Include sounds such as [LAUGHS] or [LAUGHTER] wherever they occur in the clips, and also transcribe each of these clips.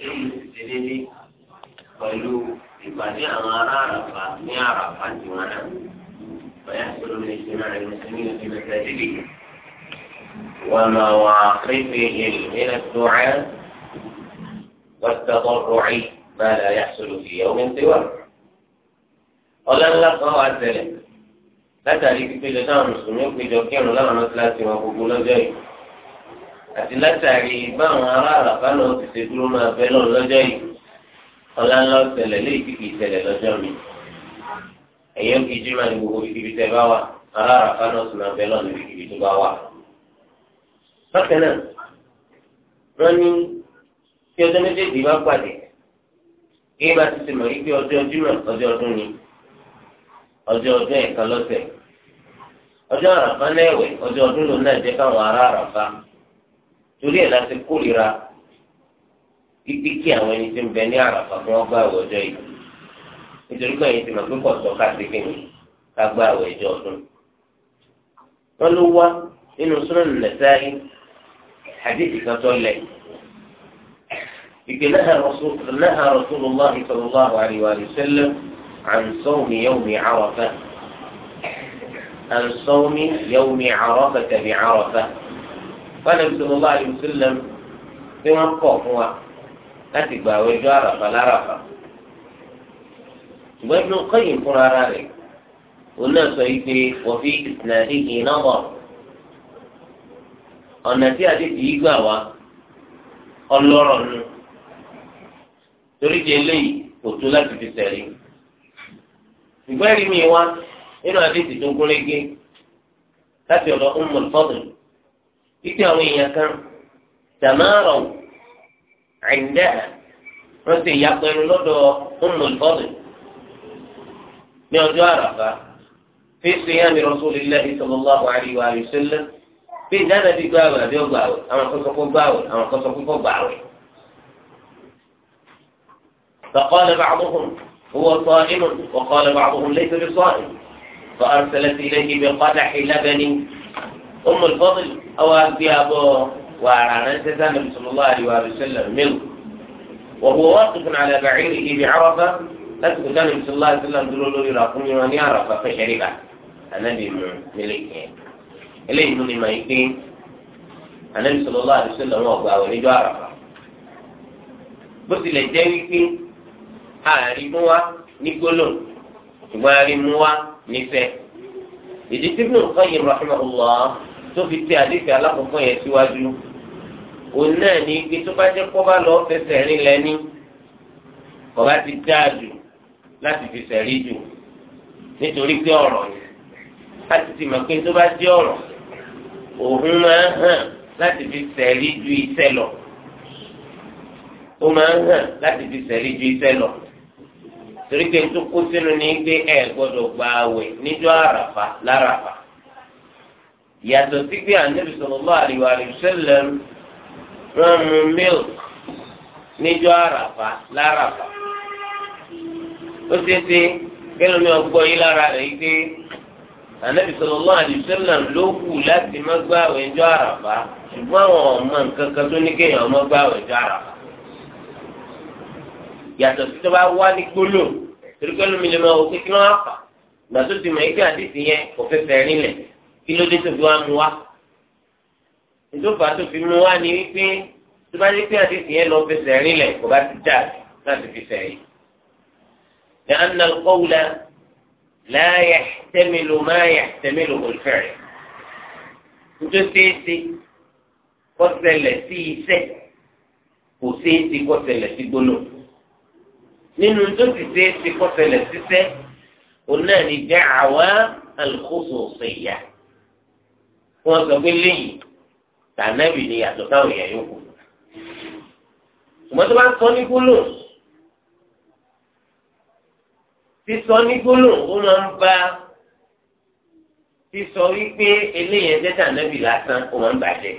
èyí ti lé ní pẹ̀lú ìpàdé àwọn ará àràfà ní àràfà tí wọ́n náà bẹ́ẹ̀ sọ̀rọ̀ ní ìṣúná rẹ̀ mùsùlùmí ní ìṣúná tẹ̀lé ومواقفه من الدعاء والتضرع ما لا يحصل في يوم سواه ọlá ńlá kan wà tẹ́lẹ̀ látàrí pípé lọ sáwọn mùsùlùmí péjọ kírun láwọn mọ́sálásí wọn gbogbo lọ́jọ́ yìí àti látàrí báwọn ará náà ti ṣe dúró máa bẹ lọ lọ́jọ́ yìí ọlá ńlá ọ̀sẹ̀lẹ̀ léyìí tí kìí ṣẹlẹ̀ lọ́jọ́ mi ẹ̀yẹ́ ń ará náà sì máa bẹ lọ níbi ibi tó bá wà. bákan náà wọ́n ní tí ọjọ́ méjèèjì bá pàdé kí bá ti ṣe mọ̀ ọjọ́ ọjọ́ ọdún ni ọjọ́ ẹ̀ka lọ́sẹ̀ ọjọ́ ará torí ẹ̀ láti kórìíra ibi kí àwọn ẹni tí ń bẹ ní àràfà fún ọgbà àwọ̀ ọjọ́ yìí nítorí pé ẹ̀yin ti mọ̀ pé kò sọ káàsì kìnnì ká gbà àwọ̀ kaasi ni ọdún. wọ́n ló wá nínú Sunan Nasa'i hadithi kan tó lẹ̀ ìgbẹ́ náà Rasulullah sallallahu alaihi wa sallam an sawmi yawmi Arafah an sawmi yawmi Arafah tàbí Arafah. wọn ẹbí sọlọ bá yóò sílẹ̀ bí wọn kọ̀ fún wa láti gba àwọn ẹjọ́ àràfà láràfà ṣùgbọ́n ibi nǹkan yìí fúnra ara rẹ̀ òun náà sọ yìí pé wọ́n fi ìsìnàdí yìí náà bọ̀ ọ̀nà tí àdéhùn yìí gbà wá ọlọ́rọ̀ nù torí di eléyìí kò tó láti fi sẹ́rí ṣùgbọ́n ẹ̀rí mi wá nínú àdéhùn tó gúnrégé láti ọ̀dọ̀ Ummul Fadl. wípé àwọn èèyàn kan tàmárọ̀ ẹ̀ǹdẹ́ wọ́n ti yà pẹ̀lú lọ́dọ̀ Ummul Fadl ní ọjọ́ àràfà fi yá siyam Rasulillahi sallallahu alaihi wa á ṣẹlẹ̀ fi ìdáná ti gbà wẹ̀ àbí ọgbà wẹ̀ àwọn akọ́sọ́kọ́ gbà wẹ̀ àwọn akọ́sọ́kọ́ gbà wẹ̀. فقال بعضهم هو صائم وقال بعضهم ليس بصائم فأرسلت إليه بقدح لبن Umm al-Fadl àwọn agbé abọ́ wàrà ránṣẹ́ sáni sallallahu alaihi wa sallam mẹ́wò wa huwa waqifun ala ba'irihi bi Arafah láti kó sáni sallallahu alaihi wa sallam dúró lórí rà fún yìí wọn ní Arafah fa shariba ànábì mú mílíkì yẹn eléyìí ló ní ma yìí pé ànábì sallallahu alaihi wa sallam wọn gbà wọn níjọ́ Arafah bó tilẹ̀ jẹ́ wípé àrímú wa ní gbólóhùn ṣùgbọ́n àrímú wa nífẹ̀ẹ́ ìdí tí Ibn Qayyim rahimahullah tó fi tẹ àdéhùn alákọ̀ọ́kọ́ yẹn síwájú òun náà ní ibi tó bá jẹ́ kó bá lọ fẹsẹ̀ rìn lẹ́ni kò bá ti dáa jù láti fi sẹ̀rí jù nítorí pé ọ̀rọ̀ yẹn láti ti mọ̀ pé tó bá jẹ́ ọ̀rọ̀ òun máa hàn láti fi sẹ̀rí ju iṣẹ́ lọ ó máa hàn láti fi sẹ̀rí ju iṣẹ́ lọ torí pé tó kó sínú ní gbé ẹ̀ gbọ́dọ̀ gba àwẹ̀ níjọ́ àràfà láràfà yàtọ̀ sí pé ànábì sallallahu alaihi wasallam rán mu milk níjọ́ àràfà láràfà ó ṣe ṣe kẹ́lọ́ ní ọgbọ́ yìí lára rẹ̀ yìí pé ànábì sallallahu alaihi wasallam ló kù láti má gbààwẹ̀ níjọ́ àràfà ṣùgbọ́n àwọn ọmọ nǹkan kan tó ní kéèyàn má gbààwẹ̀ níjọ́ àràfà yàtọ̀ sí tó bá wá ní gbólóhùn torí kẹ́lọ́ mi lè máa wọ pé kí wọ́n á fà gbàtó ti mọ̀ kí ló dé tó fi wá mu wá ìjọba tó fi mu wá ni wípé tó bá dé pé àdéhùn yẹn lọ fẹsẹ̀ rinlẹ̀ kó bá ti dà láti fi sẹ́yìn. ni anna kowula لا temilo ما temilo olufere njo ṣeéṣe kó ṣẹlẹ̀ sí iṣẹ́ kò ṣeéṣe kó ṣẹlẹ̀ sí gbóná nínú njo si ṣeéṣe kó ṣẹlẹ̀ síṣẹ́ òun náà ní jẹ́ àwa al-khususiyyah wọ́n sọ pé lẹ́yìn tànẹ́bì ni yàtọ̀ táwọn èèyàn yòókù ṣùgbọ́n tó bá sọ ní gbólóhùn sísọ ní gbólóhùn ó máa ń bá sísọ wípé eléyẹn jẹ́ tànẹ́bì lásán ó máa ń bàjẹ́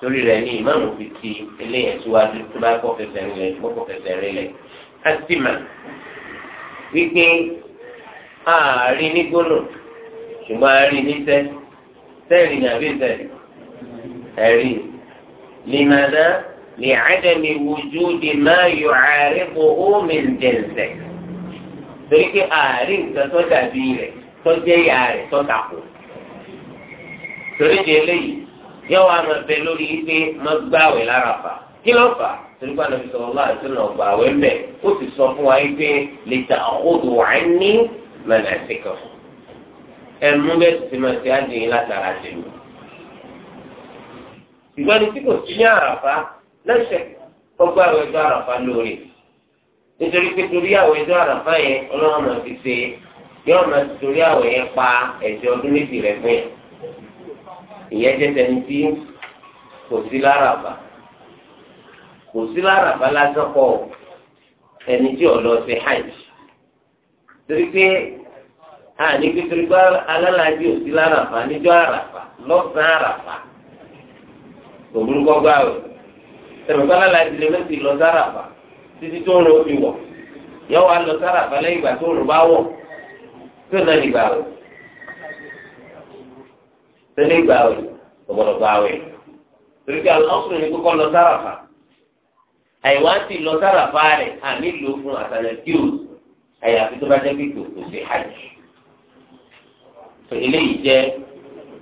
torí rẹ̀ ní ìmáàmù fi ti eléyẹn síwájú tó bá kọ́ fẹsẹ̀ rinlẹ̀ tó kọ́ fẹsẹ̀ rinlẹ̀ á sì mà wípé ààrin ní gbólóhùn ṣùgbọ́n àárín níṣẹ́ sẹ́ẹ̀rì ní àbí sẹ́ẹ̀rì ẹ̀rí lìmọ̀dá lè àdàmì wùjú di máa yọ ààrẹ kó omi jẹ̀nsẹ̀ torí pé ààrẹ nǹkan tó dàbí rẹ̀ tó jẹ́ ìyá rẹ̀ tó dàpọ̀ torí di eléyìí yóò wá máa bẹ lórí ipe máa gbáwẹ̀ lára fà kí ló fà á tolúgbà nàbí sọ̀rọ̀ láà tó nà ọgbà àwẹ̀ mbẹ̀ ó sì sọ fún wa pé lè ta àkóso wà ní mẹ́lẹ̀ ẹ̀sìn kan fún ẹnu bẹ́ẹ̀ ti máa ṣe àjẹyìn látara tèmi. ṣùgbọ́n ní tí kò sí ní àràfá lẹ́sẹ̀ gbogbo àwọn ẹjọ́ àràfá lórí nítorí pé torí àwọn ẹjọ́ àràfá yẹn ọlọ́run máa fi ṣe yọ máa ti torí àwọn yẹn pa ẹ̀jẹ̀ ọdún méjì rẹ̀ fún yẹn. ìyẹn jẹ́ tẹni tí kò sí láràfá kò sí láràfá lásán kọ́ ẹni tí ò lọ sí hajj torí pé àní kékeré bá alálàájì òsì láràfà níjọ́ àràfà lọ́sàn-án àràfà òmùrúkọ gbà o tẹ̀wé bá alálàájì lè mẹ́sì lọ sáràfà títí tó ń ro fi wọ̀ yọ wà lọ sáràfà lẹ́yìn ìgbà tó ń ro bá wọ̀ tó náà nígbà o tó nígbà o ọ̀gbọ̀dọ̀ gbà o torí pé ọkùnrin ní kókó lọ sáràfà àyẹ̀wò àti lọ sáràfà rẹ̀ àmì lò fún àtàlẹ́ kí o àyàfi tó bá jẹ́ pé kò kò sí hajj tó eléyìí jẹ́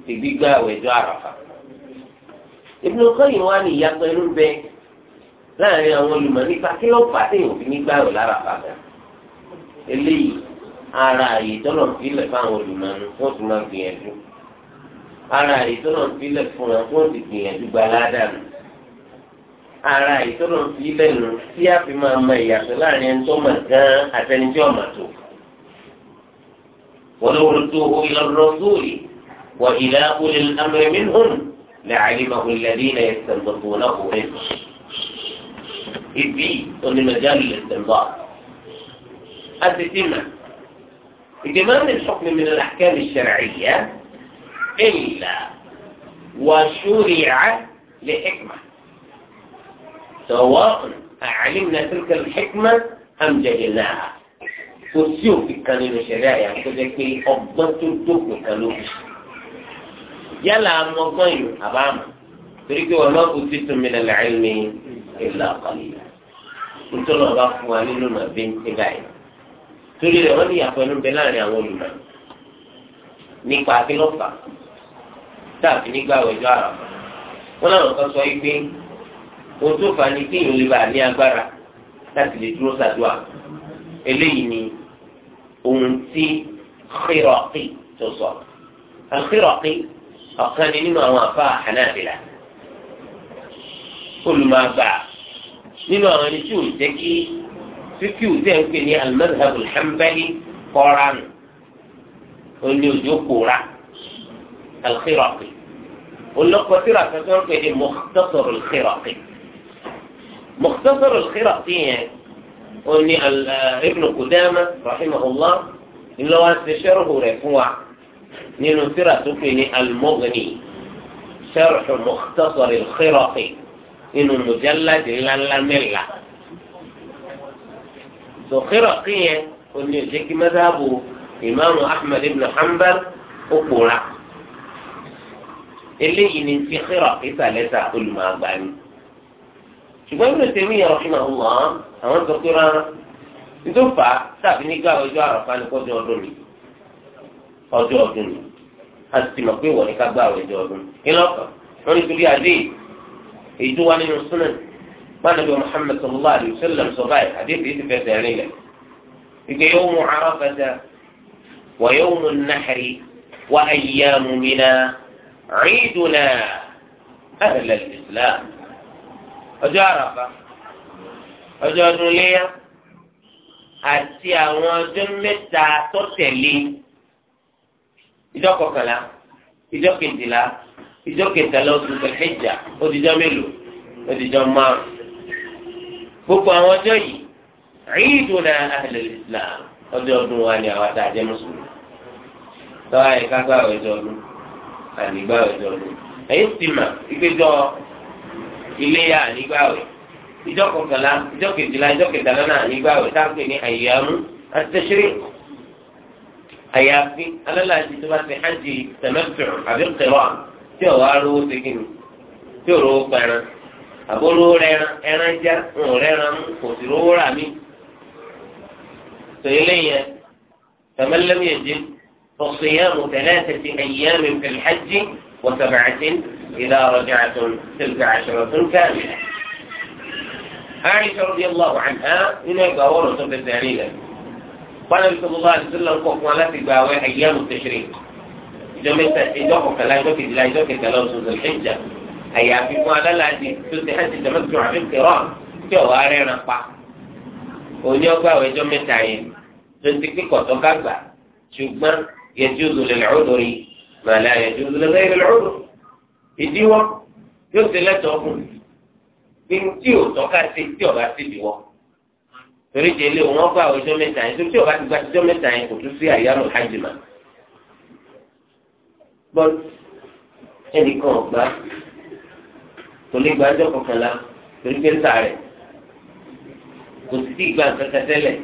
ti gbígbà àwẹ̀jọ́ àràfà. Ibnu Qayyim wá ní ìyàtọ̀ inú bẹ láàrin àwọn olùmọ̀ nípa kí ló fà sí òfin nígbà àwẹ̀ láràfà gan. eléyìí ara àyè tọ́lọ̀ ń filẹ̀ fáwọn olùmọ̀ nu fún òtún máa gbìyànjú ara àyè tọ́lọ̀ ń filẹ̀ fún wọn fún òtún gbìyànjú gba aládàá ara àyè tọ́lọ̀ ń nù tí a fi máa mọ ìyàtọ̀ láàrin ẹni tó mọ̀ gan àtẹnijọ́ mọ̀ tó. ولو ردوه إلى الرسول وإلى أولي الأمر منهم لعلمه الذين يستنبطونه منه إذ دي أن مجال الاستنباط الستمة اتمام الحكم من الأحكام الشرعية إلا وشرع لحكمة سواء أعلمنا تلك الحكمة أم جهلناها kò sí òfin kan nínú ìṣẹ̀lẹ̀ àyà tó jẹ́ pé ọgbọ́n tó dógùn kan ló fi. yálà amọ̀gbọ́n ìlú àbámu torí pé wọn lọ́kùn ti tún mi lẹ́la ẹ̀mí ìlà ọ̀kàlìyà nítorí wọn bá fún wa nínú ọ̀nà bí ń ti báyìí. torí rẹ̀ wọ́n ní ìyàpọ̀ bẹ láàrin àwọn olùmọ̀ nípa akínọ́fà tàbí nígbà ọjọ́ àràmọ́. wọ́n láwọn kan sọ yìí pé ohun tó fà ní kéèyàn lè bá a ní agbára láti lè dúró ṣàdúrà eléyìí ni ومن في خراقي توصل الخراقي أقاني لما وافى حنابلة كل ما باع لما غنيتو تكي فيكيو ذكي المذهب الحنبلي قرآن اللي قورا الخراقي واللقطة ترى كتير مختصر الخراقي مختصر الخراقي يعني أني ابن قدامة رحمه الله إلا واسد شره رفوع ننفر سفني المغني شرح مختصر الخرقي إن المجلد الى الملة سو خرقية أني جيك مذهبه إمام أحمد بن حنبل أقول اللي إن في خرقي ثلاثة ألمان شو ابن تيمية رحمه الله àwọn ń sọ pé rárá nítorí fà á tàbí nígbà ọjọ́ àràfà ni kọjọ ọdún ni ọjọ́ ọdún ni a sì mọ̀ pé wọ̀ ní ká gbà ọjọ́ ọdún kí lọ́kàn wọn nítorí adé èyí tó wá nínú sunan mánàbí Muhammad sallallahu alayhi wa sallam sọ adé kìí ti fẹsẹ̀ rìn lẹ̀ ìgbé yawmu Arafata wa yawmu an-nahri wa ayyamu Mina Eiduna ahlal Islam ọjọ́ àràfà ọjọ́ ọdún léyà àti àwọn ọdún mẹ́ta tó tẹ̀lé ìjọ kọkànlá ìjọ kejìlá ìjọ kẹtàlá oṣù kẹkẹjà odijọ́ mélòó odijọ́ márùn gbogbo àwọn ọjọ́ yìí ìdùnnà ahlẹ̀ islam ọjọ́ ọdún wa ni àwọn àtàjẹ́ mùsùlùmí tọ́wá yìí kápá ọjọ́ ọdún ànígbà ọjọ́ ọdún ẹ̀yìn sì mà ìgbẹ́jọ́ iléyà ànígbà ọ̀yọ́. ijoko kọkànlá ìjọ kejìlá ìjọ kẹtàlá náà nígbà wẹ̀ táàpì ní àyàmú àtẹ̀sírì àyàfi alálàájì tó bá ti hajj tẹ̀mẹ́tù àbí tẹ̀wá tí ò wá rówó segin tí ò rówó pẹ̀rẹ̀ àbóró rẹ̀ràn ẹran já ń rẹ̀ràn mú kò sí rówó rà mí. sèyí lẹ́yìn فمن لم يجد فصيام ثلاثة أيام في الحج وسبعة إذا رجعتم تلك عشرة كاملة Aisha radiyallahu anha nínú ẹgbàá wọ́n tó fẹsẹ̀ rí rẹ̀. Pálọ̀lù tó bá ti sílẹ̀ kọ̀ fún wa láti gba àwọn ayélu tẹ̀sírì. Ìjọ mẹ́ta ìjọ kọkànlá ìjọ kejìlá ìjọ kẹtàlá oṣù Zèlhìjà. Àyàfi fún alálàájì tó ti hàn ti dàmẹ́ tó àmì kẹrọ̀ tí ọ̀wá rẹ̀ràn pa. Òní ọgbà àwọn ìjọ mẹ́ta yẹn tó ti pé kọ̀tọ́ kágbà ṣùgbọ́n yajuzu lil-udri ma la yajuzu li ghayri al-udri. Ìdíwọ́ yóò ti lẹ́tọ̀ọ́ fún mi pé tí ò tọ́ka sí tí ọba sì bí wọ́ torí jẹ ilé wọn gba ọjọ́ mẹ́ta yẹn tí ọba ti gba ọjọ́ mẹ́ta yẹn kò tún sí àyàmù hajj mà bọ́t ẹnìkan ọ̀gbá kò lè gba ọjọ́ kọkànlá torí pé ń ta rẹ̀ kò sì sí ìgbà kankan tẹ́lẹ̀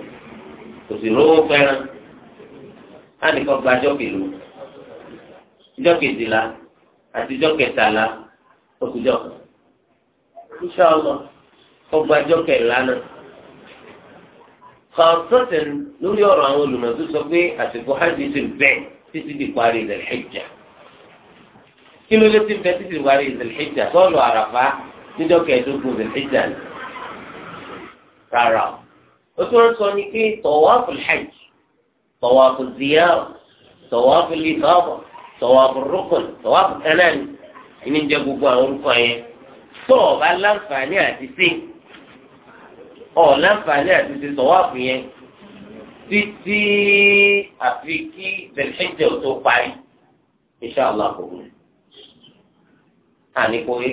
kò sì rówó fẹ́ràn ẹnìkan gba ọjọ́ kìlú ọjọ́ kejìlá àti ọjọ́ kẹtàlá oṣù jọ̀kan inṣàlọ ọgbàjọ kẹlá náà kọ̀ọ̀tọ̀tẹ̀ lórí ọ̀rọ̀ àwọn olùmọ̀tò sọ pé àsìkò hajj ti bẹ̀ títí di parí ìdàlẹ́jà kí ló lé ti bẹ̀ títí di parí ìdàlẹ́jà sọ́ọ̀lù àràfá níjọ́ kẹẹ̀ẹ́dógún ìdàlẹ́jà ni rárá o ó tún sọ ní pé tọ̀wáfù hajj tọ̀wáfù ziyara tọ̀wáfù lifaba tọ̀wáfù rukun tọ̀wáfù kanáà ní ìníjẹ gbogbo àwọn orúkọ yẹn tó o bá láǹfààní àti sí ọ láǹfààní àti sí sọ̀wáàfù yẹn títí àfi kí tẹlifíṣẹ̀ ò tó parí inṣàlá kò wù. àníkó yìí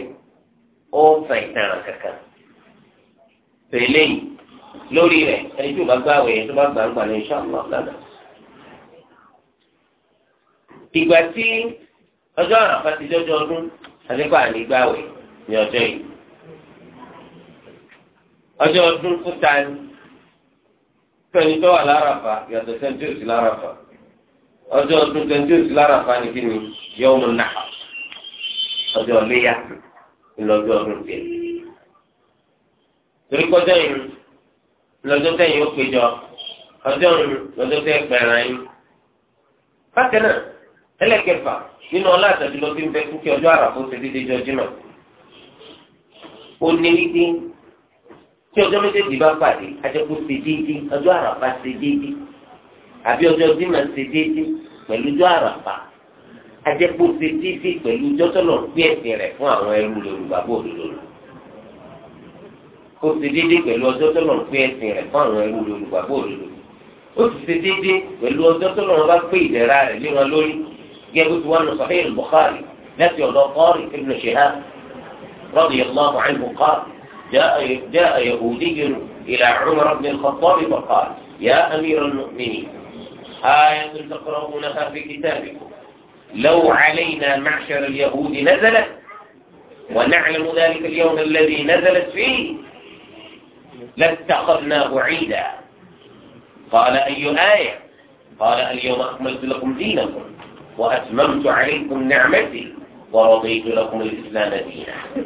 ó ń fa ìtaràn kankan pèlè yìí lórí rẹ̀ ẹni tí o bá gbàwé yẹn tó bá gbàgbà ní inṣàlá lọ́dà. ìgbà tí ọjọ́ àràfà ti jọjọ ọdún àdínkù ànígbàwé yìí ní ọjọ́ yìí ọjọ́ ọdún fúta ni fẹ́ni tó wà láràfà yàtọ̀ sẹ́ńtì òsì láràfà ọjọ́ ọdún sẹ́ńtì òsì láràfà ni kí ni yọ̀ọ́mù náà ọjọ́ ọléyà ńlọ́jọ́ ọdún tiẹ̀ torí kọjọ́ yìí lọ́jọ́ tẹ̀yìn ó péjọ ọjọ́ yìí lọ́jọ́ tẹ̀ pẹ̀rẹ̀ yìí bákan náà ẹlẹ́kẹfà nínú ọlá àtàdúró tí ń bẹ kúkẹ́ ọjọ́ àràfó ṣe déédéé jọjú náà ó ní wípé tí ọjọ́ méjèèjì bá pàdé ajẹ́kù ṣe déédéé ọjọ́ àràpá ṣe déédéé àbí ọjọ́ dímà ṣe déédéé pẹ̀lú ọjọ́ àràpá ajẹ́kù ṣe déédéé pẹ̀lú ọjọ́ tọ́lọ̀ gbé ẹ̀sìn rẹ̀ fún àwọn ẹrú lórúbá bò lóru ó ṣe déédéé pẹ̀lú ọjọ́ tọ́lọ̀ gbé ẹ̀sìn rẹ̀ fún àwọn ẹrú lórúbá bò lóru ó sì ṣe déédéé pẹ̀lú ọjọ́ tọ́lọ̀ bá pé ìdẹ̀ra rẹ̀ رضي الله عنه قال جاء, جاء يهودي إلى عمر بن الخطاب فقال يا أمير المؤمنين آية تقرؤونها في كتابكم لو علينا معشر اليهود نزلت ونعلم ذلك اليوم الذي نزلت فيه لاتخذناه عيدا قال أي آية قال اليوم أكملت لكم دينكم وأتممت عليكم نعمتي ورضيت لكم الإسلام دينا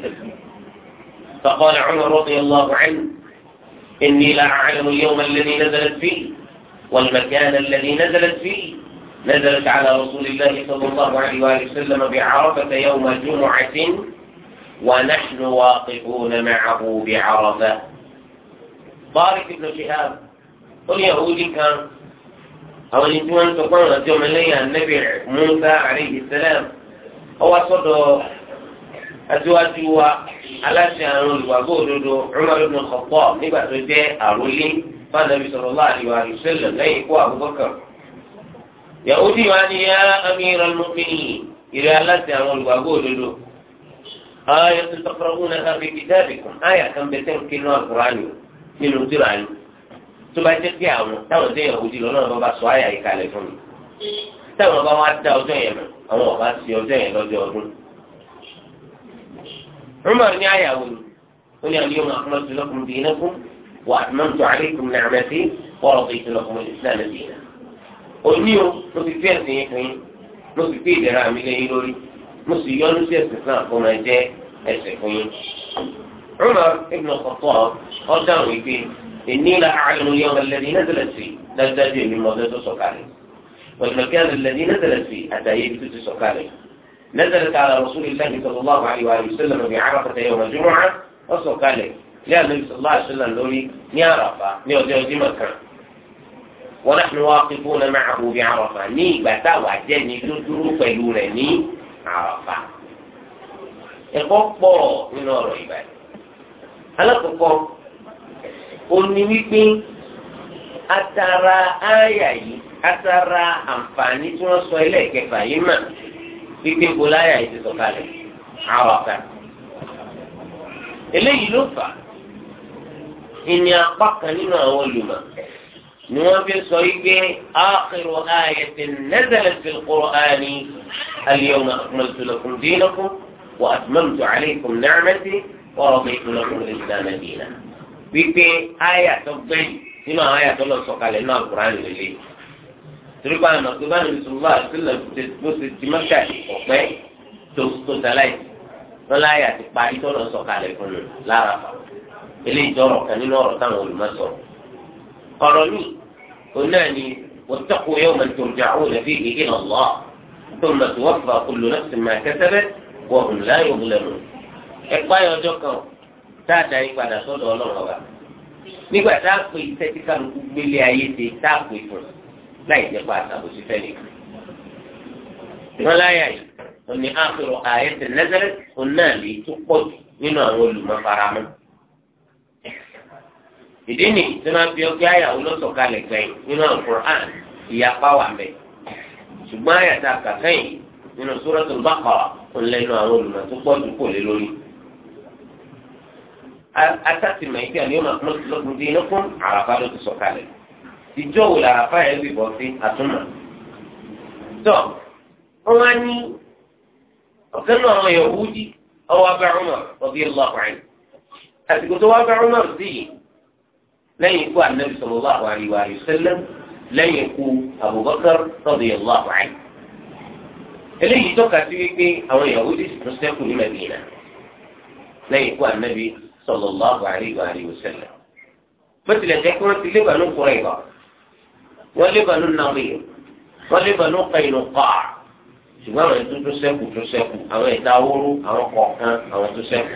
فقال عمر رضي الله عنه إني لا أعلم اليوم الذي نزلت فيه والمكان الذي نزلت فيه نزلت على رسول الله صلى الله عليه وآله وسلم بعرفة يوم جمعة ونحن واقفون معه بعرفة طارق بن شهاب قل يهودي كان أو الإنسان تقول اليوم النبي موسى عليه السلام ọwọ́ sọ́dọ̀ adíwájú wa aláṣẹ àrùn olùwàgbọ́ òdodo Umar ibn Khattab nígbà tó jẹ́ àròlé fanabi sallallahu alaihi wa sallam lẹ́yìn ikú Abubakar. Yahudi wa ni ya amiral mu'minin ìrẹ́ aláṣẹ àrùn olùwàgbọ́ òdodo. آية تقرؤونها في كتابكم آية كم بتم كنا القرآن من القرآن تبعتك يا عمو تاو زي يهودي لنا بابا سوايا يكالي فمي táwọn ọba wá dá ọjọ́ yẹn lọ àwọn ọba sí ọjọ́ yẹn lọ́jọ́ ọdún. Umar ní àyàwó ni ó ní àwọn yóò máa lokunrin bii ina fun wa atmamtu alaykum ni'mati wa raditu lakum al-islam dinan. òní o o, ni mo ti fi ẹ̀sìn yẹn fún yín mo ti fi ìdẹ̀rẹ̀ àmì lẹ́yìn lórí mo sì yọ́nú sí ẹ̀sìn fún fún máa jẹ́ ẹ̀sìn fún yín. Umar ibn Khattab ọ̀dáhùn ìgbé ènìyàn àlùyọ̀ ọ̀lẹ́dínlẹ́dẹ́lẹ́sì dájúdájú èmi mọ́ والمكان الذي نزلت فيه حتى يبتدي سكانه نزلت على رسول الله صلى الله عليه وآله وسلم بعرفة يوم الجمعة وسكانه يا النبي صلى الله عليه وسلم لوري ني عرفة ني وجه ونحن واقفون معه بعرفة ني بتا وجني تدرو فلورني عرفة ìkọ́pọ̀ من ọ̀rọ̀ ìbàdàn alákọ̀ọ́kọ́ ó atara àyà yìí atara àǹfààní tí wọ́n sọ ilé ìkẹfà yìí mà gbígbé gbolá àyà yìí ti sọ̀kalẹ̀ àwàkà eléyìí ló fà ìní apá kan nínú àwọn olùmọ̀ ni wọ́n fi sọ ike akhiru ayatin nazalat fil qur'ani al-yawma akmaltu lakum dinakum wa atmamtu alaykum ni'mati wa raditu lakum al-islam dinan wípé àyà tó gbẹ̀yìn nínú àwọn àyà tó lọ sọ̀kalẹ̀ nínú àkùrán lélẹ̀ torí pa àmọ́ pé báyìí ní sùnmọ́ àtìlẹ̀ bó ti di mọ́tà ọ̀pẹ́ tó tó dáláì lọ́la àyà ti parí tó lọ sọ̀kalẹ̀ fún un lára eléyìí dọ̀rọ̀ kan nínú ọ̀rọ̀ táwọn olùmọ̀sọ̀ ọ̀rọ̀ mi òun náà ni wọ́tọ́kù yóò máa tó jà ó lẹ́bí ìhìn ọ̀lọ́ tó ń lọ́tò sí wọ́n nígbà tá a pè iṣẹ́ tí kálukú gbélé ayé ṣe tá a pè fún láì jẹ́ pa àtàbòsí fẹ́lẹ̀. ìrọ̀láyà yìí ò ní àpérò ààyè tẹ̀ lẹ́sẹ̀rẹ́ òun náà lè tó pọ̀ jù nínú àwọn olùmọ̀faramọ́. ìdí nì tí wọ́n fi ọgbẹ́ àyàwó lọ́sọ̀kalẹ̀ gbẹ̀yìn nínú Al-Qur'an ìyapa wà mẹ́. ṣùgbọ́n àyàtà kàkẹ́yìn nínú Suratul Baqara òun lẹ́nu àwọn olùmọ̀ tó pọ̀ jù kò lé lórí atásìmọ̀ ìgbà ni ó máa kún lọ́kùn dín iná fún àràfà ló ti sọ̀kalẹ̀ ìjọ wo làràfà yẹn bìbọ̀ sí àtúmọ̀ tọ́ wọn á ní ọ̀kan náà àwọn Yahudi ọwọ́ abẹ́rún náà ọ̀bí ẹ̀ lọ́kùn àyìn àsìkò tó wá abẹ́rún náà sí yìí lẹ́yìn ikú anabi sallallahu alayhi wa sallam lẹ́yìn ikú abubakar radiyallahu anhu. eléyìí tọ́ka sí wípé àwọn Yahudi ti tún sẹ́kù ní Madina lẹ́yìn ikú anabi sallallahu alaihi wa alihi wa sallam bó tilẹ̀ jẹ́ kí wọ́n ti lé Banu Qurayza wọ́n lé Banu Nadir wọ́n lé Banu Qainuqa ṣùgbọ́n àwọn ètò tó sẹ́kù tó sẹ́kù àwọn ìta wóró àwọn kọ̀ọ̀kan àwọn tó sẹ́kù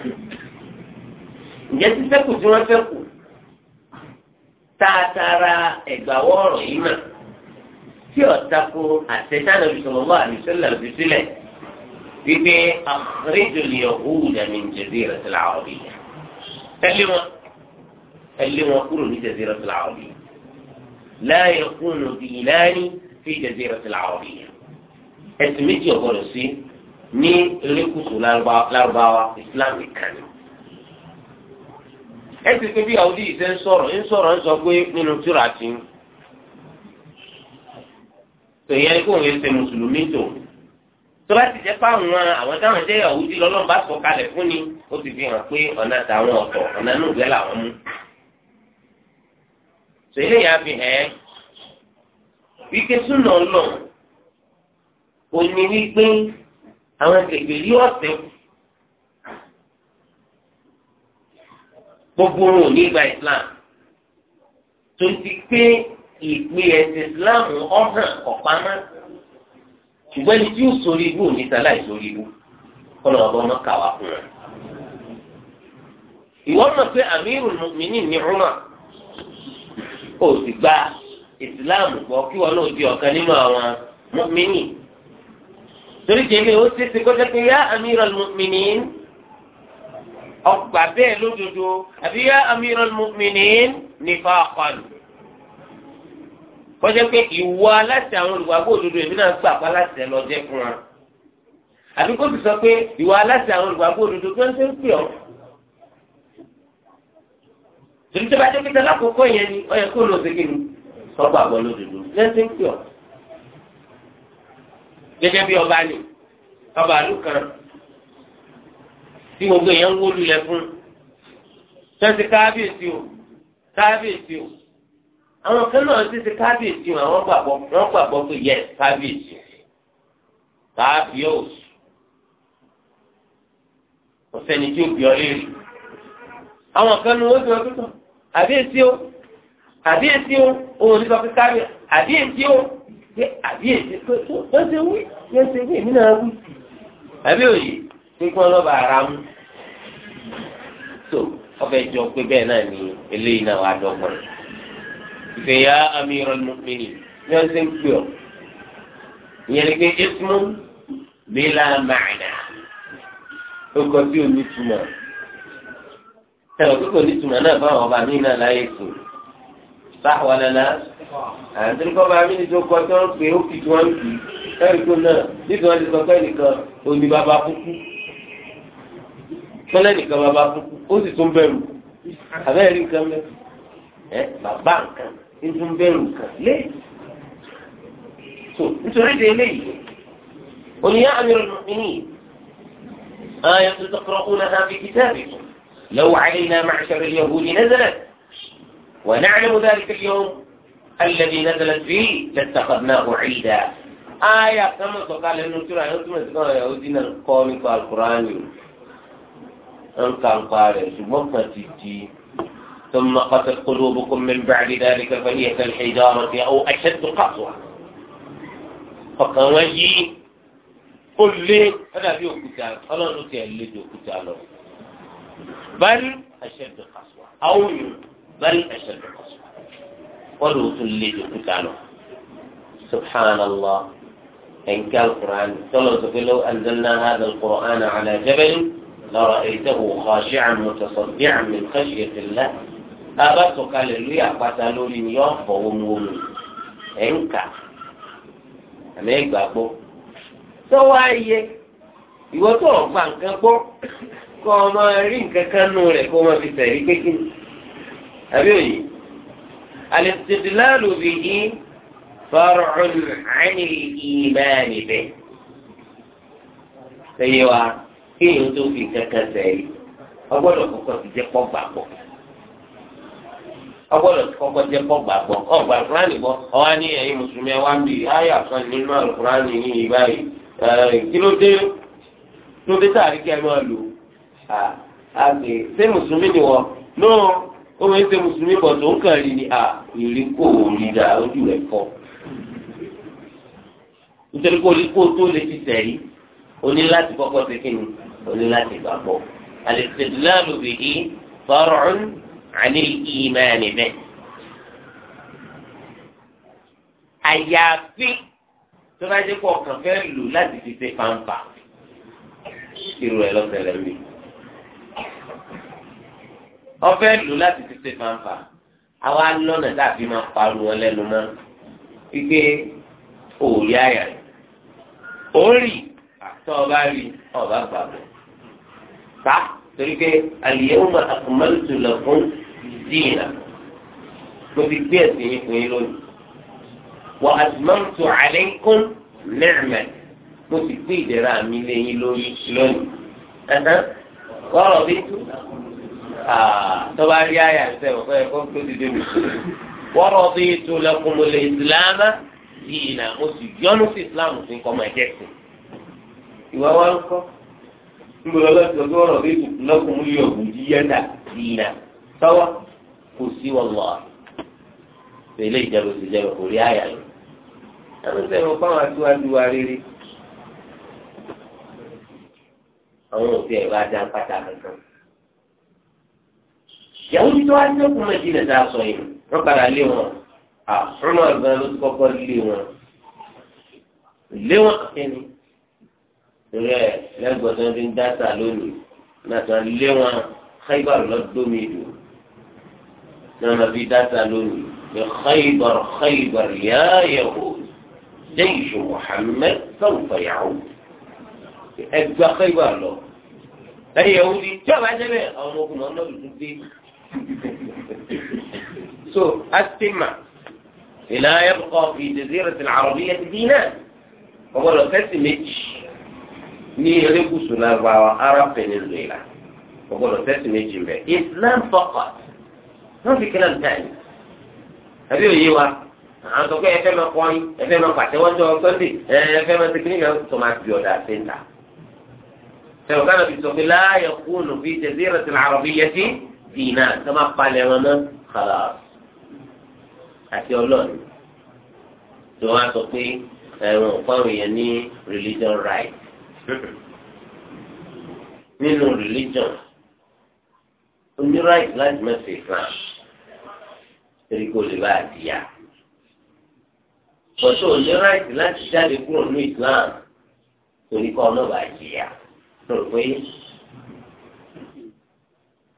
ǹjẹ́ tí sẹ́kù tí wọ́n sẹ́kù tààtàrà ẹ̀gbàwọ́ ọ̀rọ̀ yìí mà tí ọ̀tako àtẹ̀tàdà bisalòlá àbísílẹ̀ àbísílẹ̀ wípé àkèrèjò lè hù rẹ̀ sílẹ̀ àwọn ọ̀bí ẹlé wọn ẹlé wọn kúrò ní jaziratul arabiyya la yakunu dinani fi jaziratul arabiyya ẹ̀sìn méjì ọ̀gbọ́dọ̀ sí ní erékùsù lárúbáwá islam nìkan ni ẹ ti pé bí àwọn ìṣe ń sọ̀rọ̀ ń sọ̀rọ̀ ń sọ pé nínú túrà ti ń tòyẹ kó ń ṣe mùsùlùmí tòun tó bá ti jẹ́ pé àwọn àwọn táwọn jẹ́ Yahudi lọ́lọ́run bá sọ kalẹ̀ fún ni ó ti fi hàn pé ọ̀nà tàwọn ọ̀tọ̀ ọ̀nà inú ìgbẹ́ làwọn mú. sọ eléyìí á fi hàn ẹ́ wípé súnà lọ òní wípé àwọn kèké yí ọ̀sẹ̀ gbogbo wọn ò ní gba Islam tó ti pé ìpè ẹ̀sìn Islam ọ̀hàn ọ̀pamọ́ ṣùgbọ́n ẹni tí yóò sórí ibú òní ta láì sórí ibú kọ́nà ọ̀bọ ọmọ kàwá fún ẹ. ìwọ mọ̀ pé Amirul Mu'minin ni Umar ó sì gba ìsìláàmù gbọ́ kí wọn náà di ọ̀kan nínú àwọn mọ̀mìnì. torí jẹ́lé ó ṣe é ṣe kọ́jọ́ pé yá Amirul Mu'minin ọgbà bẹ́ẹ̀ lódodo àbí yá Amirul Mu'minin nifaqan kọjá pé ìwọ aláṣẹ àwọn olùgbàgbọ́ òdodo èmi náà gbà pa aláṣẹ lọ jẹ fún wa àbí kó ti sọ pé ìwọ aláṣẹ àwọn olùgbàgbọ́ òdodo tó ń tẹ́ ń pè ọ́ tòun tó bá dé pété lákòókò yẹn ni ọ yẹ kó lọ sékè ní sọgbà bọ lódodo lẹ́yìn tó ń pè ọ́ gẹ́gẹ́ bí ọba ni ọba àlù kan tí gbogbo èèyàn ń wó lulẹ̀ fún tẹ́sí káábíyèsí o káábíyèsí o àwọn kan náà ti ti kábíyèsí wọn àwọn gbàgbọ́ wọn gbàgbọ́ pé yẹ kábíyèsí kábíyèsí ọ̀sẹ̀ni tí ó bí ọ léèrè àwọn kan ní wọ́n ti wọ́n tó tán àbíyèsí o àbíyèsí o òun ní sọ́kí kárí àbíyèsí o ṣé àbíyèsí tó tó ṣe wí ṣé ṣe wí èmi náà wí àbí òye ṣé kí wọ́n lọ́ba ara mú tó ọbẹ̀ jọ pé bẹ́ẹ̀ náà ni eléyìí náà wàá dọ́gbọ̀n rẹ̀ ìfẹ̀yà amíràn mọ́mìnì ní ọ̀sẹ̀ ń pè ọ́ ìyẹn ni pé ismu bílà màánà ó kọ sí onítùmọ̀ ẹ̀rọ kíkọ onítùmọ̀ náà bá wọn bá mí náà láyé sùn sáwọn nana àti nípa bá mí ní tó kọ tó ń pè ó fi tí wọ́n kì í ẹ̀rí náà nítorí wọn ti sọ pé nìkan òní bàbá kúkú tọ́lẹ̀ nìkan bàbá kúkú ó sì tún bẹ̀rù àbẹ́rẹ́ nǹkan mẹ́ ẹ bàbá nǹkan ìfún bẹ̀rù kan lé tó nítorí de eléyìí oníyá amírò لو علينا معشر اليهود نزلت ونعلم ذلك اليوم الذي نزلت فيه لاتخذناه عيدا آية كما قال ابن ترى أنتم تقول اليهود نقول القرآن أنت قال شو مفتي ثم قتل قلوبكم من بعد ذلك فهي كالحجارة أو أشد قسوة فقواجي قل لي أنا في قتال أنا نتيلد قتاله بل أشد قسوة أو بل أشد قسوة ولو تلد قتاله سبحان الله إن كان القرآن قالوا لو أنزلنا هذا القرآن على جبل لرأيته خاشعا متصدعا من خشية الله tá a bá sọ̀kalẹ̀ lórí àpáta lórí ni yóò fọ wómúwómú ẹ̀ ń kà àmì ẹ̀gbà gbọ́ sọ́wọ́ ayé ìwọ tó ọ̀gbà nǹkan gbọ́ kọ́ ọ máa rí nǹkan kan nù rẹ̀ kó o máa fi tẹ̀lé kékin àbí òye al-istidlalu bihi far'un 'an al-iman bihi ṣe yẹ wa kéèyàn tó fi kankan sẹ́yìn ọgbọ́dọ̀ kọ́kọ́ ti jẹ́ pọ́ gbàgbọ́ agbọ́dọ̀ kọ́kọ́ jẹ́ kọ́ gbàgbọ́ ọ gbà kúránì bọ́ ọ wá ní ẹ̀yin mùsùlùmí ẹ wá ń bì áyà kan nínú àlùkùránì yìí báyìí kí ló dé ló dé tàbí kí ẹ máa lò á sì ṣé mùsùlùmí ni wọ́n náà ó wọ́n ṣe mùsùlùmí bọ̀ tó ń kàn rí ni ìrí kò rí dá ojú rẹ̀ fọ́ nítorí kó tó lè ti tẹ̀ yìí o ní láti kọ́kọ́ ṣe kí ni o ní láti gbàgbọ́ àlè ṣèlú láàlú bìí fọ́ọ̀rọ̀ àní ìmánì bẹ́ẹ̀. àyàfi tó bá dé kó ọkàn fẹ́ lù láti fi ṣe pàǹpà irú ẹ̀ lọ́sẹ̀lẹ̀ mi. ọfẹ́ lù láti fi ṣe pàǹpà àwa lọ́nà tàbí máa pariwo lẹ́nu mọ́ wípé òòrí àyà rẹ̀ òórì àtọ́ ọba rí ọba gbàgbọ́. sá torí pé al-yawma akmaltu lakum dìínà mo fi gbé ẹ̀sìn yín fún yín lónìí wa atmamtu alaykum ni'mati mo sì gbé ìdẹ̀ra mi lé yín lórí lónìí wọ́n rọ̀ bí tú tọ́ba rí àyà sẹ́ wọ́n fẹ́ kó tó ti dé mi wọ́n rọ̀ bí tú lakumul ìsìlámà dìínà mo sì yọ́nú sí ìsìlámù fún kọ́mọ ẹ̀jẹ̀ sí ìwà wa ń kọ́ ń bọ̀ lọ́sọ̀ọ́ bí wọ́n rọ̀ bí tú lakumul yahudiyata dìínà sọ́wọ́ kò sí wọ́lọ́ pẹ̀lú ìjẹ́bù ti jẹ́ orí àyà yìí ẹnu sẹ́yìn mo fáwọn aṣíwájú wa rírí àwọn òfin ẹ̀rọ ajá pátá kankan ìyàwó tí wọ́n á ní ọkùnrin méjìlá tá a sọ yìí wọ́n padà lé wọn àfúnà ọ̀gbọ́n ló ti kọ́kọ́ lé wọn lé wọn kẹ́ni torí ẹ̀ lẹ́gbọ̀dọ́ ti ń dáta lónìí náà tí wọ́n lé wọn Khaybar lọ́dọ́ mi dùn. لما بدأتلوا بخيبر خيبر يا يهود جيش محمد سوف يعود أجل خيبر له أي يهودي جمع جميع أو ممكن أن نقول سو أستمع لا يبقى في جزيرة العربية دينان أولا تسمج ميريكو سنرى وعرب فنزويلا أولا تسمج إسلام فقط wọ́n fi kílẹ̀ nǹkan yìí àbí òye wa àwọn tó kọ́ ẹ fẹ́ máa kọ́ yín ẹ fẹ́ máa pàṣẹ wọ́n jọ sọ́ndé ẹ fẹ́ máa tẹkínì náà tó máa fi ọ̀dà àti ìta. sọ̀rọ̀ káná fi sọ pé láàyè kúnnù fi jẹ̀síra ti làárọ̀ fi yẹ sí dìínà tó máa palẹ̀ wọn náà kàlà àti ọlọ́ọ̀ni tó wá sọ pé ẹ̀wọ̀n fáwọn èèyàn ní religion right nínú religion oní right láti mẹ́sẹ̀ Islam torí kó lè bá àdìyà bọ́tò ní ráìtì láti jáde kúrò ní Islam torí kọ́ ọ̀nà bá àdìyà rò pé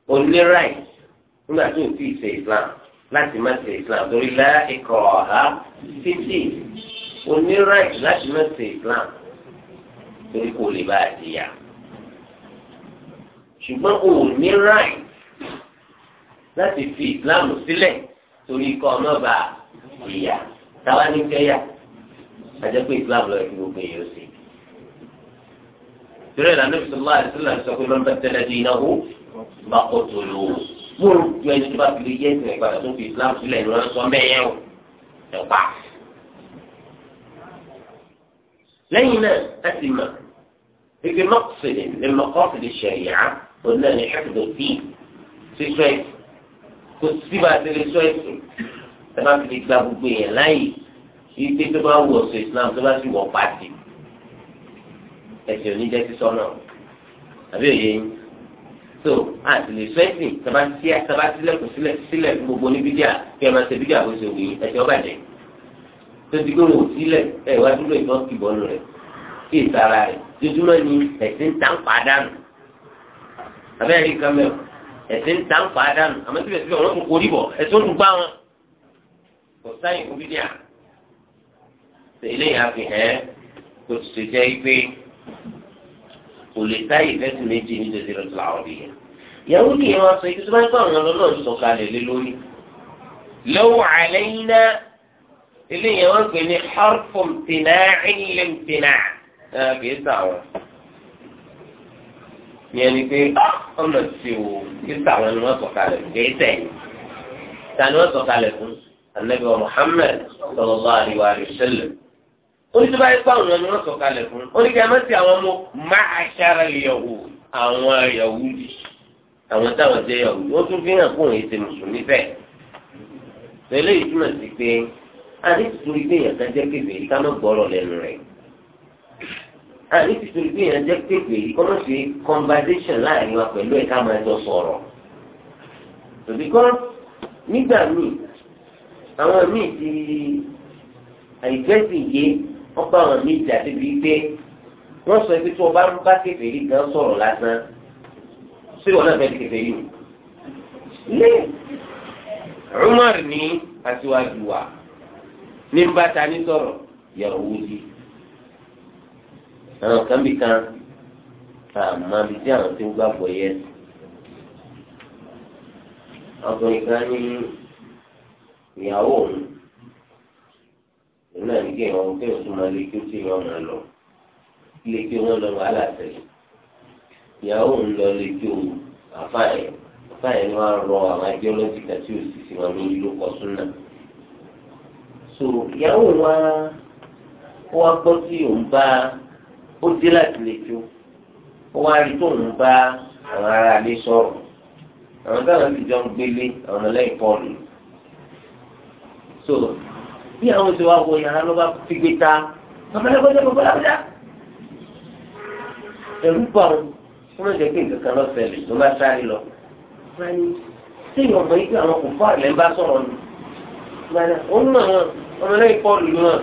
o ní ráìtì nígbà tó o fi ṣe Islam láti má ṣe Islam torí láìkọ̀ ọ̀há títì o ní ráìtì láti má ṣe Islam torí kó lè bá àdìyà ṣùgbọ́n o ní ráìtì láti fi Islam sílẹ̀. Si torí kọ́ ọ náà bá ìyá táwa ní kẹ́yà àjẹpé islam lọ́ọ́ fi gbogbo èèyàn sí. Ìrẹ́ ìlànà ìṣòwò àìsílẹ̀ sọ pé lọ́nà tẹ́lẹ̀ di ìnáwó bá kó tó lò ó. Mo rò ju ẹni tó bá fi lè yé ẹsẹ̀ ìpadà tó fi islam sílẹ̀ ní sọ mẹ́yẹ̀ o. Ẹ pa. Lẹ́yìn náà, ẹ sì mọ̀. Ìgbìmọ̀ sílẹ̀ ní mọ̀kọ́sílẹ̀ ṣẹ̀yà, òun náà ní ṣàkóso kò sí bá a ti lè sọ ẹ̀sìn ẹ bá fi lè gba gbogbo èèyàn láàyè yìí pé tó bá wù ọ̀sọ̀ Islam tó bá sì wọ̀ pàtì ẹ̀sìn oníjẹ́ sísọ náà àbí òye yín so àti lè sọ ẹ̀sìn tàbá sí tàbá sílẹ̀kùn sílẹ̀ sílẹ̀ gbogbo ní bídíà kí ẹ máa ṣe bídíà bó ṣe wù yín ẹ̀sìn ọba jẹ́ tó ti gbóhùn sílẹ̀ ẹ̀ wá dúró ìbọn kìbọnù rẹ̀ kí ìtara rẹ̀ dúdúró ni ẹ̀sìn tàǹpà dànù àbẹ́rẹ́ kàmẹ́rù ẹ̀sìn ń ta ń pa á dànù àmọ́ síbẹ̀síbẹ̀ wọ́n tún korí bọ̀ ẹ̀sìn ó tún gbá wọn. kò sáyìn fún bídíà eléyìí àfihàn ẹ kò sì jẹ́ pé kò lè sáyìn fẹ́sì méjì ní jẹjẹrẹ tó làwọn bí yẹn. ìyàwó ni ìyẹn wọn sọ ibi tó bá ń kọ́ àwọn ọlọ́run sọ̀kalẹ̀ lé lórí. lọ́wọ́ àlẹ́ yín náà eléyìí wọn pè ní harfum tìǹà yẹn ni pé ah, ọ̀nà tí o kíta àwọn ẹni wọ́n sọ̀kalẹ̀ fún kéé tẹ̀yìn ta ni wọ́n sọ̀kalẹ̀ fún anabi wa Muhammad sallallahu alaihi wa sallam oníṣẹ́bá yẹn pàwọn ẹni wọ́n sọ̀kalẹ̀ fún oníkẹ́mẹ́sì àwọn ọmọ ma'ashara yahudi àwọn yahudi àwọn táwọn jẹ́ yahudi wọ́n tún fi hàn fún òye ṣe mùsùlùmí bẹ́ẹ̀ pẹ̀lú ìtumọ̀ sí pé a ní ìtumọ̀ ìgbéyàn kan jẹ́ ká má gbọ́rọ̀ lẹ́nu rẹ̀ àní ah, ti torí pé èèyàn jẹ́ pépè yìí kọ́nà sí conversation láàrin wa pẹ̀lú ẹ̀ka máa jọ sọ̀rọ̀ tòbí kọ́ nígbà míì àwọn míì ti àìfẹ́sì yé ọba àwọn míì jà débi pé wọ́n sọ pé tí wọ́n bá ń bá pépè yìí gan sọ̀rọ̀ lásán sí wọn náà fẹ́ pépè yìí lé Umar ní aṣíwájú wa ní bàtà ní sọ̀rọ̀ Yahudi àwọn kan bí kan àmọ́ bí tí àwọn tí ń gbàgbọ́ yẹ ọkùnrin kan ní ìyàwó òun ìlú náà ní kéèyàn ọ̀hún kéèyàn tún máa lé kí ó sì yàn wọn lọ lé kí wọn lọ wàhálà tẹ́lẹ̀ ìyàwó òun lọ lé kí o àfààyàn àfààyàn ni wọn rọ àwọn ideology kàtí òsì sí wọn lórí ló kọ súnà so ìyàwó wa ó wá gbọ́ sí òun bá a ó dé láti lè jó ó wá rí tóun bá àwọn ará ilé sọ̀rọ̀ àwọn táwọn sì jọ ń gbélé àwọn lẹ́yìn pọ́ọ̀lù so bí àwọn ti wá wo yàrá ló bá fi gbé ta babalábọ́jà babalábọ́jà ẹ̀rú pa wọn wọn jẹ́ pé nǹkan kan lọ ṣẹlẹ̀ ló bá sáré lọ ṣé ìwọ̀n mọ̀ yìí pé àwọn kò fọ́ àlẹ́ ń bá sọ̀rọ̀ ni òun náà ọmọ lẹ́yìn pọ́ọ̀lù náà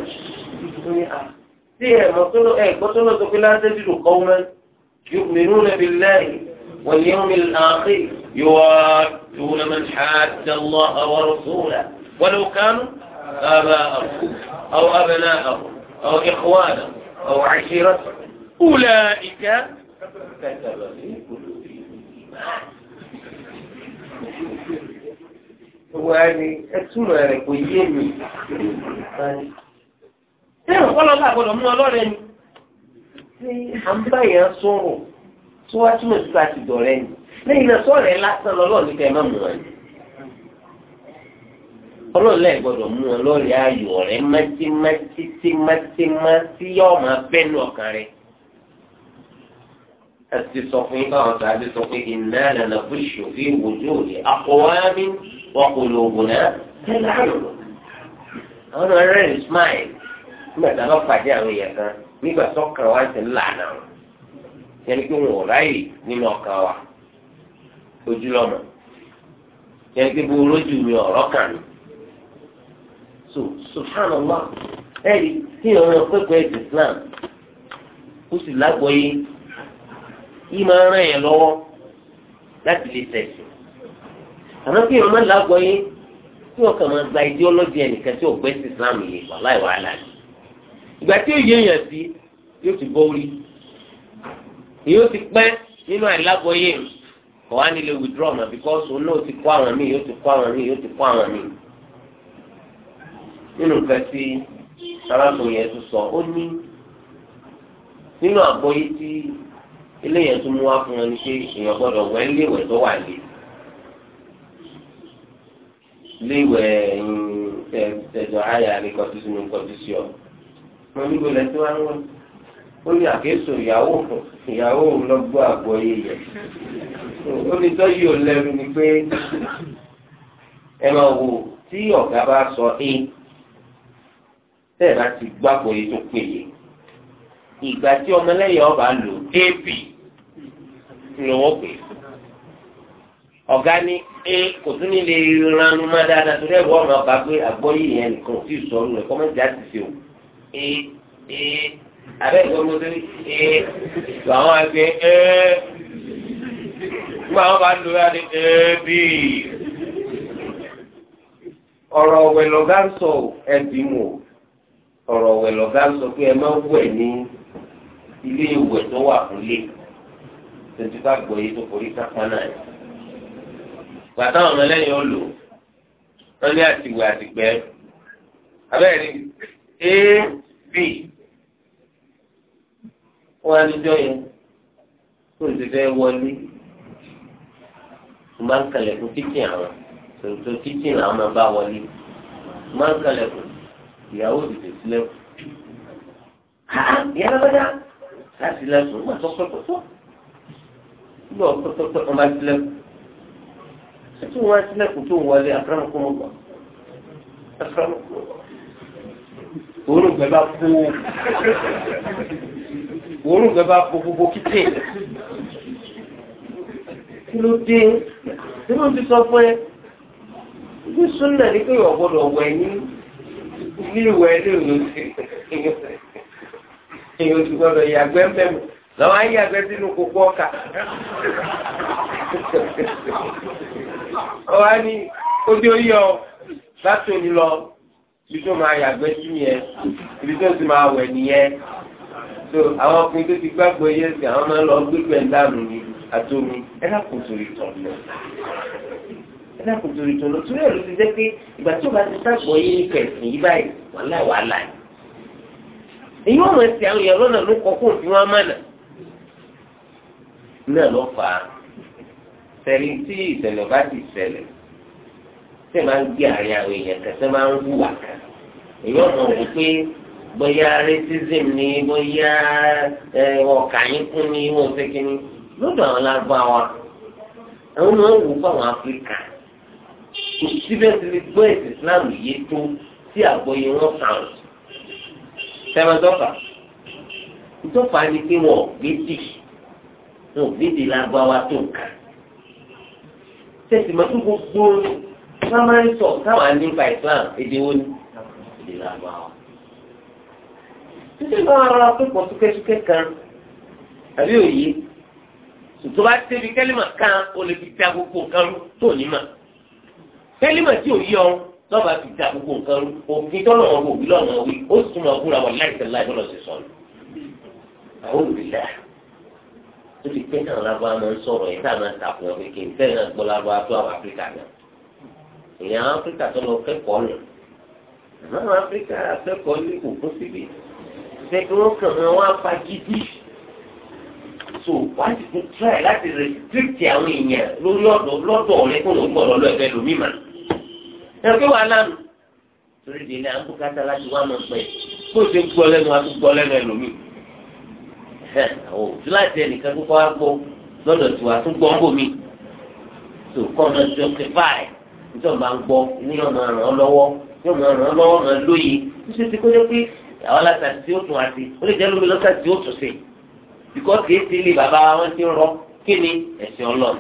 ó ní à. Ah, tí ẹ ايه tó تقول لا تجد قوما يؤمنون بالله واليوم الآخر يوادون من حاد الله ورسوله ولو كانوا آباءهم أو أبناءهم أو إخوانهم أو عشيرتهم أولئك كتب في قلوبهم هو يعني السنة يقول ṣé ìrànwọ́ gbàgbọ́dọ̀ mú ọlọ́rẹ̀ ni tí à ń bá sọ̀rọ̀ tí wọ́n túmọ̀ sí láti dọ̀rẹ́ ni lẹ́yìn náà sọ̀rọ̀ ẹ̀ lásán lọ́lọ́ọ̀ ní kẹ́ẹ̀ má mú wọn ni ọlọ́ọ̀lẹ́ mú ayọ̀ rẹ mẹ́tímẹ́tímẹ́tímẹ́ tí yóò máa bẹ́nu ọ̀kan rẹ̀ ẹtì sọ fún yín báwọn sáájú sọ pé iná nana fún ìṣòfin ìwòjú nígbà tá a àwọn èèyàn kan nígbà tó kàn wá sí ńlànà yẹni pé wọn ò ráyè nínú ọkàn wa ojúlọmọ yẹni pé bó olójú mi ọ̀rọ̀ kàn mí so subhanallah ẹ̀rí ọ̀pẹ̀pẹ̀ islam ó sì lágbọ́yé yìí máa ràn yẹn lọ́wọ́ láti lè tẹ̀sí àmọ́ kí wọ́n kàn islam yìí ìgbà tí èyí èèyàn sí yóò ti bọ́ orí yóò ti pẹ́ nínú àìlágbọ́yé kò wá nílé withdraw na because òun náà ti kó àwọn míì yóò ti kó àwọn míì yóò ti kó àwọn míì nínú nǹkan tí arákùnrin yẹn tún sọ ó ní nínú àgbọ́yé tí eléyẹn tún mú wá fún wọn ni pé èèyàn gbọ́dọ̀ wẹ̀ léwẹ̀ tó wà lé léwẹ̀ ẹ̀ẹ́dẹ̀dọ̀ ayà àríkọ́ tuntun ní kọ́ tuntun yọ̀ mo ní gbọ́dọ̀ tí wọ́n ń wọ́n ó ní àkéso ìyàwó ìyàwó òun àgbọ̀ yé ó ní tọ́ yìí ni pé ẹ máa wò tí ọ̀gá bá sọ é tẹ́ẹ̀ bá ti gbàgbọ́ yìí tó péye ìgbà tí ọmọlẹ́yìn ọba lò ab lówó pé ọ̀gá ní e kò tún ní lè ranu má dáadáa torí ẹ̀wọ́ ọmọ ọba pé àgbọ̀ yìí yẹn nìkan ò tí ì sọ ọ́ nù ẹ̀kọ́ mẹ́ta ti fi òun ee ee abẹ́ ìgbọ́nmọ́ sórí ee làwọn àgbẹ̀ ee nígbà wọn bá ń lórí adé ee bíi ọ̀rọ̀ ọ̀wẹ̀ lọ́gá ń sọ ẹ̀dín mọ̀ ọ̀rọ̀ ọ̀wẹ̀ lọ́gá ń sọ pé ẹ máa ń wẹ̀ ní ilé ìwẹ̀ tó wà fúnlé tètè bá gbọ́ yìí tó forí kápá náà yìí. gbàtà ọmọ lẹ́yìn ó lò wọ́n ní àtiwẹ̀ àtìgbẹ́ abẹ́rẹ́ ab wọn anijọ yẹn kó o ti fẹ́ wọlé o máa ń kalẹ̀ fún kíchìn àwọn tòótọ kíchìn làwọn máa bá wọlé o máa ń kalẹ̀ fún ìyàwó òdìdè sílẹ̀ fún ìyàwó bẹ́ẹ̀ láti lẹ́sùn ó máa tọ́ pẹ́pẹ́pẹ́ lọ pẹ́pẹ́pẹ́ ọmọ sílẹ̀ fún ṣé tí wọ́n á sílẹ̀ kó tó wọlé àkàrà kó mọ̀ àkàrà kó mọ̀ orúgbẹ́ bá kó orúgbẹ́ bá kó gbogbo kíkẹ́ kí ló dé tí wọ́n ti sọ fún ẹ ní súnà ní pé ọ̀gbọ́dọ̀ wẹ̀ ní níwẹ̀ lónìí èèyàn ti gbọ́dọ̀ yàgbẹ́ mẹ́mu lọ́wọ́ ayé yàgbẹ́ sínú kókó ọkà ọ̀hání ojú oyè ọ láti òní lọ ibi tó máa yàgbẹ́ sí nìyẹn ibi tó ti máa wẹ̀ nìyẹn so àwọn ọkùnrin tó ti gbàgbọ́ yẹ sí àwọn máa ń lọ gbégbé ńláàmù ni àtomi ẹ dákun torí tọ̀ lọ ẹ dákun torí tọ̀ lọ torí ẹ̀ ló ti jẹ́ pé ìgbà tó bá ti sàgbọ́ yé ní kẹ̀sìn yí báyìí wàhálà wàhálà yìí èyí wọn mọ ẹsẹ àwọn èèyàn lọnà ló kọ kó òfin wọn mọnà náà ló fà á tẹ̀lé tí ìṣẹ̀lẹ̀ bá ti ṣẹlẹ̀ tẹ máa ń gbé àárín àwọn èèyàn kan tẹ máa ń wúwà kan èyí ọ̀nà rẹ̀ pé bóyá racism ni bóyá ọ̀kàyínkún ni wọn fẹ́ kí ni lọ́dọ̀ àwọn lágbá wa àwọn máa ń wò fún àwọn áfíríkà kò síbẹ̀ gbọ́ ẹ̀sìn Islam yé tó tí àgbọ̀yé wọn sàn sẹ́mẹ́tọ́fà ìtọ́fà ni pé wọn ò gbé dì wọn ò gbé dì lágbá wa tó nǹkan tẹ̀sí mọ́tò gbogbo wọ́n máa ń sọ táwọn nípa Islam èdè wo ni èdè làbá wa. títí máa rọra pípọ̀ súkẹ́súkẹ́ kan àbí òye tó bá tẹ́bi kẹ́límà kan ó lè fi ta gbogbo nǹkan rú tó ní mà kẹ́límà tí ò yí ọ lọ́ba fi ta gbogbo nǹkan rú òfin tọ́lọ̀ wọn wò wí lọ́nà wí ó sì túnmọ̀ fúnra wọn láì tẹ̀lé láì tọ́lọ̀ sí sọ̀rọ̀ àwọn òbílẹ̀ tó ti pẹ́ náà àmọ́ ń sọ̀rọ̀ yìí táwọn àtàkùn ọ̀gbìn kì í fẹ́ èèyàn áfíríkà tó lọ kẹ́kọ̀ọ́ nù àwọn áfíríkà akẹ́kọ̀ọ́ ní kò kó síbi ṣé kí wọ́n kàn wọ́n wá pa gidi so wá ti tún try láti restrict àwọn èèyàn lórí ọ̀dọ̀ lọ́dọ̀ rẹ̀ kó wọ́n gbọ́dọ̀ lọ ẹ̀fẹ́ lómi mà ẹ̀ pé wàá lánàá torí délé à ń bùkátà láti wá mọ̀ pé kó o ṣe gbọ́ lẹ́nu wa tó gbọ́ lẹ́nu ẹ̀ lómi àwọn òtún láti ẹnìkan kó kọ́ wá gbọ́ lọ́dọ̀ tiwa tó gbọ́ ń bò mí so kọ́ ọ̀nà nítorí bá ń gbọ́ ní yóò máa ràn án lọ́wọ́ yóò máa ràn án lọ́wọ́ máa lóye ó ṣe ti kó jẹ́ pé àwọn aláṣà tí ó tún àti ó lè jẹ́ lómi lọ́sà tí ó tún sí bíkọ́ kìí ti lè bàbá wọn ti rọ kí ni ẹ̀sìn ọlọ́run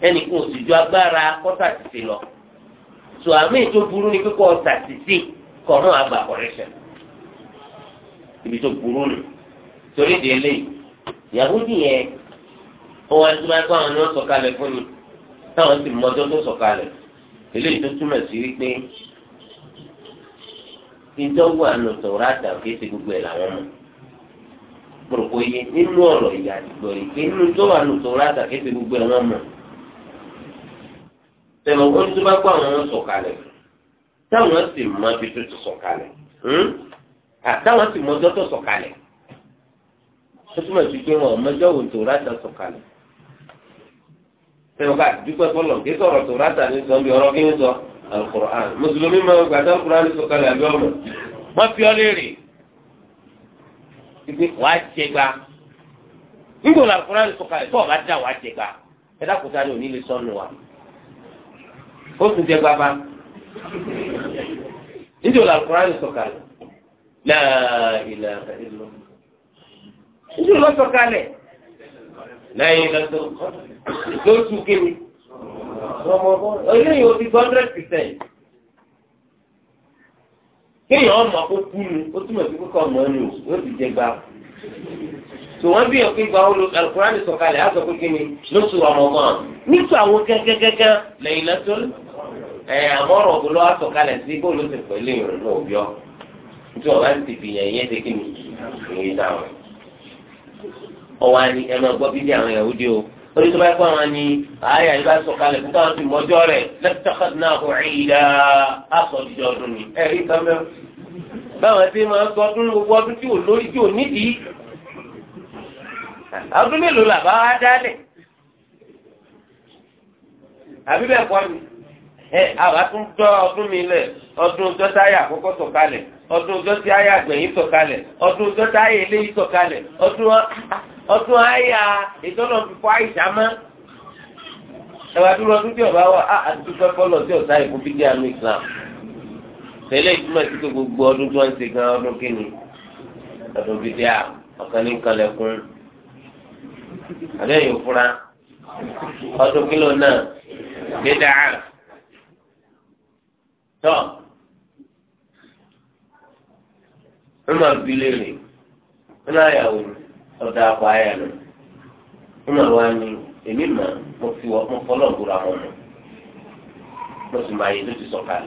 ẹnì kan ò sì ju agbára kọ́tà títì lọ tò àmì tó burú ni kíkọ́ ọ̀tà títì kọ̀ọ̀nà àgbà kọ̀rẹ́ṣẹ̀ ibi tó burú nù torí délé Yahudi yẹn ó wá sí máa gbọ́ àwọn ní wọ́n kalẹ̀ fún mi táwọn sì mọjọ́ tó sọ̀kalẹ̀ eléyìí tó túmọ̀ sí wípé ìjọwọ́ àná tọ̀rọ̀ àtàkì ti gbogbo ẹ̀ làwọn mọ̀ pòròpò yé nínú ọ̀rọ̀ ìyá àdìgbò rẹ̀ pé nínú tó wà lóto ráta kéde gbogbo ẹ̀ wọ́n mọ̀. tẹ̀lé wọn tó bá kó àwọn sọ̀kalẹ̀ táwọn sì mọ ibi tó ti sọ̀kalẹ̀ hmm? àtàwọn sì mọ ọjọ́ tó sọ̀kalẹ̀ ó túmọ̀ sí pé wọn ọmọjọ́ wò tó ráta sọ̀kalẹ̀ sẹ́wọ́n ká dúpẹ́ fọlọ̀ kí sọ̀rọ̀ tó ráta ní sọ bí ọ̀rọ̀ kí ń sọ alukur'an mùsùlùmí máa gbà sọ alukur'an sọ kalẹ̀ àbí ọmọ wọ́n fi ọ́ léèrè ibi wàá jẹ gba ńgbò la alukur'an sọ kalẹ̀ tó ọba dá wàá jẹ gba ẹ dákúta ni òní lè sọnù wa ó tún jẹ gba bá ńgbò la alukur'an sọ kalẹ̀ náà ìlànà ìlú ńgbò la sọ lẹ́yìn lọ́tọ̀ lóṣù kìíní ọmọbọ́n eléyìí ó ti hundred percent kéèyàn ọmọ kó kú ni ó túmọ̀ sí kíkọ́ ọmọ ẹni o yóò ti jẹ gba tò wọ́n bíyàn pé gba olú alukóra ní sọ̀kalẹ̀ á sọ pé kíni lóṣù ọmọbọ́n nítorí àwọn gẹ́gẹ́gẹ́gẹ́ lẹ́yìn lọ́tọ̀ ẹ̀ àmọ́ ọ̀rọ̀ òbúlọ́ á sọ̀kalẹ̀ sí bóòlù ti pẹ̀lú ìrìn náà òbí ọ nítorí ọ̀rọ̀ á ti fi yẹn yẹn ti kíni ìrìn dáhùn. ọwọ́ ni ẹ máa gbọ́ bíbí àwọn Yahudi o orí tó bá kọ́ àwọn ni àyà yìí bá sọ kalẹ̀ fún káwọn mọ́jọ́ rẹ̀ ọdún ni. ẹ rí kan mẹ́rin báwọn ẹbí máa sọ ọdún gbogbo ọdún tí ò lórí tí ò nídìí ọdún mélòó wá dálẹ̀ àbí bẹ́ẹ̀ kọ́ mi ẹ tún gbọ́ ọdún mi lẹ̀ ọdún àkọ́kọ́ sọ kalẹ̀ ọdún ọdún àyà ìtọ́nà fífọ́ àyíṣà mọ́ ẹwà dúró ọdún tí ọba wa àdúgbò fọlọ tí ọ̀sá ìkú bíi àánú Islam tẹ́lẹ̀ ìtumọ̀ sí pé gbogbo ọdún tí wọ́n ń ṣe gan ọdún kìíní ọdún bíi díà ọ̀kan ní nǹkan lẹ́kún àbẹ́yìn òfúra ọdún kìlọ̀ náà gbé dáa tọ́ ń máa bi léèrè ń náà yà wò ni ọ̀dà akọ ayà mi nínú àwọn àmì èmi mà mo fi wọ mo fọlọ́ òkúra wọn mọ mo sì máa yẹ tó ti sọ̀kalẹ̀.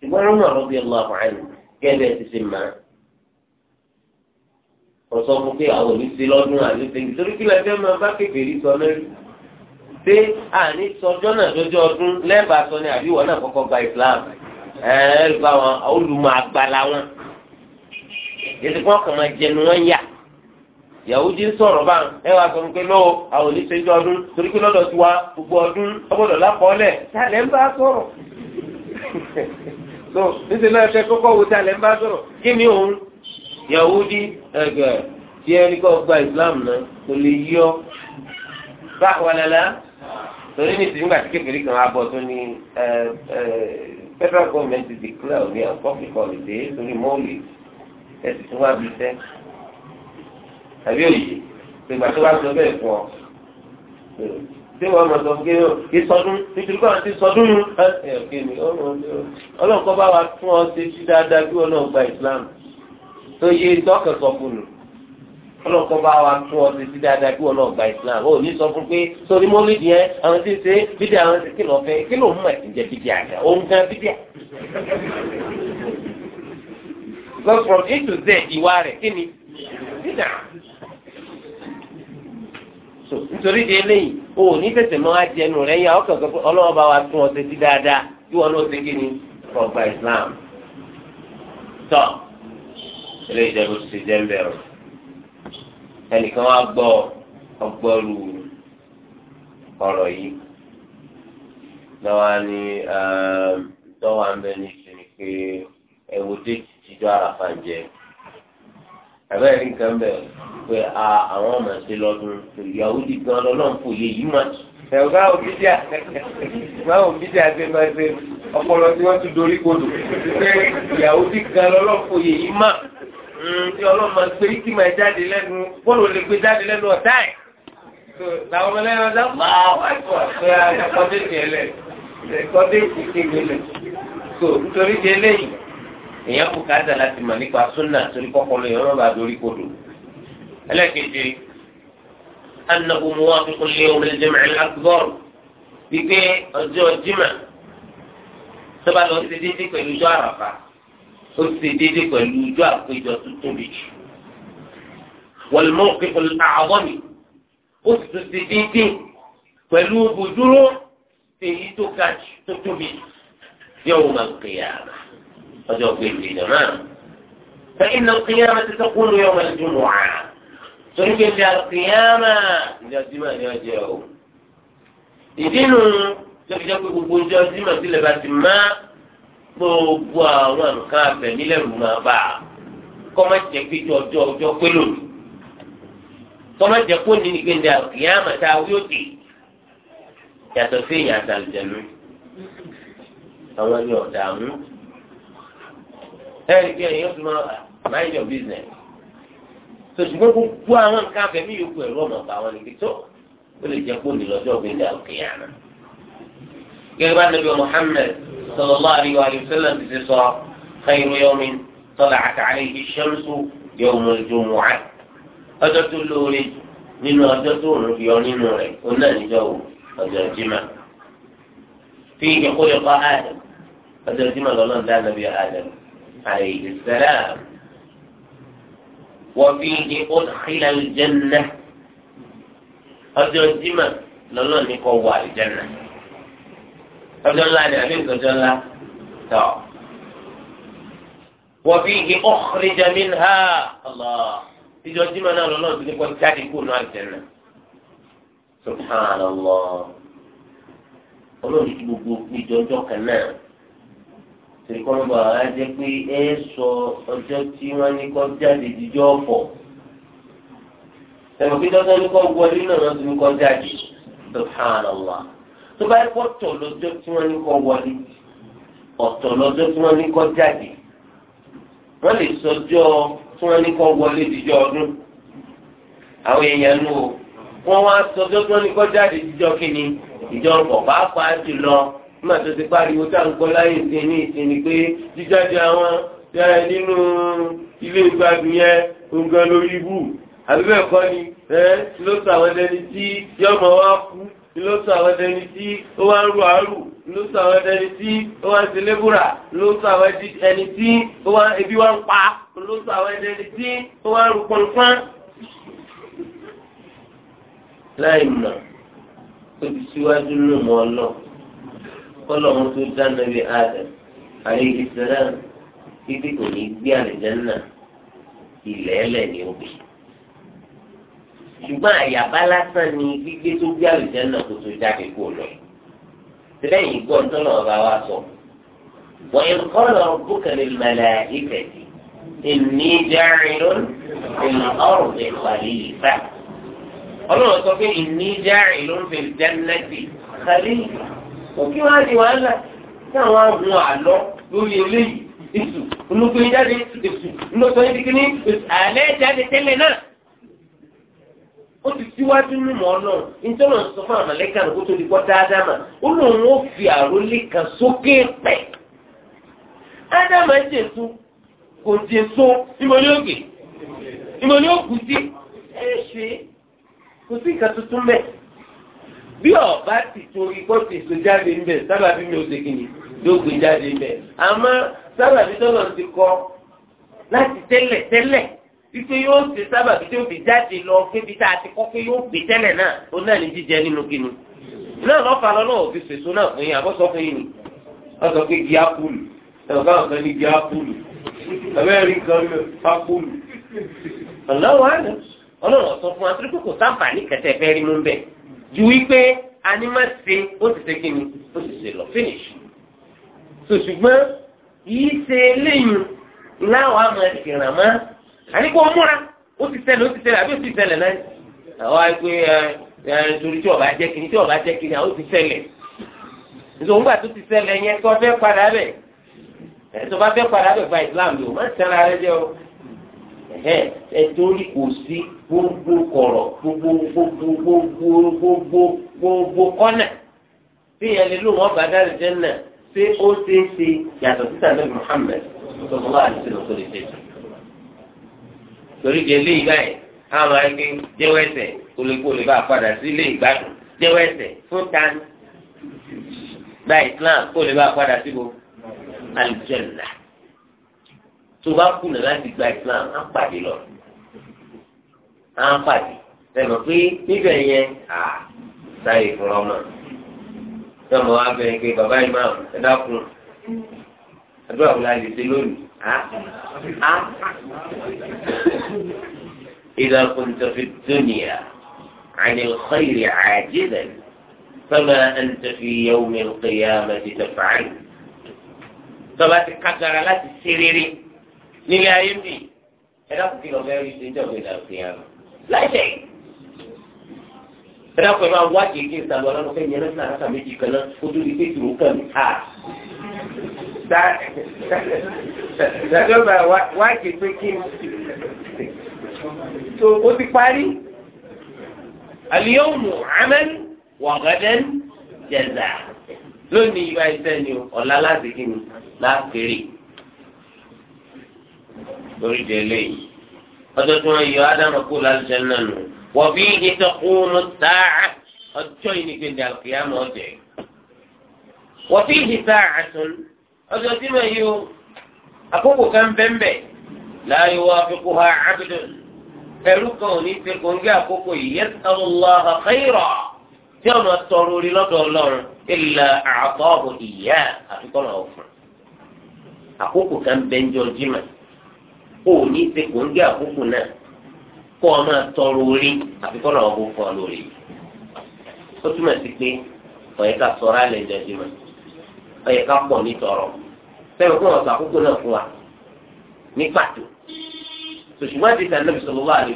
ṣùgbọ́n nínú àwọn bíi ọlọ́wọ́ àbáyé gẹ́gẹ́ ti ṣe máa wọ́n sọ fún pé àwọn òní ti lọ́dún àti tẹ̀yìn torí kí lẹ́fẹ́ máa bá kékeré sọ lẹ́rú pé àní sọjọ́ náà lọ́jọ́ ọdún lẹ́ẹ̀bà sọ ni àbí wọn náà kọ́kọ́ gba ìsìlámù ẹ̀ẹ́dẹ́gbà wọn olùmọ̀ àgbàlá wọn yẹtù kí wọn kàn máa jẹnu wọn yà Yahudi sọ̀rọ̀ bá ẹ wàá sọ pé lọ́wọ́ àwọn oníṣẹ́jú ọdún torí pé lọ́dọ̀ tiwa gbogbo ọdún ọgbọ́dọ̀ lápọ̀ọ́lẹ̀ tálẹ̀ ń bá sọ̀rọ̀ [LAUGHS] so níṣẹ́ náà ṣe kọ́kọ́ wo tálẹ̀ ń bá sọ̀rọ̀ kí ni òun Yahudi ẹgbẹ́ tí ẹni kọ́ gba Islam náà kò lè yí ọ bá wàlálà torí ní ti nígbà tí kékeré kan abọ́ tó ní federal government declare ní a public holiday torí mọ́ọ̀lì ẹsì tó wá bí sẹ́ tàbí òye ìgbà tó wá sọ bẹ́ẹ̀ pọ̀ tí wọ́n mọ̀ sọ pé kí sọdún nítorí báwọn ti sọdún nù ẹ ọ̀kẹ́ mi ọlọ́run kọ́ bá wa fún ọ ṣe sí dáadáa bí wọn náà gba Islam tó yẹ dọ́kẹ̀ sọ ọlọ́run kọ́ bá wa fún ọ ṣe sí dáadáa bí wọn náà gba Islam ó ní sọ fún pé sórí mọ́lídì yẹn àwọn tí ṣe bídíà àwọn ti kí lọ́ọ́ fẹ́ kí lọ́ọ́ mú ẹ̀sìn jẹ bídíà òun gan bídíà because from A to Z ìwà rẹ̀ kí ni bídà. so nítorí di eléyìí o ò ní tẹ̀sẹ̀ mọ́ ajẹ́ ẹnu rẹ̀ yá ọkàn kan ọlọ́wọ́ bá wa tún ọ̀sẹ̀ ti dáadáa kí wọn náà ṣe kí ni ọgbà Islam. tọ́ ilé ìjẹ́bù ti jẹ́ ń bẹ̀rù ẹnìkan wá gbọ́ ọgbọ́rù ọ̀rọ̀ yìí lọ́wọ́ ni ehm, tọ́wọ́ àmbẹ́ni ṣe ni pé ẹ̀wò déjì ìjọ àràfà jẹ ẹ̀rọ ẹ̀rí nǹkan bẹ̀ pé àwọn ọmọ ẹ̀sìn lọ́dún Yahudi gan lọ́lọ́run fò yé yìí mà ẹ̀rọ báwo bíjà báwo bíjà ṣe máa ṣe ọpọlọ tí wọ́n ti dorí kodò pé Yahudi gan lọ́lọ́run fò yé yìí mà hmm, tí ọlọ́run máa gbé kí máa jáde lẹ́nu bọ́ọ̀lù lè gbé jáde lẹ́nu ọ̀tá ẹ̀ làwọn ọmọ lẹ́yìn ọ̀dọ́ máa wá ìkọ̀ pé ẹ̀kọ́ dé tiẹ̀ lẹ̀ ẹ̀kọ́ dé ìkéwé lẹ̀ èèyàn bùkátà láti mọ̀ nípa súnà torí kọ́kọ́ lóyún ọlọ́ba àdórí kodò ẹlẹ́kẹ̀jẹ annahu muwafiqun li yawm al-jam' al-akbar wípé ọjọ́ jimá sọ́ba lọ sí dídí pẹ̀lú ijó àràfà ó sì dídí pẹ̀lú ijó àpéjọ tó tóbi jù wal mawqif al-a'zam ó sì tún ti dídí pẹ̀lú ibùdúró èyí tó ga jù tó tóbi yawm al-qiyamah ọjọ́ gbèlú ìjọba. fẹ́yìn náà kíyàmá ti sọ́kúrú yọ ọmọ ìdúnnù wá. torí pé ti àkíyàmá ìjọ jimá ni ọjọ́ o. ìdí nu jọ́kíjọ́ pé gbogbo ìjọ jimá sílẹ̀ bá ti má gbogbo àwọn nǹkan abẹ̀mílẹ̀rù máa bá a. kọ́mọ̀jẹ̀ pé ọjọ́ ọjọ́ pé lónìí tọ́mọ̀jẹ̀ kó ní ní gbẹ̀ndẹ̀ àkíyàmá tá a wíyó dé yàtọ̀ sí ìyàtọ̀ àlùjẹ̀nu àwọn ni ọ̀dààmú ẹ̀rí bí ẹ̀yìn ọ̀sùn máa mind your business. tó ṣùgbọ́n gbogbo àwọn nǹkan abẹ̀mí yòókù ẹ̀rọ ọmọ ọ̀gá wọn níbi tó ó lè jẹ́ pé onílọ́jọ́ ògbéga òkè àná. gẹ́gẹ́ bá nàbí Muhammad sallallahu alayhi wa sallam ti ti sọ khayru yawmin tala'at alayhi shamsu yawmul jumu'ah ọjọ́ tó lóore nínú ọjọ́ tó ń yọ nínú rẹ̀ ó náà níjọ́ wò ọjọ́ jimá fi ìjọ kó lè عليه السلام وفيه أدخل الجنة أرجو الجمع لله نقوى الجنة أرجو الله نعمل أرجو الله تعالى وفيه أخرج منها الله ìjọ jimá náà lọ́nà tó ní kọ́ الجنة. سبحان الله. àjẹnà subhanallah olórí gbogbo ìjọ tìkọ́nù àwọn ajẹ́ pé ẹ sọ ọjọ́ tí wọ́n ní kọ́ jáde jíjọ́ ọ̀pọ̀ tẹ̀wọ̀n kí dọ́tọ́ ní kọ́ wọlé náà lọ́sùn ní kọ́ jáde subhanallah tó bá kọ́ tọ̀ lọ́jọ́ tí wọ́n ní kọ́ wọlé ọ̀tọ̀ lọ́jọ́ tí wọ́n ní kọ́ jáde wọ́n lè sọjọ́ tí wọ́n ní kọ́ wọlé jíjọ́ ọdún àwọn èèyàn nù wọ́n wá sọjọ́ tí wọ́n ní kọ́ jáde jíjọ́ kíni ìjọ́ nígbà tó ti pariwo tá à ń gbọ́ láyé ìsìn ní ìsìn ni pé jíjáde àwọn nínú ilé ìgbádùn yẹn nǹkan lórí ibù àbí bẹ́ẹ̀ kọ́ ni ló sọ àwọn ẹni tí yọmọ wa kú ló sọ àwọn ẹni tí ó wá ń ru àárù ló sọ àwọn ẹni tí ó wá ń ṣe lébùrà ló sọ àwọn ẹni tí ó wá ebi wá ń pa ló sọ àwọn ẹni tí ó wá ń ru pọnpọn láì mọ̀ ó ti síwájú lómọ ọlọ́ọ̀ kọlọ́run tó dá nàbí adam alayhi salam títí kò ní gbé àlìjánná ilẹ̀ ẹlẹ̀ ní òbí. ṣùgbọ́n àyàbá lásán ni gbígbé tó gbé àlìjánná kò tó jáde kó lọ. sẹ́yìn gbọ́ ntọ́nà ọba wa sọ. wọ́n yẹ kọ́lọ̀ bùkẹ́lẹ̀ mẹ́lẹ̀ ìfẹ̀tì ìní jáìrún ìlọ́rùn ìpàlẹ́ ìfà. ọlọ́run sọ pé ìní jáìrún fil jannati khalifa. kò kí wọ́n á di wàhálà tí àwọn àwọn àlọ́ lórí eléyìí èsù olóko yín jáde èsù olóko yín dikini èsù àlẹ́ jáde tẹ́lẹ̀ náà ó ti síwájú nínú ọ̀nà ìjọba sọ fún àmàlẹ́kà kó tó di pọ́ dáadáa mà ó lóun ó fi àrólé kan sókè pẹ̀ ádámà jésù kò jésù bí ọba ti torí kó ti so jáde ń bẹ sábàbí mi ò ṣe kìnnì ló gbé jáde ń bẹ àmọ́ sábàbí tọ́lọ̀ ti kọ láti tẹ́lẹ̀ tẹ́lẹ̀ wípé yóò ṣe sábàbí tó fi jáde lọ kébi tá a ti kọ́ pé yóò gbé tẹ́lẹ̀ náà ó náà ní jíjẹ nínú kinu náà lọ́fà lọ́nà òfin ṣèṣo náà fún yín àbọ̀sọ fún yín ni wọ́n sọ pé gí ápùlù ẹ̀rọ káwọn kan ní gí ápùlù abẹ́rẹ́ nǹkan ní ápùlù ọ̀nà wà ní ọlọ́run ọ̀sán fún wa torí pé kò sáǹfà ní kẹtẹ fẹ́ rí mú bẹ́ẹ̀ ju wípé se ó ti ṣe kí ni ó ti ṣe lọ finish. sọ ṣùgbọ́n yìí ṣe léyìn láwọn àmọ̀ ìràn mọ́ àníkó múra ó ti ṣẹlẹ̀ ó ti ṣẹlẹ̀ àbí ó ti ṣẹlẹ̀ náà àwọn àgbẹ̀ ẹ̀ ẹ̀ torí tí ọba jẹ́ kí ni tí ọba jẹ́ kí ni àwọn ó ti ṣẹlẹ̀ nítorí nígbà tó ti ṣẹlẹ̀ yẹn tó fẹ́ padà bẹ̀ ẹ̀ tó bá fẹ́ padà bẹ̀ fa ìsìlámù yìí ó má ṣẹlẹ̀ ara jẹ́ o ẹ̀tọ́rí kò sí gbogbo kọ̀rọ̀ gbogbo gbogbo gbogbo gbogbo gbogbo kọ́nà tí ìyẹn lè lò wọ́n bá dárí jẹ́nà ṣé ó ṣeé ṣe yàtọ̀ títà lórí Muhammad sọlá àti lọ́sọ̀ lè ṣe. torí jẹ́lé ìgbà yẹn àwọn ẹgbẹ́ jẹ́wọ́ ẹsẹ̀ kólékólé bá padà sílé ìgbádùn jẹ́wọ́ ẹsẹ̀ fún tani. gba Islam kólé bá padà síbo alìjẹ́nà. tó bá kùnà láti gba islam á pàdé lọ á pàdé ẹnu pé níbẹ̀ yẹn à sáyé fún ọmọ náà mo wá bẹ̀rẹ̀ pé bàbá yìí máa ẹ dákun àdúrà wò la lè ṣe lónìí á á ìdá kun tó fi dúnìyà àní إذا كنت في الدنيا عن الخير عاجزا فما أنت في يوم القيامة ti صلاة láti ṣe تسيري nílé ayé mi ẹ dákun kí lọ́ọ́ rí ṣe jọ̀gbìn náà fi hàn láìsẹ̀ ẹ dákun ẹ máa wá kéèké ìsàlù ọlọ́run fẹ́ yẹn lọ́sìn àràkà méjì kan náà ó dúró ipé tìrú kàn mí ha. Dàdọ́gba wá kéèké kí n tó o ti parí. Àlìyọ́mù amẹ́lì wàgádẹ́n jẹ̀zà lónìí ìwà ìsẹ́ni ọ̀la láti kí ni láàkéré lórí délé yìí ọjọ́ tí wọ́n yọ ádámù kú lálùjẹ́ náà nù wọ́n fi ìtọ́kùnrin táà ọjọ́ yìí ní gbèndé àkìyàmù ọ̀jẹ̀ wọ́n fi ìtàà tún ọjọ́ tí wọ́n yọ àkókò kan bẹ́ńbẹ́ láàyè wọ́n fi kú ha ábídùn ẹ̀rú kan ò ní ṣe kòńgé àkókò yìí yẹ tí ọ̀nà tọrọ orí lọ́dọ̀ ọlọ́run ilẹ̀ àtọ́bù ìyá àfikọ́nà ọ̀fun àkókò kan bẹ́ńjọ jimá kó o ní ṣe kò ń gé àkókò náà o máa tọrọ orí àfi kọ́ làwọn kò fọ́ ọ lórí. ó túmọ̀ sí pé ọ̀yẹ́ ká sọ̀rọ̀ alẹ́ jẹjẹrẹ ọ̀yẹ́ ká pọ̀ nítọrọ fẹ́ràn kó wọn sọ àkókò náà fún wa ní pàtó.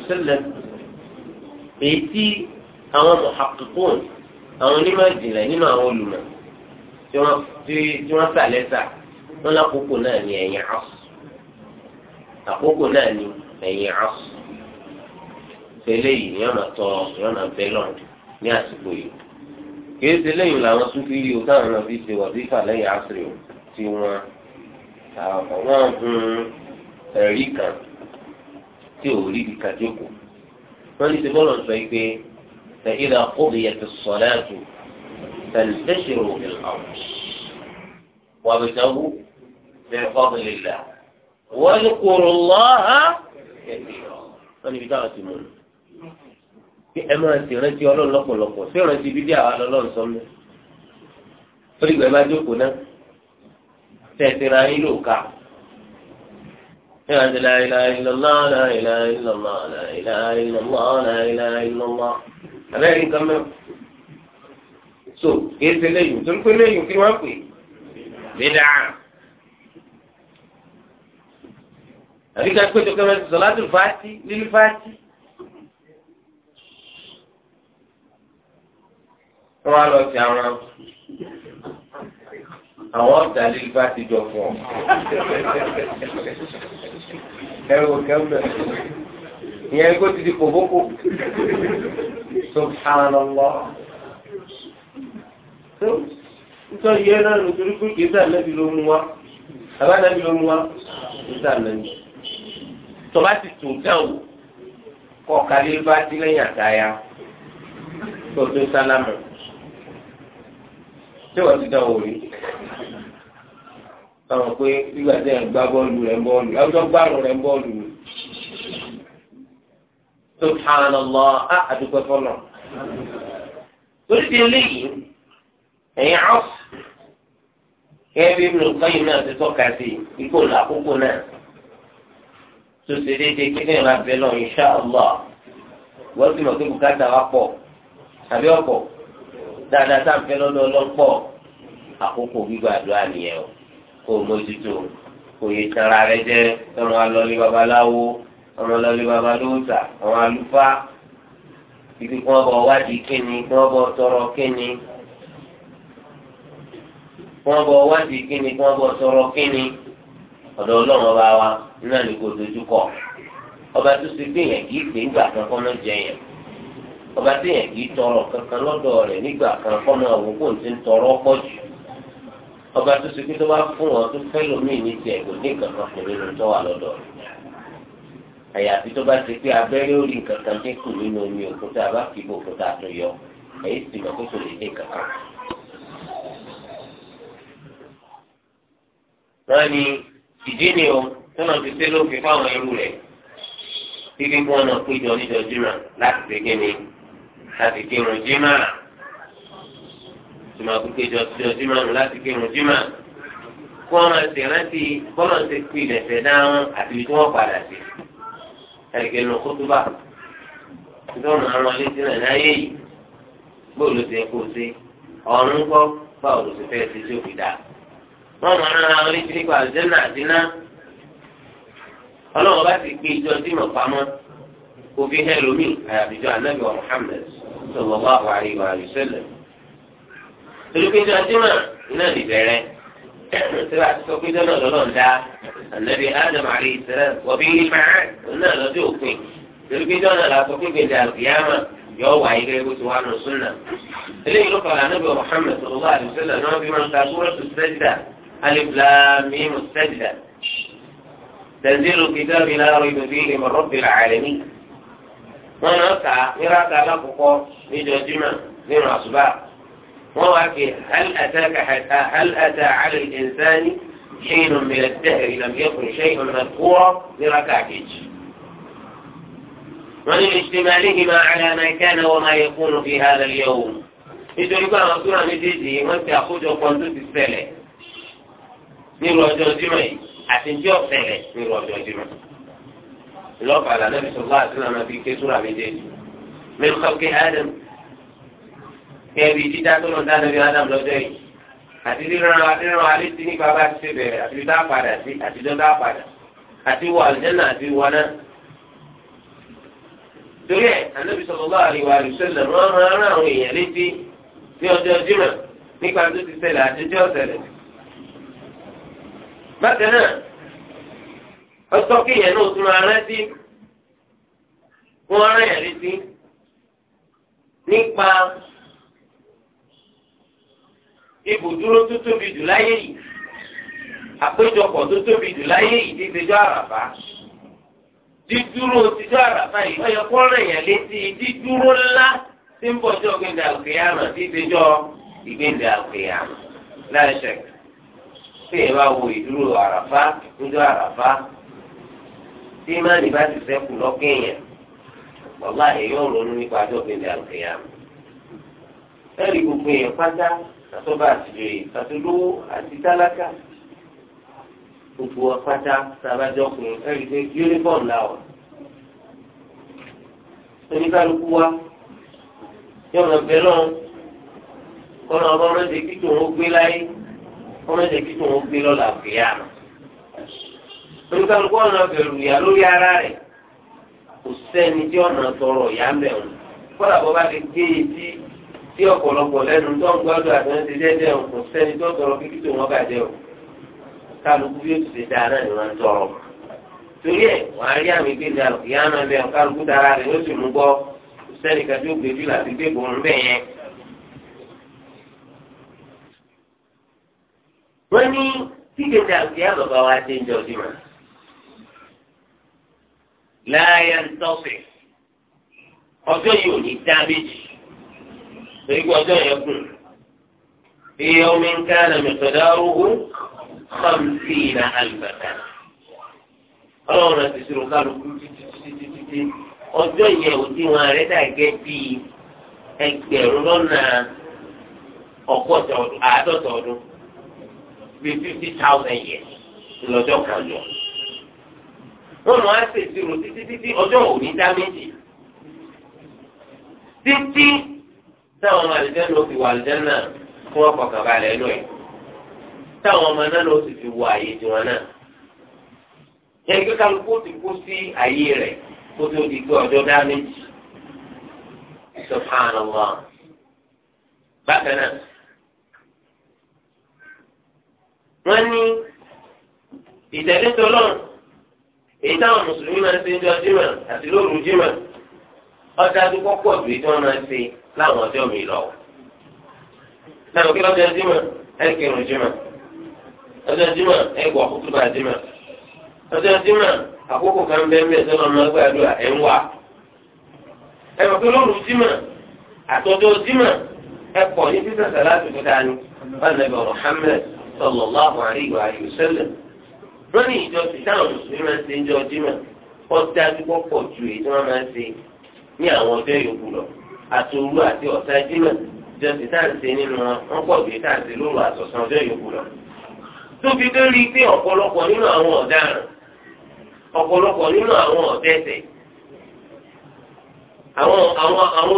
sàn èyí tí àwọn àwọn onímọ̀ ìjìnlẹ̀ nínú àwọn olùmọ̀ tí àkókò náà ni ẹ̀yìn asù tẹ́lẹ̀ yìí yọ̀n náà tọrọ yọ̀n náà bẹ́lọ̀ ní àsìkò yìí kìí ṣe lẹ́yìn làwọn súnfì yìí o táwọn náà fi ṣe wàdífà lẹ́yìn asìrì o tí wọ́n wọ́n hun ẹ̀rí kan tí ò rí ibi kàjókòó wọ́n ní ti bọ́lọ̀ sọ yìí pé fẹ̀yìlá kóbi yẹ ti sọ̀rọ̀ àtò fẹ̀lẹ́sẹ̀rọ̀ òfin àwọn wàbẹ̀tẹ̀wò fẹ̀fọ́bìlélà wọ́n kúrò lọ́ha wọ́n níbi táwọn ti mú un. bí ẹ máa ti rántí ọlọ́run lọ́pọ̀lọpọ̀ sí ìrántí bíbí àwọn ọlọ́run sọ mí. torí ìgbà ẹ bá jókòó náà tẹ̀síra yín ló ka. Ìlànà ìlànà ìlànà ìlànà ìlànà ìlànà ìlànà ìlànà ìlànà abẹ́rẹ́ nǹkan mẹ́rin. So kìí ṣe léyìn torí pé léyìn kí wọ́n pè é. àbí ká péjọ kẹfẹ sọláàtù fàátì lílí fàátì. wọ́n á lọ sí àwọn àwọn ọ̀dà lílí fàátì jọ fún ọ. ẹ wò kẹ́mbẹ̀ ìyẹn kó ti di kòbókò subhanallah nítorí yẹn náà nítorí pé kìí sàn lẹ́bi ló mú wa àbá lẹ́bi ló mú wa kìí sàn lẹ́bi tó bá ti tún tẹ̀ wò kọ́ kálí bá ti lẹ́yìn àtàyà tó tó sálámù tí wọ́n ti dán wò rí báwọn pé nígbà tí ẹ̀ ń gbá bọ́ọ̀lù rẹ̀ ń bọ́ọ̀lù àwùjọ gbárùn rẹ̀ ń bọ́ọ̀lù rẹ̀ subhanallah á àdúgbò fọlọ. torí eléyìí ẹ̀yin áwùs kẹ́ẹ́ bí Ibn Qayyim náà ti tọ́ka sí ikú làkókò náà tó ṣe déédéé kí ní ìran abẹ náà insha allah wọ́n ti mọ̀ pé bùkátà wa pọ̀ àbí ọ̀pọ̀ dáadáa tá à ń fẹ́ lọ́dọ̀ ọlọ́pọ̀ àkókò gbígbà àdúrà nìyẹn o kó o mójútó kò yẹ tara rẹ jẹ ọmọ alọ́lé babaláwo ọmọ alọ́lé babalóòtà ọmọ àlùfáà ibi kí wọ́n bọ̀ wádìí kíni kí wọ́n bọ̀ tọrọ kíni kí wọ́n bọ̀ wádìí kíni kí wọ́n bọ̀ tọrọ kíni ọ̀dọ̀ ọlọ́run ọba wa nínú àlùkò dojúkọ ọba tó ṣe pé yẹn kì í pè nígbà kan kọ́ náà jẹ yẹn ọba tó yẹn kì í tọrọ kankan lọ́dọ̀ rẹ̀ nígbà kan kọ́ náà wò kó n ti ń tọrọ pọ̀ jù ọba tó ṣe pé tó bá fún wọn tó fẹ́ lómi ní tiẹ̀ kò ní kankan fún nínú tó wà lọ́dọ̀ rẹ̀ àyàfi tó bá ṣe pé abẹ́rẹ́ orí kankan dínkù nínú omi òkúta àbá kìbò òkúta tó yọ èyí sì mọ̀ kó tó lè dín kankan. wọ́n ní ìdí ni o tọ́nà ti ṣe lófin fáwọn ẹrú rẹ̀ kíkí kí wọ́n náà péjọ níjọ jimá láti ṣe kí ni láti kírun jimá tìmọ̀ àkókéjọ síjọ jimá láti kírun jimá kí wọ́n máa ṣe rántí bọ́lọ̀ ṣe kú ìdẹ̀sẹ̀ dáhùn àti ibi tí wọ́n padà sí ẹ̀gẹ́ nù kótóbà ìtọ́nà àwọn ilé sílẹ̀ láyé yìí bóòlù ti ẹ̀kọ́ sí ọ̀run gbọ́ báwo ló ti fẹ́ ṣe tí ó fi dáa. wọ́n mọ̀ ara wọn létí nípa àjẹ́nà àdínà ọlọ́run bá ti gbé ìjọ sí ìmọ̀ pamọ́ kò fi hẹ́ lómi àyàfíjọ anábì wa Muhammad sallallahu alaihi wa sallam. olùkọ́ ìjọ àdínà iná lè bẹ̀rẹ̀ síbi àti sọ pé ìjọ náà lọ́lọ́ ń dá anábì Adam alaihi salam wọ́n fi yí máa ń náà lọ́jọ́ òpin olùkọ́ ìjọ náà làásọ pé gbèdé àlùkìyàmà yóò wá yìí gẹ́gẹ́ bó ti wá nù súnà. eléyìí ló fara anábì wa Muhammad sallallahu alaihi wa sallam náà fi máa ń ta sóràtù sẹ́dá ألف لام ميم السجدة تنزيل الكتاب لا ريب فيه من رب العالمين وانا اتعى مراتا لا فقور نجو جمع من أصباب وواكي هل أتاك حتى هل أتى على الإنسان حين من الدهر لم يكن شيء من القوة لركاكج ومن اجتمالهما على ما كان وما يكون في هذا اليوم إذا يكون رسولا مجيزي أخوجه قندوت السلام nírú ọjọ́ Jímọ̀ yìí àti ní ọ̀sẹ̀lẹ̀ nírú ọjọ́ Jímọ̀. lọ́ọ̀fà lànà bí sọ̀rọ̀ àti lànà bí ké súra méjèèjì mẹ́kọ́ ké Adam kẹ́ẹ̀bí dídá tó lọ́ọ́ dáná bí Adam lọ́jọ́ yìí àti ríran ríran alẹ́ sí ní bàbá ti bẹ̀rẹ̀ àti dá padà sí àti dọ́dá padà àti wọ àlùjẹ́nà àti wọ náà torí ẹ anabi sallallahu alaihi wa sallam rán rán àwọn èèyàn létí ní ọjọ́ Jímọ̀ nípa tó ti ṣẹlẹ̀ àti tí ó bákan náà kí kéèyàn náà tún máa rántí wọ́n rán yàn létí nípa ibùdúró tó tóbi jù láyé yìí àpéjọpọ̀ tó tóbi jù láyé yìí ti ṣèjọ́ àràbá dídúró tijọ́ àràbá yìí ó létí dídúró ńlá tí ń bọ̀ sí ti ṣèjọ́ tí ẹ bá wo ìdúró àràfá níjọ àràfá tí imáàlì bá ti sẹ́kù lọ́kẹ́yìn wàlá èèyàn ronú nípa ajọ́ bẹ̀rẹ̀ àlùkẹ́yà ẹ̀rí gbogbo èèyàn pátá àtọ́ba àtìlóye àtolówó àti tálákà gbogbo pátá tàbájọ́ pé ẹ̀rí pé yúnífọ̀mù làwọn oníkálukú wa yọ̀ọ̀nà bẹ́ẹ̀ lọ́n kọ́nà ọba ọlọ́dẹ kíkì òun gbé láyé wọ́n mẹ́ta kí tó ń gbé lọ́la fìyà mọ́. olùkàlùkù ọ̀nà bẹ̀rù ìyá lórí ara rẹ̀ kò sẹ́ni tí ọ̀nà tọrọ ìyá mẹ́wọ̀n kọ́lá bọ́ bá ti gé etí tí ọ̀pọ̀lọpọ̀ lẹ́nu tó ń gbọ́dọ̀ àtúnṣe dẹ́dẹ́ o kò sẹ́ni tó tọrọ kí tó wọ́n bàjẹ́ o kálukú yóò ti ṣe dáa náà ni wọ́n ń tọrọ. torí ẹ̀ wọ́n á rí àmì gbé ní àlùkìyà náà bẹ́ẹ̀ kálukú dára rẹ̀ yóò sì mú gbọ́ kò sẹ́ni kan tó gbé wọ́n ní tíkẹ́tì àgbẹ̀ àbàbà wa ṣe ń jọ ọdúnmọ̀ láàyè ń tọ́sẹ̀ ọjọ́ yìí ò ní dá méjì torí pé ọjọ́ yẹn kù iye omi ń ká ẹnà mẹ́tọ́dá owó kọ́ńtì ìlà àlùbàtà ọlọ́run àti ìṣòro kálukú títítítítí ọjọ́ yẹn ò tí wọn rẹ̀ dàgẹ́ bíi ẹgbẹ̀rún lọ́nà ọ̀pọ̀ àádọ́ta ọdún bíi fifty thousand years lọ́jọ́ kan lọ. wọ́n mọ̀ á ṣèṣì rò títí títí ọjọ́ òní dá méjì. títí táwọn ọmọ àlùjẹ́ ló fi wà àlùjẹ́ náà kí wọ́n fọkàn balẹ̀ lọ ẹ̀. táwọn ọmọ náà ló sì fi wọ àyè tiwọn náà. yẹn kí kálukú ti kú sí àyè rẹ̀ kó tó di pé ọjọ́ dá méjì. subhanallah. bákan náà. wọ́n ní ìtẹ̀lé tọ́lọ́run èyí mùsùlùmí máa ń ṣe ní ọjọ́ àti lóru jimá ọjà àdúgbò pọ̀ ju èyí máa ń ṣe láwọn ọjọ́ mi lọ. táwọn kí lọ́jọ́ jimá ẹ kírun jimá ọjọ́ jimá ẹ gbọ́ kútùbà jimá ọjọ́ jimá àkókò kan bẹ́ẹ̀ bẹ́ẹ̀ ọmọ ẹgbẹ́ àdúrà ẹ̀ ń wà. ẹ sallallahu alaihi wa sallam wọ́n ní ìjọsìn táwọn mùsùlùmí máa ń ṣe ń jọ jímọ̀ ọ̀dà dúpọ̀ pọ̀ ju èyí tí wọ́n máa ń ṣe ní àwọn ọjọ́ yòókù lọ àtòrú àti ọ̀sán jímọ̀ ìjọsìn tá à ń ṣe nínú wọn wọ́n pọ̀ ju èyí tá à ń ṣe lóru àtọ̀sán ọjọ́ yòókù lọ. tó fi dé rí i pé ọ̀pọ̀lọpọ̀ nínú àwọn ọ̀daràn ọ̀pọ̀lọpọ̀ nínú àwọn ọ̀dẹ́sẹ̀ àwọn àwọn àwọn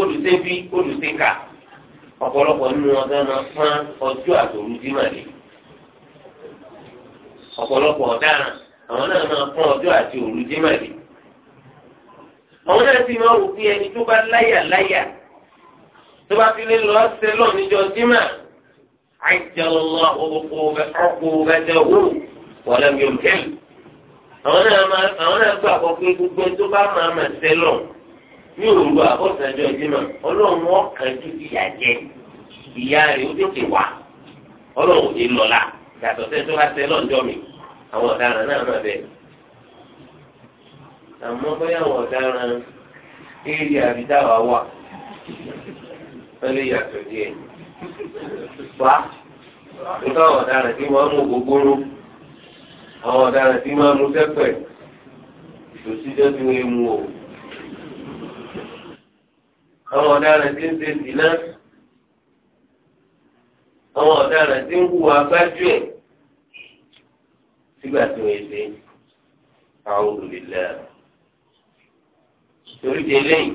ọ̀pọ̀lọpọ̀ nínú wọn fún ọjọ́ àtòrú jímọ̀ ọ̀pọ̀lọpọ̀ ọ̀daràn àwọn náà máa fún ọjọ́ àti òru dímọ̀lì. àwọn náà sì máa wò pé ẹni tó bá láyà láyà tó bá fi lé lọ ṣe níjọ́ dímà àìjọlọ ọkọ̀ bẹ́tẹ̀ owó wọlé mi ò kẹ́lì. àwọn náà gbà kọ́ pé gbogbo tó bá máa ṣe lọ ní òru ọlọ́run ju ìyà jẹ ìyá rẹ̀ ó tètè wà ọlọ́run ò ní lọ́la. yàtọ̀ sẹ́ni tó bá tẹ lọ́njọ́ mi àwọn ọ̀daràn náà máa bẹ̀. àmọ́ bóyá àwọn ọ̀daràn eré àbídáwà wà wọ́n lè yàtọ̀ díẹ̀. wá nígbà àwọn ọ̀daràn tí wọ́n mú gbogbooro àwọn ọ̀daràn tí wọ́n mú sẹ́pẹ̀ ìtòsíjọ́ tí wọ́n mú o. àwọn ọ̀daràn tí ń ṣe sí náà àwọn ọ̀daràn tí ń hùwà gbájú ẹ̀ sígbà tí wọ́n ṣe àwọn olùdílẹ̀ torí di eléyìí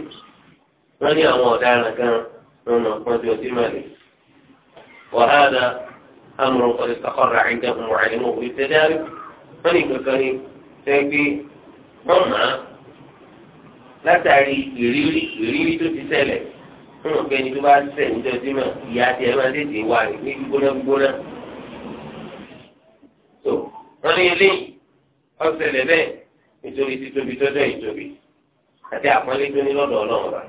wọ́n ní àwọn ọ̀daràn kan wọ́n mọ̀ pọ́n tí wọ́n ti máa lè wàhálà amúrò kọ́lé sàkọ́rọ̀ àìjẹ́ fún wàhálà mọ̀ wí tẹ́lẹ̀ wọ́n ní kankan ní sẹ́gbẹ́ wọ́n mọ̀ á látàrí ìrírí ìrírí tó ti ṣẹlẹ̀ fún ọ̀gbẹ́ni tó bá ṣẹ̀ níjọ́ tí mọ̀ ìyá tiẹ̀ máa tètè wà ní gbígbóná gbígbóná wọn ní ilé ọ̀sẹ̀lẹ̀ bẹ́ẹ̀ nítorí títóbi tó dẹ̀ ìtóbi àti àpọ́nlé tó ní lọ́dọ̀ ọlọ́run bá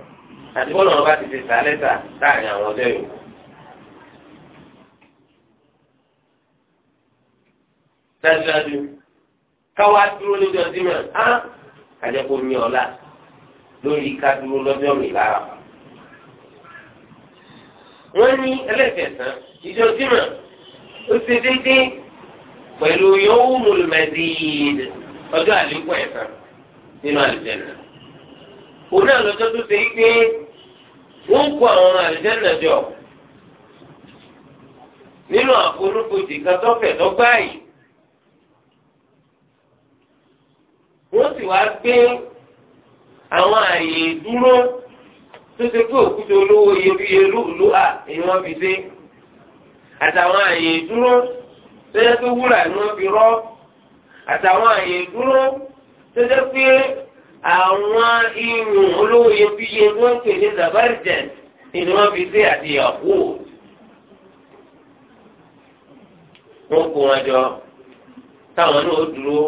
àti bọ́ọ̀lù ọba ti ti sàálẹ̀ sà láàrin àwọn ọjọ́ yòókù. dájúdájú káwá dúró lójọ́ dímọ̀ á àjẹkù mi ọ̀la lórí ká dúró lọ́jọ́ mi lára. wọ́n ní ẹlẹ́kẹ̀sán ìjọ dímọ̀ ó ṣe déédéé pẹ̀lú yawmul mazid ọjọ́ àlékún ẹ̀san nínú àlùjẹ́nà. òun náà lọ́jọ́ tó ṣe pé wọ́n kó àwọn àlùjẹ́nà jọ nínú àforúkojì kan tọ́fẹ̀ tọ́gbà yìí. wọ́n sì wá gbé àwọn àyè dúró tó ṣe pé òkúta olówó iyebíye ló à ni wọ́n fi dé àtàwọn àyè dúró tẹ́jẹ́ pé wúrà ni wọ́n fi rọ́ àtàwọn àyè dúró tẹ́jẹ́ pé àwọn irun olówó iyebíye ni wọ́n pè ní zabarjan ni wọ́n fi dé àti yàgò. wọ́n kó wọn jọ táwọn náà dúró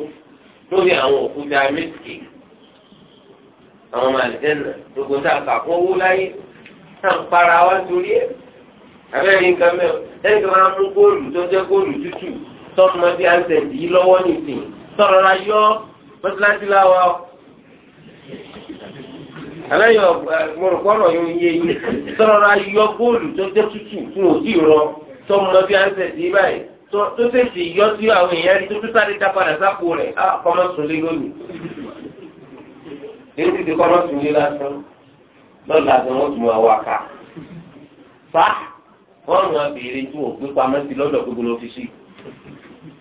lórí àwọn òkúta mísìkì àwọn màlìjẹ́nà gbogbo tá a kà kó owó láyé tá à ń para wá torí ẹ̀ abẹ́rẹ́ yín kan mẹ́ọ̀ ẹ̀yìn kan máa mú góòlù tó jẹ́ góòlù tútù tọ́nu mọ́ bí àǹtẹ̀ǹtì yìí lọ́wọ́ nìsín tọ̀rọ̀ la yọ mọ́tíláṣí láwa ọ. àlẹ́yìn mọ̀rọ̀kọ́rọ̀ yóò yé yín tọ̀rọ̀ la yọ góòlù tó jẹ́ tútù fún òdì rọ tọ́nu mọ́ bí àǹtẹ̀ǹtì yìí báyìí tó tẹ̀sí yọ sí àwọn èèyàn rí tó tó sáré dá padà sápò rẹ̀ á kọ́mọ́ sùn lé lónìí. èyí ti di kọ́mọ́ sùn lé lásán lọ́la àti wọn tún wá wá ká. fa wọ́n mú abèrè tí wọ́n gbé pamọ́ sí lọ́dọ̀ gbogbo ló fi sí.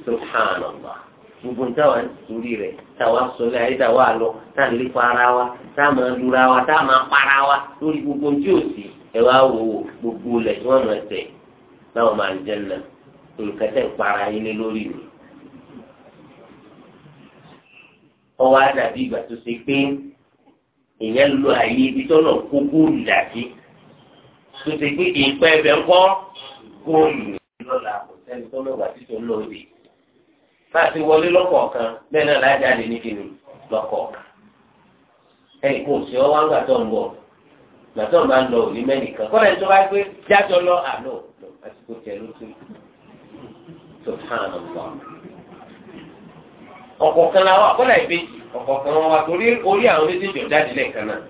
subhanallah gbogbo ń táwa torí rẹ̀ táwa sọlé ayé táwa lọ tá à ń lépa ara wa tá à máa lura wa tá à máa para wa lórí gbogbo tí ò sí ẹ wá wò gbogbo lẹ̀ tí wọ́n mọ̀ ẹsẹ̀ láwọn máa ń jẹ́ nà nǹkan ń para yín lé lórí mi. ọwọ́ á dàbí ìgbà tó ṣe pé èèyàn lo àyè ibi tọ́nà kókó dàbí tó ti pé ìpẹ́ ẹbẹ̀ ńkọ́ kó mi lọ́la kò sẹ́ni tó lọ́wọ́ àti tó lóde. Bá a ti wọlé lọ́kọ̀ọ̀kan bẹ́ẹ̀ náà lájà lè ní kíni lọ́kọ̀ọ̀kan. Ẹ̀yìn kò sí ọ wá ń gbà tó ń bọ̀. Gbà tó ń bá ń lọ òní mẹ́nìkan. Kọ́lẹ̀ tó bá gbé jájọ lọ àlọ́ àsìkò tẹ̀ ló tún. Subhanallah. Ọ̀kọ̀ọ̀kan la wà kọ́lẹ̀ ìbejì ọ̀kọ̀ọ̀kan wa torí orí àwọn méjèèjì ọ̀jáde lẹ́ẹ̀kan náà.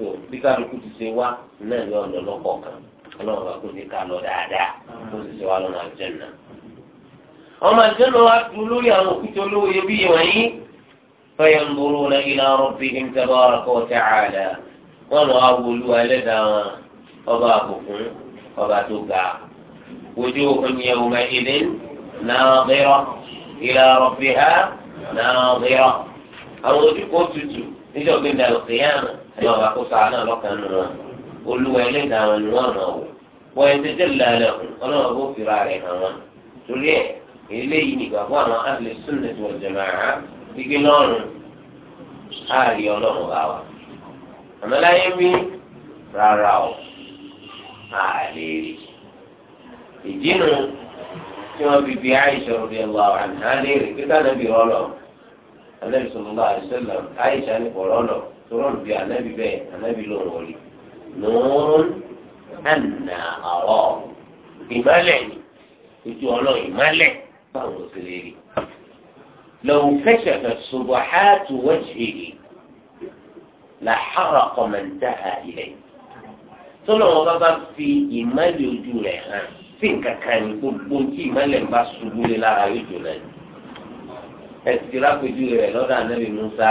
tó bí kálukú ti ṣe wá náà ní ọ̀nà lọ́kọ̀ kan ọlọ́run bá kó ká lọ dáadáa kó sì ṣe wá lọ́nà àjẹ́nà. ọmọ àjẹ́nà wa dùn lórí àwọn òkúta olówó iyebíye wọ̀nyí fayanzuruna ila rabbihim tabaraka wa ta'ala wọn lọ wá wọlú ẹlẹ́dàá wọn ọba àbùkún ọba tó ga ẹlọ́ba kó sáà náà lọ́kàn nù wọn olúwa ẹlẹ́dàá wọn ni wọ́n ràn wọ́n wọ́n ẹ ti dẹ́lẹ̀ ọ̀hún ọlọ́run bó fira rẹ̀ hàn wọ́n torí ẹ̀ eléyìí nìgbà fún àwọn ahli sunnah wal jama'ah gbígbé lọ́rùn àárí ọlọ́run bá wa rárá o àlè ìdínú tí wọ́n fi pé sọ̀rọ̀ bí anabi bẹ́ẹ̀ anabi ló ń wọlé nùún ẹ̀nà ọ̀rọ̀ ìmọ̀lẹ̀ ni ojú ọlọ́ ìmọ̀lẹ̀ báwo ló ti lè rí. lọ́wọ́ kẹ́sẹ̀ fẹ́ sọ̀bọ̀ ha tó wọ́jì èyí la xarọ̀ kọ̀mẹ̀ntà ha ilẹ̀. sọ́nà wọn bá bá fi ìmọ̀lẹ̀ ojú rẹ̀ hàn sí nǹkan ní gbogbo tí ìmọ̀lẹ̀ ń bá ṣubú lé lára yóò jò náà. ẹ̀sìn rákòjú rẹ̀ lọ́dọ̀ anabi musa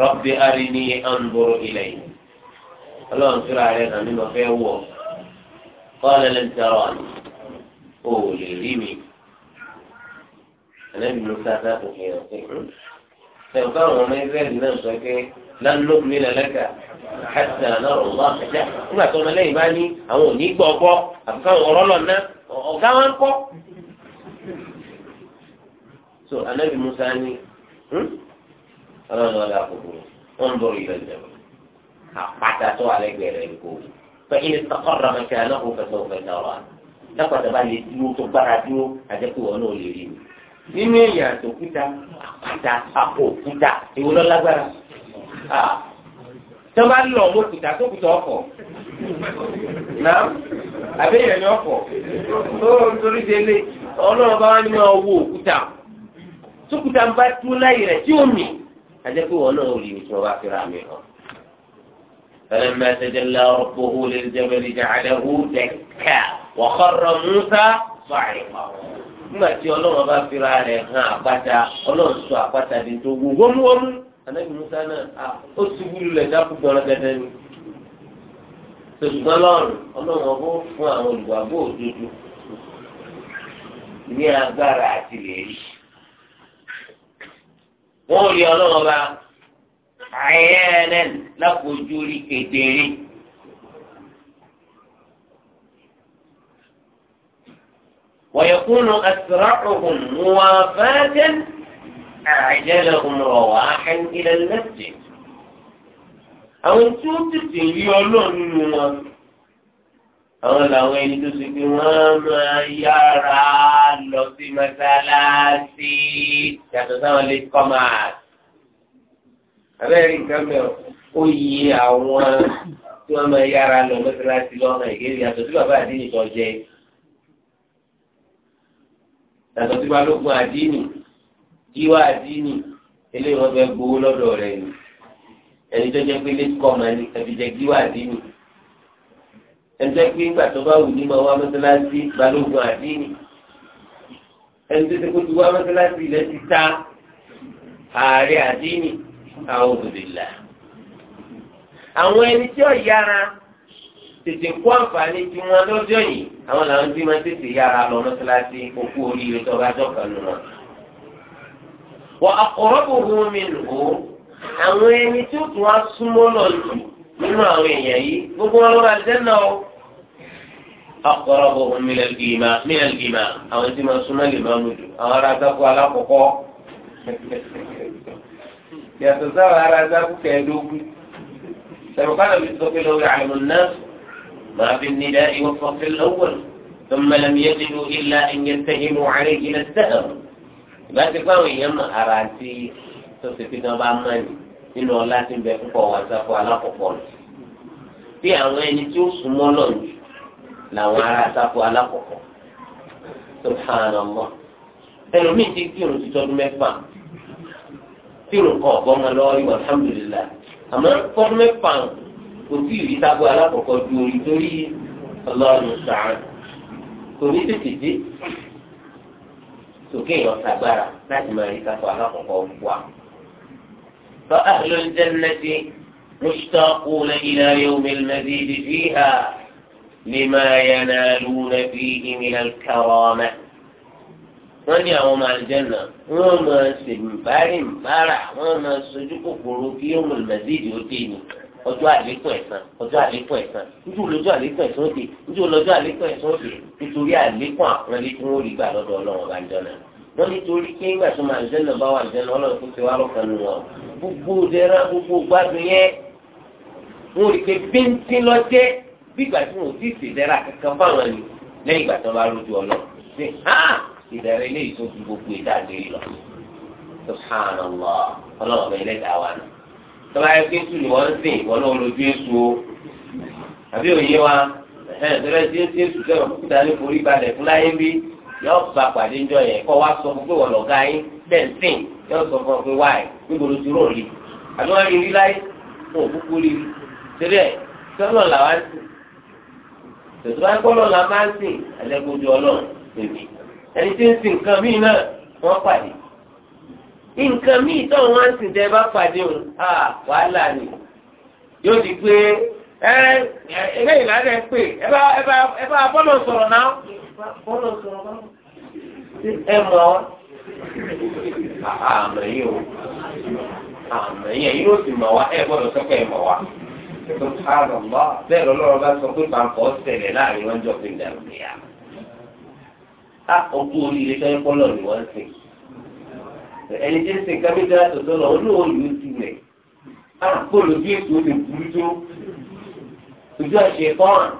rọ́bì arìní ànbọ̀rọ̀ ilẹ̀ yìí ọlọ́run fúnra rẹ̀ nàní mo fẹ́ wọ̀ kọ́lẹ̀ lẹ́nu tẹ̀rọ àná o ò lè rí mi ànábì musa sáfù fi hàn sí ṣèǹkà àwọn ọmọ israẹli náà sọ pé lánàá mi lẹ́lẹ́kà àti ànáró wà kẹjá nígbà tó ọmọ lẹ́yìn bá ní àwọn òní gbọ́ ọkọ àbúkà ọ̀rọ̀ lọ́nà ọ̀gá wọn kọ́ so ànábì musa ní. Hmm? ọlọ́run ọ̀dà àkókò ó ń bọ̀rọ̀ ilẹ̀ ìjọba àpáta tó wà lẹ́gbẹ̀ẹ́ rẹ̀ kò fẹ́yìn sọ́kọ́rọ̀ mẹ́ta lọ́kùn fẹ́tọ́ fẹ́tọ́ wa lẹ́kọ̀ọ́dà bá lè dúró tó gbára dúró àjẹkù wọn náà lè rí o nínú èèyàn àtòkúta àpáta àpò òkúta ìwọ lọ lágbára tó bá lọ ọmọ òkúta tó kúta ọkọ̀ náà àbẹ́yẹ̀ ni ọkọ̀ tó ń torí délé ọlọ́run bá wà ní ma òkúta tó kúta ń bá tú láyé rẹ̀ tí ó mì ajẹ́pẹ́ wọn náà olùyìí tí wọ́n bá fi ra mi hàn. فلما تجلى ربه للجبل جعله دكا وخر موسى صعقا nígbà tí ọlọ́run bá fira rẹ̀ hàn àpáta ọlọ́run sọ àpáta di tó wù wọ́múwọ́mú anábì musa náà ó ti wúlò lẹ̀ dákú gbọ́n gẹ́gẹ́ ni. ṣùgbọ́n lọ́rùn ọlọ́run ọgbọ́n fún àwọn olùgbàgbọ́ òdodo ní agbára àti lè rí wọn ò rí ọlọ́run ọba àyẹ́nẹ́n lápòjú rí kedere. ويكون أسرعهم موافاة أعجلهم رواحا إلى المسجد. أو أنتم تتريون من àwọn làwọn ẹni tó ṣe pé wọ́n máa yára lọ sí mọ́sálásí yàtọ̀ sáwọn lè kọ́ máa. abẹ́rẹ́ nǹkan bẹ̀ ó yí àwọn tí wọ́n máa yára lọ mọ́sálásí lọ́nà ìgbéri yàtọ̀ sí bàbá àdínì tó jẹ. yàtọ̀ sí balógun àdínì jíwá àdínì eléyìí wọ́n fẹ́ gbowó lọ́dọ̀ rẹ̀ ẹni tó jẹ́ pé lè kọ́ máa ní ẹbí jẹ́ àdínì ẹnjẹ pé ìgbà tó bá wù ní ma wá mọ́sálásí balógun àdínì ẹnjẹ tó ti wá mọ́sálásí ilẹ̀ ti ta ààrẹ àdínì àwọn òbílà. àwọn ẹni tí ó yára tètè kó àǹfààní tí wọn lọ́jọ́ yìí àwọn làwọn tí wọn tètè yára lọ mọ́sálásí okú oríire tó bá jọ kan nù wọ́n akọ̀rọ̀ bò wọ́n mi nù ó àwọn ẹni tí ó tún wá súnmọ́ lọ lù. nínú àwọn èèyàn yìí gbogbo wọn ló ra àlùjánnà o. akọrọbọhùn mílẹ̀ ìgbìmà àwọn tí wọn súnmọ́ lè máa mójú àwọn ará sáfù alákọ̀ọ́kọ́ yàtọ̀ sáwọn ará sáfù kẹẹ̀ẹ́dógún sẹ̀rọ̀kálà mi sọ pé lórí àlùmọ́ náà máa fi nílẹ̀ ìwọ̀n fọ́fẹ́ lọ́wọ́ ثم لم يجدوا إلا أن يتهموا عليه إلى الدهر. بس فهو يم أرانتي تصفي نظام ماني. nínú ọlá tí ń bẹ púpọ̀ wà sáfù alákọ̀ọ́kọ́ rẹ̀ bí àwọn ẹni tí ó súnmọ́ lọ jù làwọn ará sáfù alákọ̀ọ́kọ́ subhanallah ẹlòmíì ti kírun ti mẹ́fà kan ọ̀gbọ́n àmọ́ mẹ́fà kò tí alákọ̀ọ́kọ́ ju orí torí ọlọ́run sàn kò ní فأهل الجنة مشتاقون إلى يوم المزيد فيها لما ينالون فيه من الكرامة wọ́n ní àwọn ọmọ àlùjẹ́nà wọ́n máa ṣe mbárì mbárà wọ́n máa sojú kòkòrò kí yóò mú ìmọ̀lẹ́dì ó dé ni ọjọ́ àlékún ẹ̀san ọjọ́ àlékún ẹ̀san níjú lọ́jọ́ àlékún ẹ̀san ó dé níjú lọ́jọ́ àlékún ẹ̀san ó dé nítorí àlékún àpọ́nlé tí wọ́n rí gbà lọ́dọ̀ ọlọ́run ọba ìjọ náà wọ́n ní torí pé ńgbà tó máa jẹ́ náà bá wà jẹ́ náà ọlọ́run kò ti wá lọ́kàn nù wọn gbogbo dẹ́ra gbogbo gbádùn yẹn wọn ò rí pé bíntín lọ́jẹ́ bí ìgbà tí wọn ò sì sì dẹ́ra kankan báwọn ni lẹ́yìn ìgbà tó bá lójú ọlọ́ ṣe hàn ìdẹ̀rẹ̀ ilé ìtòkù gbogbo ìdájọ́ ìlọ subhanallah ọlọ́run ọ̀bẹ ẹlẹ́dàá wa náà lójú yọ bá pàdé ńjọ yẹn kọ́ wá sọ fún pé wọ́n lọ́gá yín bẹ́ẹ̀ sìn yọ sọ fún ọ pé wáyé níbo ló ti rò I àbí wọ́n rí rí láyé fún òkúkú rí rí torí ẹ̀ sọ́nà làwa ń sìn tòtò bá gbọ́ lọ́la máa ń sìn àlẹ́gbọ́dọ̀ ọlọ́run bèbè ẹni tí ń sìn nǹkan míì náà wọ́n pàdé nǹkan míì tó wọ́n ń sìn tẹ́ bá pàdé òun wàhálà ni yóò di pé ẹ ebe a lè pè ẹ bá ẹ bá ẹ bá bọ́lọ̀ sọ̀rọ̀ náà bọ́lọ̀ sọ̀rọ̀ náà ẹ mọ̀ ọ́ àmọ̀ yìí o àmọ̀ yìí ẹ̀yin ó mọ̀ wá ẹ gbọ́dọ̀ sọ mọ̀ wá bẹ́ẹ̀ lọ́lọ́rọ̀ bá sọ pé láàrin wọn jọ pé ni wọ́n sìn ẹni tí ń kábíyèsí àtọ̀tọ̀ ti rẹ̀ tó. ojú àṣẹ fọ́ọ̀n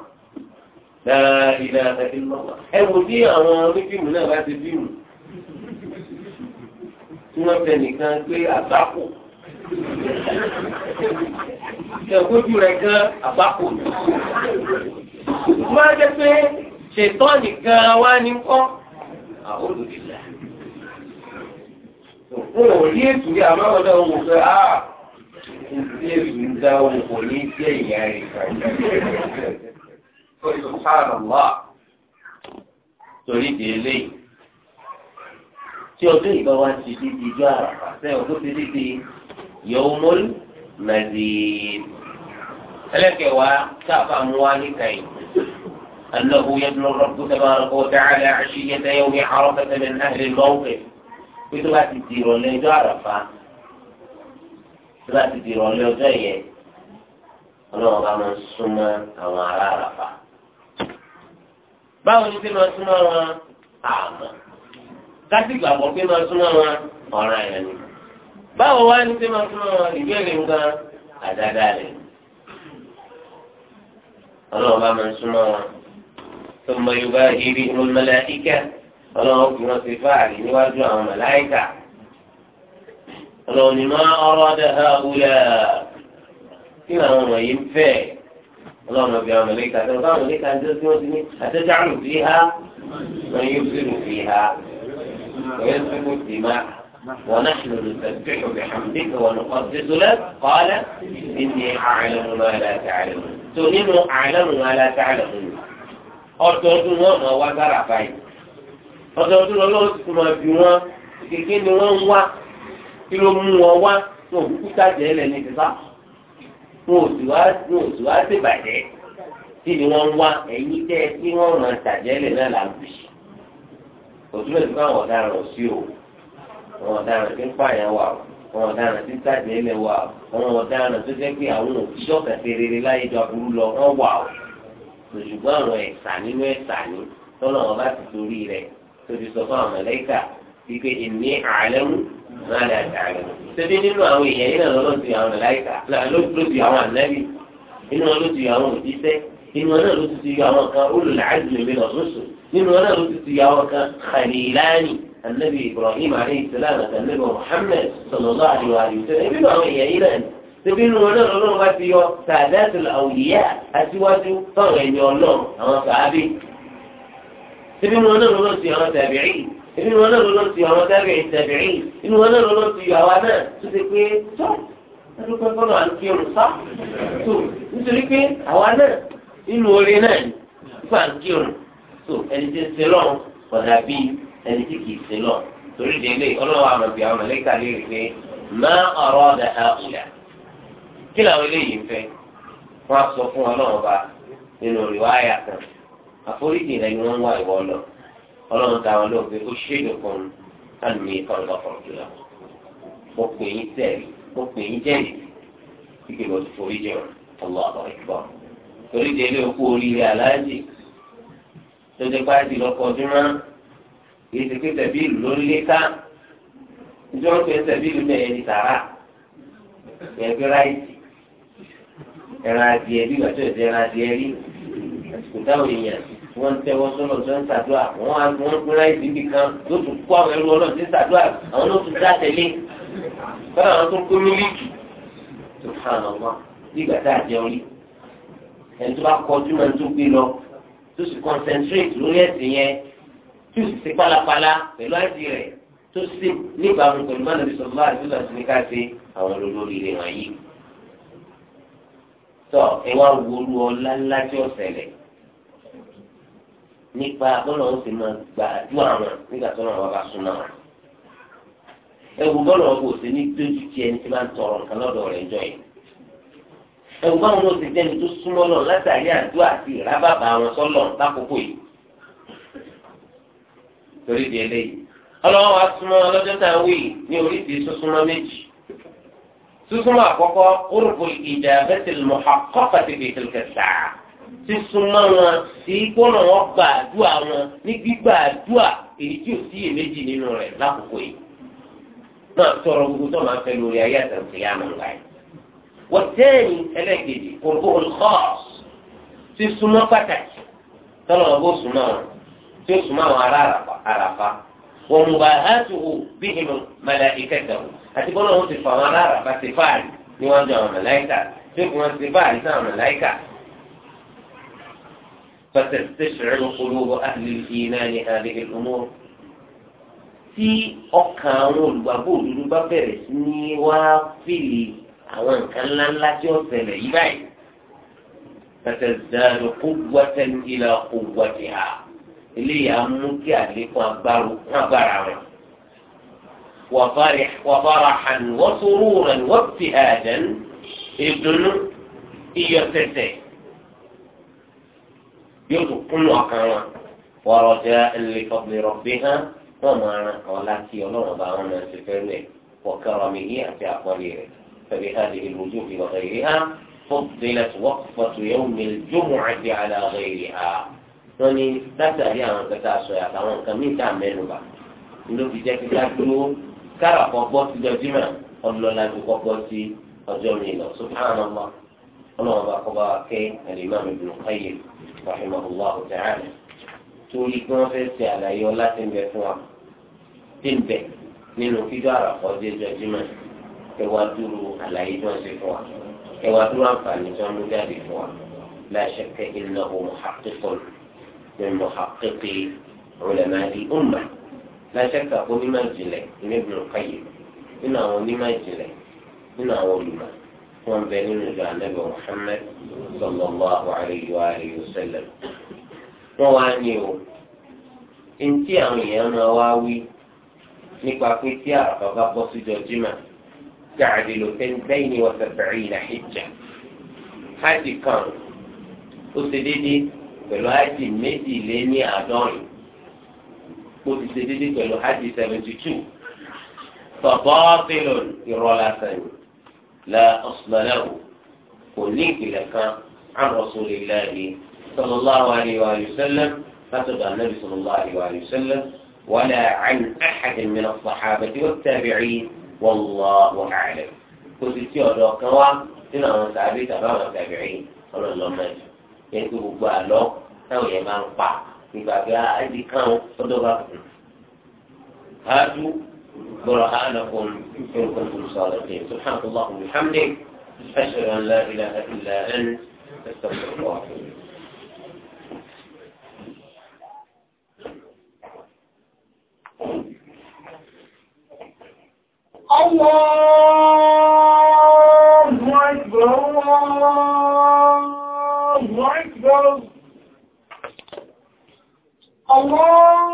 dáa ìlà àti lọ́wọ́. ẹ wo bí àwọn onífíìmù náà bá ti fíìmù tí wọ́n fẹ́ nìkan pé àbákò ìṣàkójú rẹ̀ gan àbákò ni. máa jẹ́ pé ṣètọ́ nìkan wá ní kọ́ àwọn olùdílà. wọn ò rí ètùrí àmọ́ ọ̀dọ́ fẹ́ áà tí èsù ń dáwọ́ kò ní sí ẹ̀yà rẹ̀ kàjá. torí di eléyìí tí ọdún ìgbà wa ti di ìjọ àràpà sẹ́yìn ọdún ti di di yọ̀ọ́mọ́l nàdìyìn. ẹlẹ́kẹ̀wàá sáfà mú wa níkàyìn. أنه يبلغ الرب تبارك وتعالى عشية يوم عرفة من أهل الموقف. بتبقى تدير ولا يجارفها tó bá ti di ìrọ̀lẹ́ ọjọ́ yẹn ọlọ́run bá máa ń súnmọ́ àwọn ará àràfà. báwo ni bí máa súnmọ́ wọn àmọ́ kásì gbàgbọ́ pé máa súnmọ́ wọn ọ̀ràn ẹ̀yàn ni. báwo wá ni bí máa súnmọ́ wọn ìbéèrè nǹkan àdáadáa rẹ̀. ọlọ́run bá máa ń súnmọ́ wọn. tó mọ yorùbá yìí bí ikẹ́ ọlọ́run kì í wọ́n ti fáàrí níwájú àwọn màláíkà. ọlọ́run ni máa arada haula kí làwọn wọ̀nyí ń fẹ́ ọlọ́run ọbẹ̀ àwọn mẹ̀lẹ́kà tó bá àwọn mẹ̀lẹ́kà tó tí wọ́n ti ní àtẹ́jáàlù fi ha wọ́n yóò fi rù fi ha wọ́n yóò fi rù fi má ونحن نسبح بحمدك ونقدس لك قال إني أعلم ما لا تعلمون تؤمن أعلم ما لا تعلمون ọdọọdún wọn máa wá sára báyìí ọdọọdún lọlọ́wọ́ ti máa bí wọn kékeré ni wọ́n ń wá kí ló mú wọn wá wọn ò kúkú sájẹ ẹlẹ ní ìfipá wọn ò sì wá wọn ò sì wá ṣèbàjẹ́ tí ni wọn wá ẹ̀yìn tẹ kí wọn máa ṣàjẹ ẹlẹ náà là ń bì òtún èsì fáwọn ọ̀daràn sí o àwọn ọ̀daràn tí ń pààyàn wà o àwọn ọ̀daràn tí ń sájẹ ẹlẹ wà o àwọn ọ̀daràn tó jẹ́ pé àwọn òṣìṣọ́ kẹsẹ̀ rere láyé jọ aburú lọ wọn wà o ṣùgbọ́n àwọn ẹ̀sà nínú ẹ̀sà ni tọ́lọ́ wípé èmi àlẹ́mú máa dà dà àlẹ́mú. Ṣébí nínú àwọn èèyàn yìí náà lọ́dọ̀ ti àwọn màláíkà ló ti àwọn ànábì inú wọn ló ti àwọn òjíṣẹ́ inú wọn náà ló ti ti àwọn kan olùlàájú mi lọ sóṣù nínú wọn náà ló àwọn kan khalilani ànábì Ibrahim alayhi salam àti ànábì Muhammad sallallahu alayhi wa sallam inú àwọn èèyàn yìí náà ni ṣébí inú wọn náà lọ́dọ̀ ti yọ sadatul awliya inú wọn náà ló lọ sí àwọn tẹ́lẹ̀ ìtẹ̀bìrín inú wọn náà ló lọ sí àwa náà tó ṣe pé tó ẹdúpẹ́ fọlọ́ àti olùfà tó nítorí pé àwa náà inú orin náà ní fún àǹkí òrùn tó ẹni tí ń ṣe lọ ọ̀dà bíi ẹni tí kìí ṣe lọ torí délé ọlọ́wọ́ àmọ̀bí àwọn mọ̀lẹ́kà léèrè pé má ọ̀rọ̀ ọ̀dà àwùyà kí làwọn eléyìí ń fẹ́ wọ́n sọ fún ọlọ́wọ́ bá nínú rìwáyà kan àforíjì ni wọ́n ń wá ìwọ lọ ọlọ́run ta wọn lóògbé ó ṣèlú kan láàmì ìkọ́ ọ̀gá ọ̀rọ̀ jùlọ. mo pè yín sẹ́ẹ̀rì mo pè yín jẹ́rì kíkì lọ sí forí jẹ́ ọ̀lọ́ àbọ̀ ìgbọ́. torí délé okú oríire aláàjì tó ti pa á di lọ́kọ̀ ọdún rán kì ti pé tẹ̀bí ìlú ló lé ká ìjọ ń pè tẹ̀bí ìlú bẹ̀rẹ̀ ní sàrà yẹn ráìtì ẹran adìẹ bí wàá tó ẹ̀sẹ̀ wọ́n ń tẹ́wọ́ sọ́nà tó ń ṣàdúrà wọ́n á wọ́n gbéra ìdí ibì kan yóò tún kó àwọn ẹrú ọlọ́run tí ń ṣàdúrà àwọn ló tún dá tẹ̀lé báyọ̀ àwọn tó ń kó mílíkì tó hàn ọmọ nígbà tá a jẹun rí ẹni tó bá kọjú máa ń tún gbé lọ tó sì concentrate lórí ẹ̀sìn yẹn tó sì ṣe pálapàla pẹ̀lú àìsí rẹ̀ tó sì níbàámu pẹ̀lú mánàbí sọ̀rọ̀ máa àdúrà sí ní ká ṣe àwọn olórí rẹ̀ wọ̀nyí. tọ́ ẹ wá wo olú ọ nípa bọ́lọ̀ ó sì máa gbàdúrà wọn nígbà tó náà wà bá súnmọ́ wọn. ẹ̀wù bọ́lọ̀ ọ̀gbọ̀ òsè ní dójú ti ẹni tí máa ń tọrọ nǹkan lọ́dọ̀ rẹ̀ jọ yìí. ẹ̀wù báwọn náà ti jẹ́ni tó súnmọ́ lọ látàrí àdúrà àti ìrábàbà wọn sọ́lọ̀ lákòókò yìí. torí di eléyìí ọlọ́wọ́ wa súnmọ́ lọ́jọ́ tá a wí ní oríṣi súnmọ́ méjì. súnmọ́ àkọ́kọ́ kúrò ti súnmọ́ wọn tí kónà wọn gba àdúrà wọn ní gbígba àdúrà èyí tí ò sí èméjì nínú rẹ̀ lákòókò yìí náà tọrọ gbogbo tó máa fẹ́ lórí ayé àtàkùn yá mọ̀ nǹkan yìí. wọ́n tẹ́ẹ̀nì ẹlẹ́gẹ̀dẹ̀ kòkó olùkọ́ọ̀s ti súnmọ́ pàtàkì tọ́lọ̀ wọn bó súnmọ́ wọn tí ó súnmọ́ àwọn ará àràfà wọn mú bá a bí ìmọ̀ mẹ́lẹ̀ فتستشعر قلوب أهل الإيمان هذه الأمور tí ọkàn àwọn olùgbàgbọ́ òdodo bá bẹ̀rẹ̀ sí ní wá fìlì àwọn nǹkan ńláńlá tí ó ṣẹlẹ̀ yí báyìí tẹ̀tẹ̀dáàdù kó wọ́tẹ́ nílà kó wọ́tẹ́ ha eléyìí á mú kí àlékún agbára wọn. wàfàràhàn wọ́sọ̀rọ̀ rẹ̀ wọ́pì àdán ìdùnnú ìyọ̀tẹ̀tẹ̀. yóò tún kún ọkàn wọn wọ́rọ̀ jẹ́ ẹlẹ́kọ̀ọ́bìnrin rọ̀bì hàn wọ́n máa ran àwọn láti ọlọ́run bá wọn náà ṣe fẹ́rẹ̀ wọ̀kẹ́rọ̀ mi yí àti àpọ́lé rẹ̀ fẹ̀lẹ́ hàdì ìlújú ìwọ̀kẹ́ yìí hàn fọ́bìnrin wọ́pọ̀tù yóò mi jómù àti àlàyé yìí hà wọ́n ní látàrí àwọn kẹta aṣọ àtàwọn nǹkan mí ta mẹ́nuba ló fi jẹ́ kí dúró kára kọ́ gbọ́ sí ọjọ́ ọlọ́run bá kọ́ bá wa kẹ́ Al-Imam Ibn Qayyim rahimahullahu ta'ala torí kí wọ́n fẹ́ ṣe àlàyé ọlá tí ń bẹ fún wa tí ń bẹ nínú fídíò àràkọ́ déjọ́ jimá ẹ wá dúró àlàyé tí wọ́n ṣe fún wa ẹ wá dúró àǹfààní tí wọ́n mú jáde fún wa la shakka innahu muhaqqiqun min muhaqqiqi ulama'i ummah la shakka onímọ̀ ìjìnlẹ̀ Ibn Qayyim nínú àwọn onímọ̀ ìjìnlẹ̀ nínú àwọn olùmọ̀ wọn bẹ nínú ìlú anabi muhammed sallallahu alayhi wa alayhi wa sallam wọn wá ní o ntí àwọn èèyàn máa wá wí nípa pé tí àràfà bá bọ́ síjọ jimá káàdì ló fẹ́ bẹ́ẹ̀ ni wọ́n sẹ̀fẹ̀rẹ̀ ìlà hijja hajj kan ó ṣe déédéé pẹ̀lú hajj méjì lé ní àádọ́rin ó ti ṣe déédéé pẹ̀lú hajj seventy two tọ̀bọ́ọ̀tì lòun ìrọ̀lá sẹ́yìn la asla lahu kò ní ìpìlẹ̀ kan an rasulillahi sallallahu alayhi wa sallam látọ̀dọ̀ anabi sallallahu alayhi wa sallam wala an ahadin min as-sahabati wat-tabi'in wallahu a'lam kò sì tí ọ̀dọ̀ kan wá nínú àwọn sàbí tàbí àwọn tabi'in ọlọ́ọ̀lọ́mọdé yẹn tó gbogbo àlọ́ táwọn yẹn máa ń pa ìgbàgbé àdìkan ọdọ́ bá kù. برهانكم إن كنتم صادقين سبحانك اللهم وبحمدك أشهد أن لا إله إلا أنت أستغفرك الله إليك الله أكبر الله أكبر الله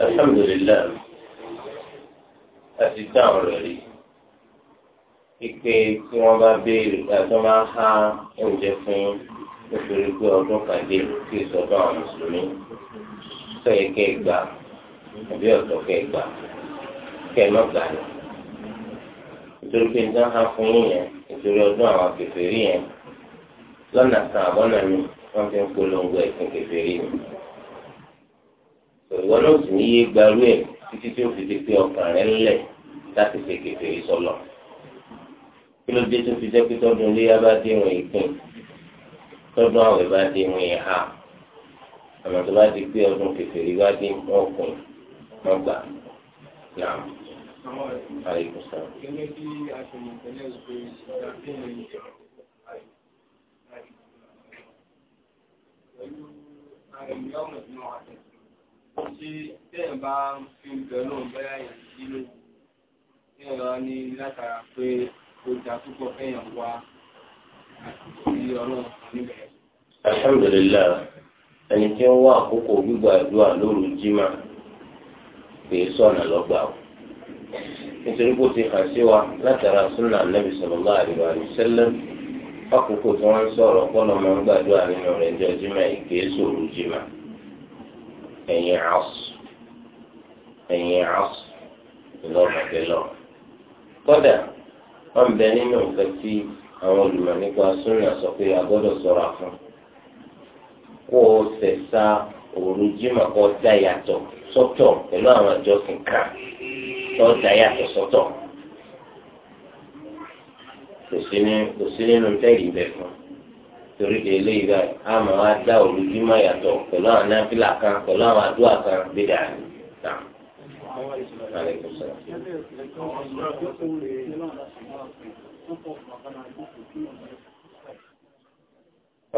الحمد لله، dáhùn rẹ̀ rí pípé tí wọ́n bá béèrè àti wọ́n máa há oúnjẹ fún nítorí pé ọdún kan dé kí ìsọdún àwọn mùsùlùmí sọ yẹ kẹ́ gbà àbí ọ̀tọ̀ kẹ́ gbà kẹ́ ẹ má ní. nítorí pé nǹkan há fún yín yẹn nítorí ọdún àwọn kèfèrí yẹn lọ́nà kan àbọ̀nà mi wọ́n fi ń polongo ẹ̀sìn kèfèrí yẹn ìwọ náà sì ní yé gbarú ẹ̀ títí tí ó fi di pé ọkàn rẹ̀ ńlẹ̀ láti fi kékeré sọlọ kí ló dé tó fi jẹ́ pé tọdún iléyà bá dé wọn ìpín tọdún àwẹ̀ bá dé wọn ìhà àmọ́ tó bá di pé ọdún kékeré bá dé wọn kùn wọn gbà náà àyíkú sọ. gẹ́gẹ́ bí tí tẹ́yìn bá ń fi bẹ̀rẹ̀ lóun bẹ́yà ìdí lóru tẹ́yìn bá ní látara pé ó da púpọ̀ fẹ́yàn wá àti ọlọ́run níbẹ̀. alhamdulilayi ẹni tí ń wá àkókò gbígbàdúrà lóru jimá kì í sọ̀nà lọ́gbà o nítorí kó ti hàn sí wa látara súnà anábì sallallahu alaihi wa àkókò tí wọ́n ń sọ̀rọ̀ kọ́nà máa ń gbàdúrà nínú rẹ̀ jẹ́ jimá ìkéésòrò jimá. ẹ̀yìn àṣù ẹ̀yìn àṣù ìlọ́ọ̀bàjẹ́ lọ. kódà bẹ nínú nǹkan tí àwọn olùmọ̀ nípa súnà sọ pé a gbọ́dọ̀ fún kó o sẹ̀sà òru jimá kó o dá yàtọ̀ sọ́tọ̀ pẹ̀lú àwọn àjọsìn kan tó o dá yàtọ̀ sọ́tọ̀ kò sí nínú tẹ́lẹ̀ fún torí de eléyìí báyìí a mọ̀ wá dá olùdímọ̀ yàtọ̀ pẹ̀lú àwọn náfìlà kan pẹ̀lú àwọn àdúrà kan bídà ní ta.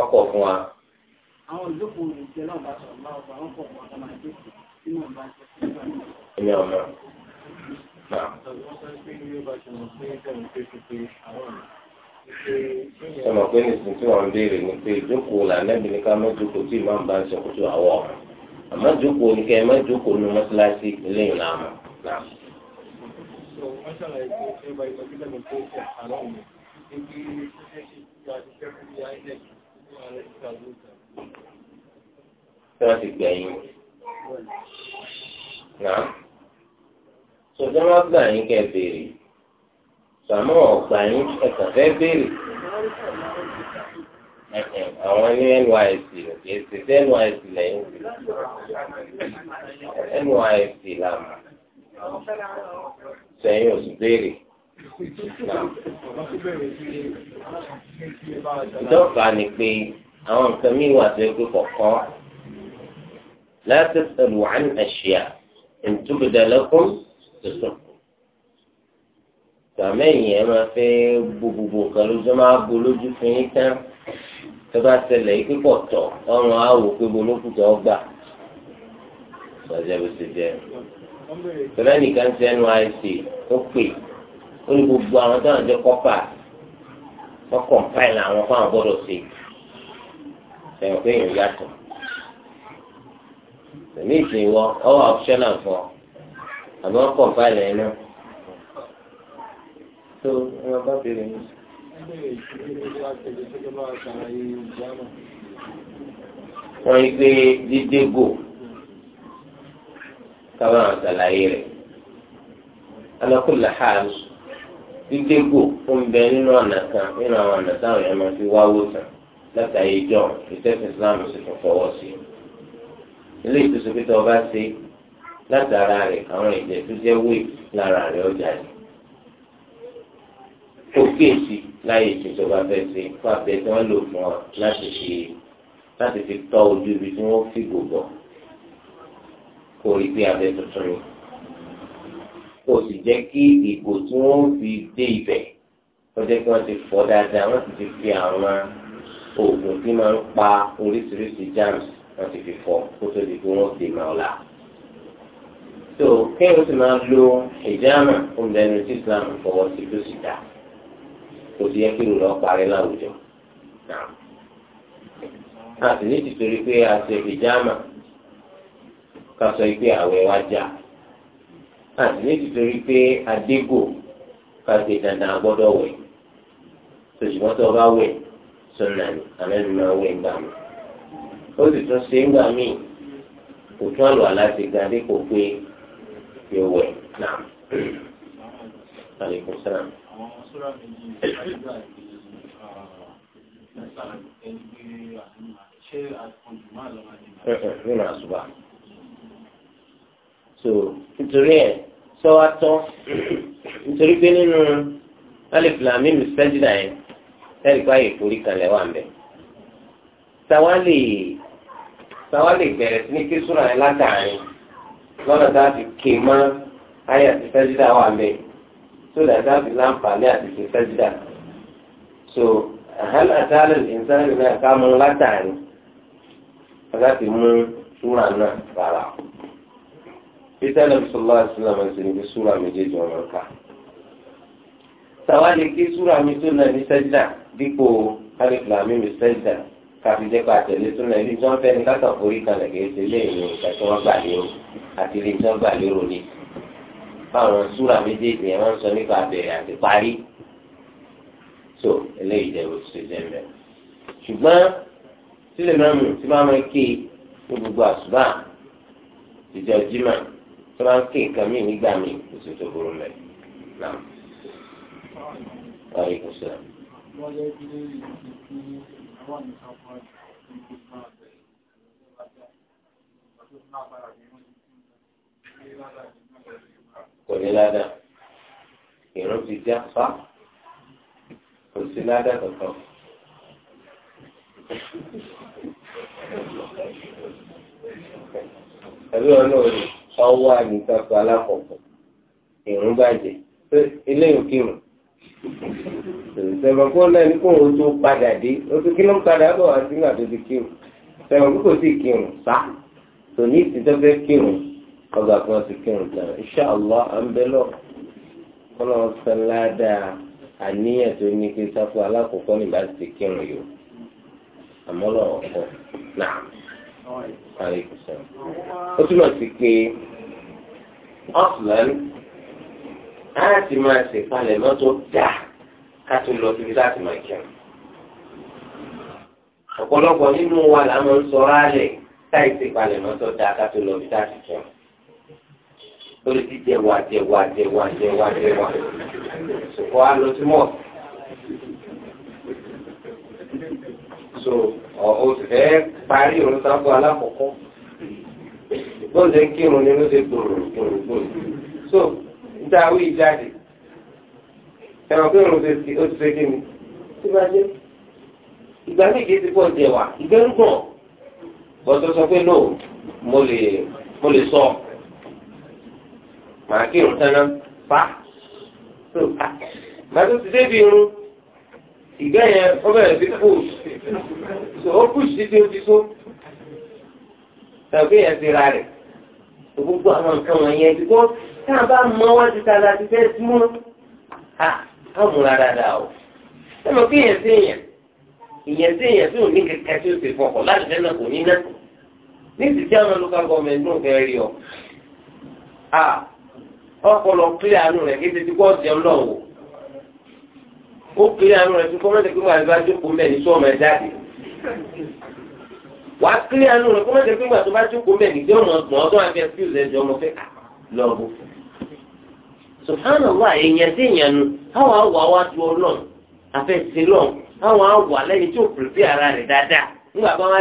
ọkọ̀ fún wa. àwọn ìjókòó sọmọ pé nìsín tí wọn béèrè ni pé ìjókòó lànàbí ni ká má jókòó tí ìmáà bá ń sọ kó tó àwọ àmọ́ jókòó ni kẹ ẹ má jókòó nu mọ́ṣáláṣí lẹ́yìn làmà náà. Tí wọ́n ti gbẹ̀yìn. Náà. Sọ̀tún máa gbà yín kẹ́ béèrè sàmú ọgbà yín ẹ̀sán fẹ́ béèrè àwọn ní NYSC kì í ṣe ṣe NYSC lẹ́yìn NYSC là mọ̀ sẹ́yìn oṣù béèrè. ìjọba ni pé àwọn nǹkan mí wà tó ẹgbẹ́ kọ̀ọ̀kan láti ṣẹlẹ̀ ní ẹ̀ṣẹ̀ à tuntun sàmẹ́yìn ẹ máa fẹ́ gbogbogbò nǹkan lójú máa bo lójú fún yín tán tó bá ṣẹlẹ̀ yìí pípọ̀ tọ̀ ọrùn á wò pé bo lókùtọ̀ ọgbà lọ́jọ́ bó ṣe jẹ́ tọ́lá nìkan ṣe NYSC ó pè ó ní gbogbo àwọn táwọn jẹ́ kọ́pà wọ́n kọ̀ǹpáìlì àwọn fáwọn gbọ́dọ̀ ṣe sẹ̀yìn pé èèyàn yàtọ̀ tẹ̀lé ìsìn wọ ọwọ́ optional fún ọ àbí wọ́n kọ̀ǹpáìlì ẹ̀ náà tó ẹ ọba bèrè ní. wọ́n yí pé dídégò káwọn àṣàlàyé rẹ̀ alákùnlé hàlù dídégò fún bẹ nínú ọ̀nà kan nínú àwọn ọ̀nà táwọn èèyàn máa fi wáwó tán látàrí ìjọ ìtẹ́sí islam sì tún fọwọ́ sí i ilé ìtòsókè tó ọba ṣe látara rẹ̀ àwọn ìjẹ́ tó jẹ́ wíì lára rẹ̀ ọjà yìí ó kéèsì láyé ìṣèjọba fẹsẹ fún abẹ tí wọn lò fún ọ láti fi láti fi tọ ojú ibi tí wọn fi gbogbo kó rí pé abẹ tuntun ni kó o sì jẹ kí ìgò tí wọn fi dé ibẹ̀ wọn jẹ kí wọn ti fọ dáadáa wọn sì ti fi àwọn oògùn tí máa ń pa oríṣiríṣi germs wọn ti fi fọ kó tó di pé wọn ti máa ọ̀la tó kéwọn sì máa lo ìjáàmà fún ìdánilójú Islam fọwọ́ sí tó sì dáa kò sí yẹ kí ìrù lọ parí láwùjọ àti ní tìtorí pé a ṣe ìjàmà ká sọ pé àwẹ̀ wa já àti ní tìtorí pé adégò ká ṣe dandan agbọ́dọ̀ wẹ̀ tòṣùmọ́ tó bá wẹ̀ sọ̀nà ni àmẹ́nu máa wẹ̀ gbà mí ó sì tún ṣe ń gbà mí kò tún àlọ́ aláṣẹ gan dípò pé yóò wẹ̀ náà. [CLEARS THROAT] àwọn sọ́ra méjì àdúrà àti ẹ̀sán ẹgbẹ́ ṣé àkọjù máa lọ́wọ́ nínú àṣùbà. so nítorí ẹ sọ́wọ́ tọ́ nítorí pé nínú alifilami mi sẹ́jìdá yẹn ẹ̀rí pa ìforí kalẹ̀ wà mẹ́. sáwa lè sáwa lè bẹ̀rẹ̀ sí ní kí sùúrà yẹn látàrin lọ́nà tá a fi ké mọ́ ayé àti sẹ́jìdá wà mẹ́ tó dàgbà fi láǹfààní àti ṣe sẹ́jìdà so àhálà àtàlẹ̀ ìsáàlì náà ká mú látàrí láti mú súra náà rárá peter nabi sọlá ìsìlámù ẹsẹ níbi súra méjèèjì ọmọ nǹkan tàwa lè ké súra mi tó náà ní sẹ́jìdà dípò kálífìlàmì mi sẹ́jìdà káfi jẹ́ pa àtẹ̀lé tó náà ibi tí wọ́n fẹ́ ni káàkiri kan lẹ̀kẹ́ ṣe ìgbà tí wọ́n gbà lérò àti ilé tí wọ́n gbà lérò nìyí báwọn súra méjèèjì yẹn wọ́n sọ nípa àbẹ̀rẹ̀ àti parí so eléyìí jẹ́ oṣù tó jẹ́ mẹ́rin ṣùgbọ́n sílẹ̀ náà mú tí máa máa ké ní gbogbo àṣùbà ìjọ jimá tí máa ń ké nǹkan mí nígbà mí oṣù tó burú mẹ́rin náà wáyé kò sọ. Thank kò ní ládàá ìrún ti já fa kò sí ládàá kankan. ẹbí wọn náà ní ọwọ́ àdìsáfù alákọ̀ọ́kọ́ ìrún bàjẹ́ ilé ìkírun sẹ̀wọ̀n kó náà kó òun tó padà dé oṣù kí ló ń padà bọ̀ wá sí ìgbà kírun sẹ̀wọ̀n kó kò sí kírun sá tòní ìsìtọ́fẹ́ kírun ọgbà tí wọ́n ti kírun tán insha Allah à ń bẹ lọ kọ́nà ọ̀sán ládàá àníyàn tó ní kí sáfù alákòókò nígbà tí kírun yìí àmọ́ lọ́wọ́ kọ́ náà ó túmọ̀ sí pé ọ̀sán á ti máa ṣèpalẹ̀ mọ́tò dáa ká tó lọ síbi láti máa kírun ọ̀pọ̀lọpọ̀ nínú wa là ń sọ rálẹ̀ táì ṣèpalẹ̀ mọ́tò dáa ká tó lọ síbi láti kírun lórí jíjẹ wà jẹ wà jẹ wà jẹ wà jẹ wà sọkọ á lọ mọ so ọ sì fẹ́ parí ìrún sáfù alákọ̀ọ́kọ́ bó kírun ni ló ṣe gbòòrò gbòòrò gbòòrò so níta wí jáde ẹ̀rọ pé òun ṣe ti ó ti ṣe kí ni tí bá jẹ́ ìgbà méje ti pọ̀ jẹ wà ìgbẹ́rùgbọ̀n bọ́sọ̀ sọ pé no mo lè mo lè sọ. So màá kí irun tán náà fa so màá tó ti débi irun ìgbẹ́ yẹn ó bẹ̀rẹ̀ sí push so ó push títí ó ti tó tàbí yẹn ti ra rẹ̀ gbogbo àwọn nǹkan wọ̀nyẹn ti kọ́ tá a bá mọ wá ti ta la ti fẹ́ mú a á múra dáadáa o ẹ mọ̀ kí yẹn sí yẹn ìyẹn sí yẹn tí ò ní kẹkẹ tí ó ti fọkọ̀ láti fẹ́ náà kò ní náà ní ti tí àwọn local government náà fẹ́ rí ọ. ọpọlọ kílẹ àánú rẹ kéde tí kò jẹun náà ó kílẹ àánú rẹ tí kọ́mẹ́tì pé wàá bá jókòó mẹ́rin tó ọmọ ẹ jáde wàá kílẹ àánú rẹ kọ́mẹ́tì pé wàá tó bá jókòó mẹ́rin tí ọmọ ọgbọ̀n ọdún àti ẹ̀fíùs ẹ̀jọ̀ ọmọ fẹ́ lọ́ọ̀bù subhanallah èèyàn sí èèyàn nu àwọn àwọn àti ọlọ́ọ̀ afẹ́ sílọ̀ àwọn àwọ̀ alẹ́ yìí tó pèsè ara dáadáa nígbà bá wá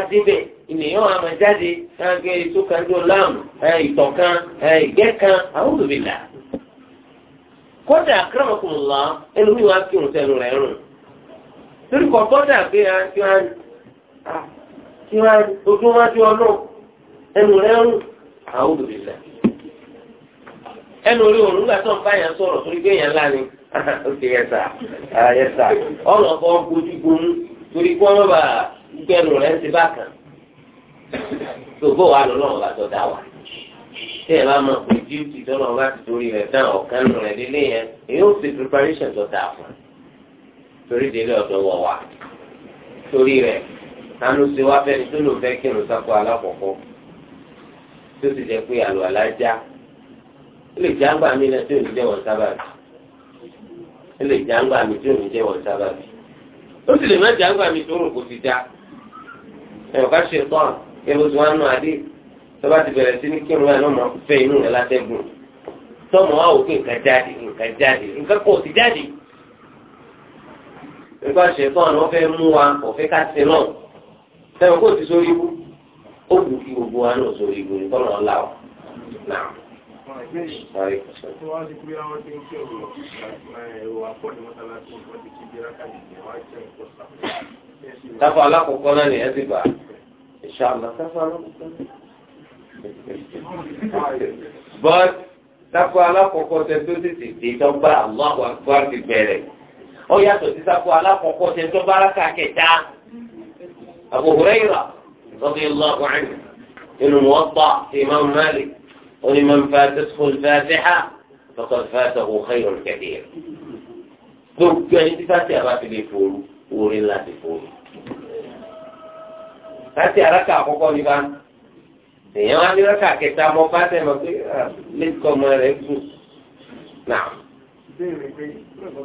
ènìyàn àmà jáde káàkiri ètò kan tó láàmù ìtọ̀ kan ìgẹ́ kan a'udhu billah. kọ́dà akramakumullah ẹlòmíì wá kí òun sẹ́nu rẹ̀ rùn. torí kọ́ kọ́dà pé kí wọ́n kí wọ́n ojú wọn ju ọ náà ẹnu rẹ̀ rùn a'udhu billah. ẹnu orí òun nígbà tó ń bá yẹn sọ̀rọ̀ torí pé yẹn lánìí [LAUGHS] ok yẹsà yẹsà ọ̀nà kan gbomú torí kí wọ́n bá gbẹnu rẹ̀ ń ti bá kan. gbogbo wa lọ lọ́wọ́ bá tọ́ da wa tí ẹ bá mọ pé díútì tọ́lọ́ bá ti torí rẹ̀ dán ọ̀kan nù rẹ̀ délé yẹn èyí ó ti preparation tó dáa fún torí délé ọ̀dọ̀ wọ̀ wá torí rẹ̀ àánú ṣe wá fẹ́ni tó lò fẹ́ kírun sáko alákọ̀ọ́kọ́ tó ti jẹ́ pé àlọ́ alájá ó lè já gbà mí náà tí ò ní jẹ́ wọn sábàbí ó lè já gbà mí tí ò ní jẹ́ wọn sábàbí ó sì lè má já gbà mí tó rò já ẹ̀ ṣe tán. ewu tí wọ́n nù adé ti bẹ̀rẹ̀ sí ní kírun báyìí lọ́mọ fẹ́ inú rẹ̀ látẹ́gùn tọ́mọ wa ò nǹkan jáde nǹkan jáde nǹkan kò sí jáde nǹkan ṣe fún àwọn fẹ́ mú wa kò ká ṣe kò sórí ibú ó kí إن شاء الله but sáfù alákọ̀ọ́kọ́ tẹ tó tètè dé dọ́gba Allahu Akbar ti bẹ̀rẹ̀ ó yàtọ̀ sí sáfù alákọ̀ọ́kọ́ tẹ tó bára ká kẹta Abu Hurairah radiyallahu anhu inú Muwatta Imam Malik oní man fatathu al-Fatiha faqad fatahu khayrun kathir gbogbo ẹni tí fàtí àbá fi lè fòrú orin láti fòrú láti àràkà àkọ́kọ́ ní bá èèyàn wá ní rákà kẹta mọ bá tẹ̀ mọ́ pé lẹ́kọ̀ọ́ ọmọ rẹ̀ kù náà. ìbéèrè pé kúrò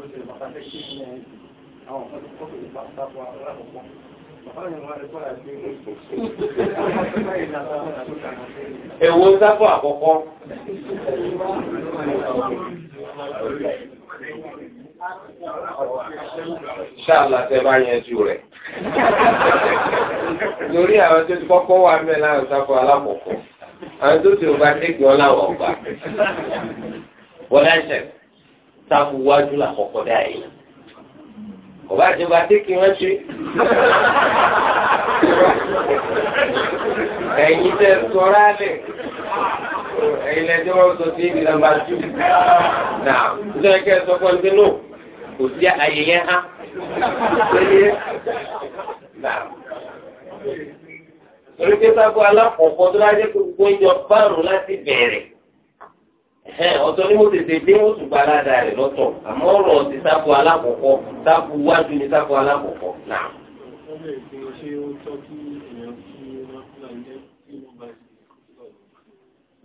[LAUGHS] ṣáàlà tẹ bá yẹn ju rẹ̀ lórí àwọn tó ti kọ́kọ́ wà mẹ́ láwọn sáfọ alákọ̀ọ́kọ́ àwọn tó ti ọba tẹ́gbẹ́ ọláwọ̀ ọba wọlé ẹsẹ̀ sáfù wájú làkọ́kọ́ dá yìí ọba àti ọba tẹ́gbẹ́ wọn ṣe ẹ̀yin tẹ sọ̀rọ̀ alẹ́ ẹ̀yin lẹ́jọ́ wọn sọ sí ibi nàmbà tù náà nítorí kẹ́ ẹ sọ fún ẹ kò sí àyè yẹn hàn torí pé sábà alákọ̀ọ́kọ́ tó lájẹ́ pé gbogbo ìjọ bárùn láti bẹ̀rẹ̀ ọ̀tọ̀ ni mo tètè dé mo tún gbalada rẹ̀ lọ́tọ̀ àmọ́ ọ̀rọ̀ ti sábà alákọ̀ọ́kọ́ sábà wájú ni sábà alákọ̀ọ́kọ́ náà.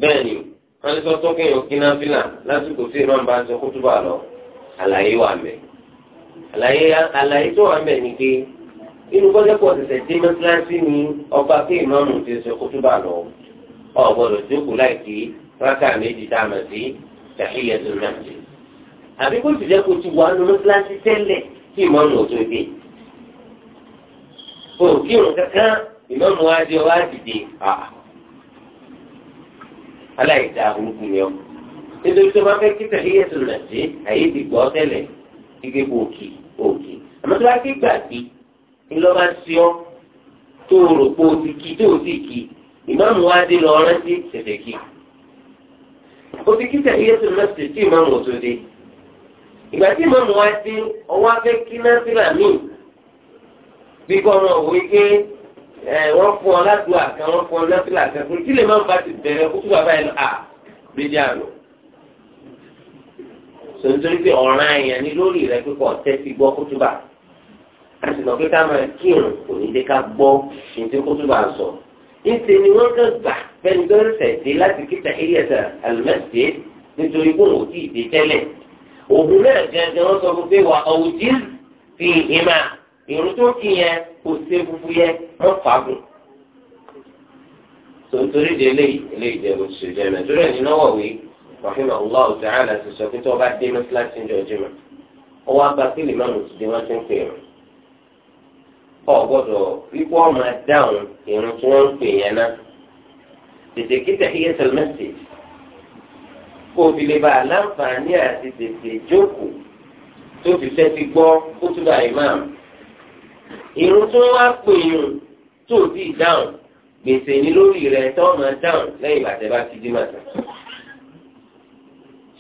bẹ́ẹ̀ni wọ́n ti sọ tọ́kẹ́yìn òkínná fílà lásìkò tí ìran bá kó túbà lọ àlàyé wà mẹ́ àlàyé àlàyé tó wà mẹ́ ni pé inú kọ́jọ́pọ̀ ṣẹ̀ṣẹ̀ dé mọ́sálásí ni ọba pé ìmáàmù ti ṣe kútúbà lọ ọ̀gbọ́dọ̀ jókòó láì kí rákà méjì tá a mọ̀ sí tahiyyatul masjid àbí kó ti jẹ́ kó ti wà nínú mọ́sálásí tẹ́lẹ̀ kí ìmáàmù ò tó dé kò kí òun kankan ìmáàmù wá dé wá dìde àà aláìsí ni ọmọ nítorí tó bá fẹ́ kí tẹ̀lé ẹ̀sùn náà sí àyè ti gbọ́ tẹ́lẹ̀ kíkẹ́ kó òkè òkè àmọ́ tó bá ké gbàgbé ńlọ bá sí ọ tó rò pé o ti kí tó o ti kí ìmáàmù wa dé lọ rántí tètè kí o ti kí tẹ̀lé ẹ̀sùn náà sì tí ìmáàmù tó dé ìgbà tí ìmáàmù wa dé ọwọ́ afẹ́ kí náà sílà míì bí kọ́ ọ̀rọ̀ òwe pé wọ́n fún ọ ládùúgbò àkàn wọ́n fún ọ lọ́sílà àkàn kí lè má ba ti bẹ̀rẹ̀ kó tó bàbá yẹn lọ sọ̀rọ̀ pé ọ̀ràn èèyàn ní lórí rẹ̀ pé kò tẹ́tí gbọ́ kútùbà àti lọ́ọ́ pé ká máa kírun kò ní dé ká gbọ́ ní tí kútùbà sọ. níṣẹ́ ni wọ́n kàn gbà fẹ́ni tó rẹ̀ dé láti kíta iléeṣẹ́ àlùmọ́sí nítorí pé òun ti dé tẹ́lẹ̀. òun náà gẹ́gẹ́ wọ́n sọ fún pé wà ọ̀wùjí fi ìhìnmá ìrún tó kí yẹn kò ṣe fufu yẹn wọ́n fàágùn. sọ̀rọ̀ nítorí rahima allah ta'ala ti sọ pé tí wọ́n bá dé mọ́sálásí ìjọ jimá ọwọ́ apá kí lè má mú ti dé wọ́n ti ń pè wọ́n ọ gbọ́dọ̀ wípé wọ́n máa dáhùn irun tí wọ́n ń pè yẹn náà tètè kí tẹ̀híyẹ́ sẹlẹ̀mẹ́sì kó o fi lè bá aláǹfààní àti tètè jókòó tó fi fẹ́ ti gbọ́ kó tó bá ìmáàmù irun tí wọ́n wá pè yùn tó o ti dáhùn gbèsè ní lórí rẹ̀ tó máa dáhùn lẹ́yìn bàtẹ́ bá ti dí màtà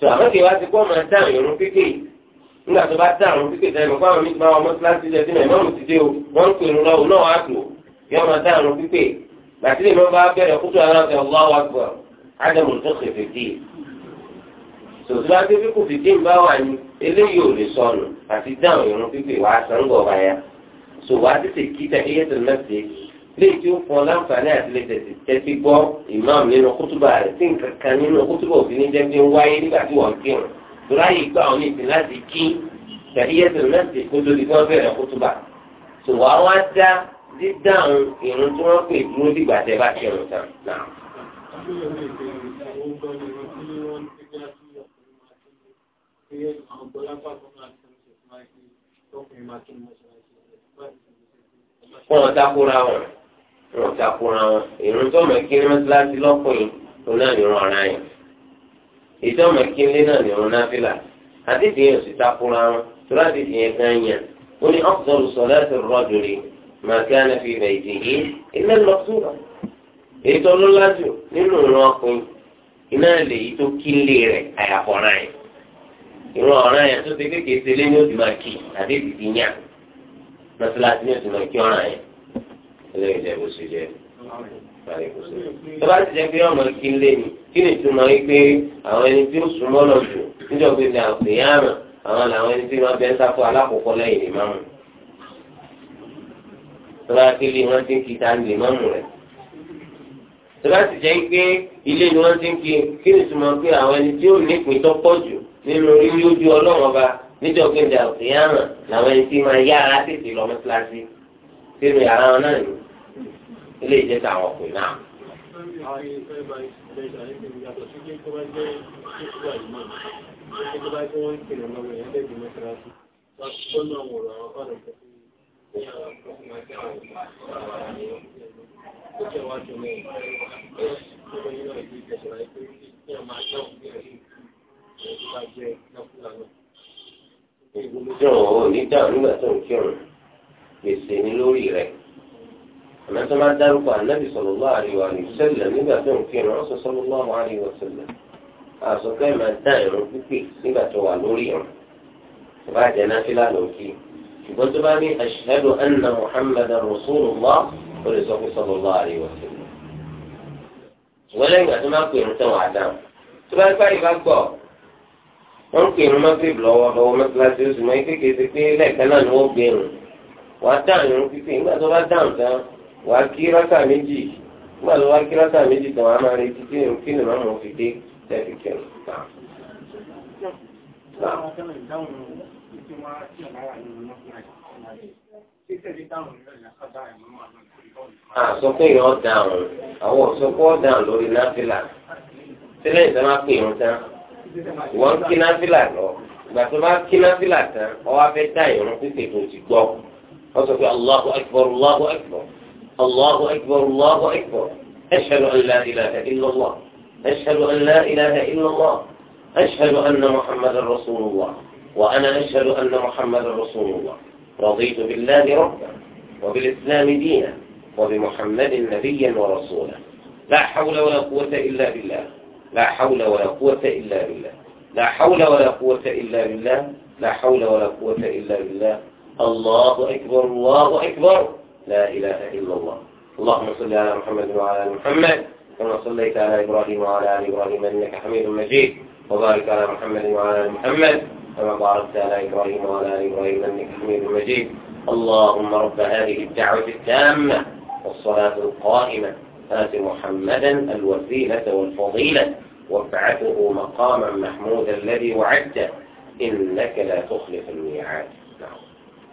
sọ àwọn kì í wá ti kọ́ máa dáhùn irun pípé nígbà tó bá dáhùn pípé sẹ́yìn fún àwọn mímọ́ ọmọ kíláàsì jẹ sínú ẹ̀mọ́ òun ti dé o wọ́n ń pè irun lọ́wọ́ náà wá tó yọ máa dáhùn pípé gbàtí lè máa bá bẹ̀rẹ̀ kútu ara ọ̀sẹ̀ ọ̀gbọ́n wa gbọ́ ádámù tó ṣe fèdí tòtú wá pípé kò fìdí ń bá wà ní eléyìí ò lè sọnù àti dáhùn irun pípé wàá sàn gbọ̀ báyà sọ wàá tètè léyìí tí ó fún ọ láǹfààní àti lè tẹ̀sí tẹ́sí gbọ́ ìmáàmù nínú kútùbà rẹ̀ tí nǹkan kan nínú kútùbà òfin ní jẹ́ pé ń wáyé nígbà tí wọ́n kírun tóra yìí gbà ọ́ ní ìsìn láti kí tẹ̀síyẹ́sì mẹ́sì kó tó di kí wọ́n kútùbà tó wá wá dá dídáhùn ìrun tí wọ́n pè dúró dìgbà tẹ́ bá kírun tán náà. wọ́n takora wọn wọn takora wọn ìrún tó mọ̀ kiri mọ́sálásí lọ́pọ̀ yìí òun náà ní wọn ara yẹn ìtọ́ mọ̀ kiri náà ní wọn náfìlà àdìdì yẹn sì takora wọn tóra àdìdì yẹn gan yẹn ó ní afdalu salati rajuli ma kana fi baytihi illa al-maktuba èyí tó lọ́lá jù nínú ìran ọkùnrin iná lè yí tó kí lé rẹ̀ àyàfọ̀ràn yẹn ìran ọ̀ràn yẹn tó ti kékeré sílé ní òdìmọ̀ kì àdìdì yẹn mọ́sálásí ní òdìmọ̀ kì ọ̀ràn yẹn eléyìí jẹ́ bó ṣe jẹ́ tó bá ti jẹ́ pé ọmọ kí lé ni kí ni túmọ̀ yìí pé àwọn ẹni tí ó súnmọ́ lọ jù níjọ́ pé ní àpèyàmọ̀ àwọn làwọn ẹni tí wọ́n bẹ́ ń sáfọ́ alákọ̀ọ́kọ́ lẹ́yìn ìmáàmù tó bá ti lé wọ́n ti ń kíta ní ìmáàmù rẹ̀ tó bá ti jẹ́ pé ilé ni wọ́n ti ń kí kí ni túmọ̀ pé àwọn ẹni tí ó nípìn tó pọ̀ jù nínú orí ojú ọlọ́wọ́n ba níjọ́ pé ní àpèyàmọ̀ làwọn ẹni tí máa yára tètè lọ sínú yàrá wọn náà ni ilé ìjẹ́ tàwọn ọkùnrin náà. Jọ̀wọ́ ní dáhùn nígbà tó ń kírun. gbèsè ní lórí rẹ̀ àmọ́ tó máa dárúkọ ànábì sallallahu alaihi wa sallam nígbà tó ń kírun ọ̀sọ̀ sallallahu alaihi wa sallam àsọ̀kẹ́ máa dá ìrún pípé nígbà tó wà lórí ìrún tó bá jẹ́ náfìlà lòkì ṣùgbọ́n tó bá ní ashhadu anna muhammadan rasulullah ó lè sọ fún sallallahu alaihi wa sallam wọ́n lẹ́yìn àti máa pè ń tẹ̀wọ̀n àdáhùn tó bá gbá ìbá gbọ́ wọ́n ń pè ń mọ́tìrì lọ́wọ́ lọ́wọ́ mọ́tìláṣí oṣù mọ́ ike kéde pé lẹ́ẹ̀kan náà ni wọ́n gbé irun wàá dáhùn irun pípé nígbà tó bá dáhùn tán wàá kí rákà méjì nígbà tó bá kí rákà méjì tán wàá máa retí kí irun kí nìmọ̀ mọ̀ fi dé tẹ̀sí kẹrù. Àsọ pé ìyọ́ dáhùn àwọn òṣùpọ̀ dáhùn lórí náfìlà sílẹ̀ ìdáná pé ìrún tán wọ́n kí náfìlà lọ ìgbà bá kí náfìlà tán ọwọ́ afẹ́ dá ìrún pípé tó ti gbọ́. وتقول الله أكبر الله أكبر الله أكبر الله أكبر أشهد أن لا إله إلا الله أشهد أن لا إله إلا الله أشهد أن محمدا رسول الله وأنا أشهد أن محمدا رسول الله رضيت بالله ربا وبالإسلام دينا وبمحمد نبيا ورسولا لا حول ولا قوة إلا بالله لا حول ولا قوة إلا بالله لا حول ولا قوة إلا بالله لا حول ولا قوة إلا بالله الله أكبر الله أكبر لا إله إلا الله اللهم صل على محمد وعلى آل محمد كما صليت على إبراهيم وعلى آل إبراهيم إنك حميد مجيد وبارك على محمد وعلى آل محمد كما باركت على إبراهيم وعلى آل إبراهيم إنك حميد مجيد اللهم رب هذه الدعوة التامة والصلاة القائمة آت محمدا الوسيلة والفضيلة وابعثه مقاما محمودا الذي وعدته إنك لا تخلف الميعاد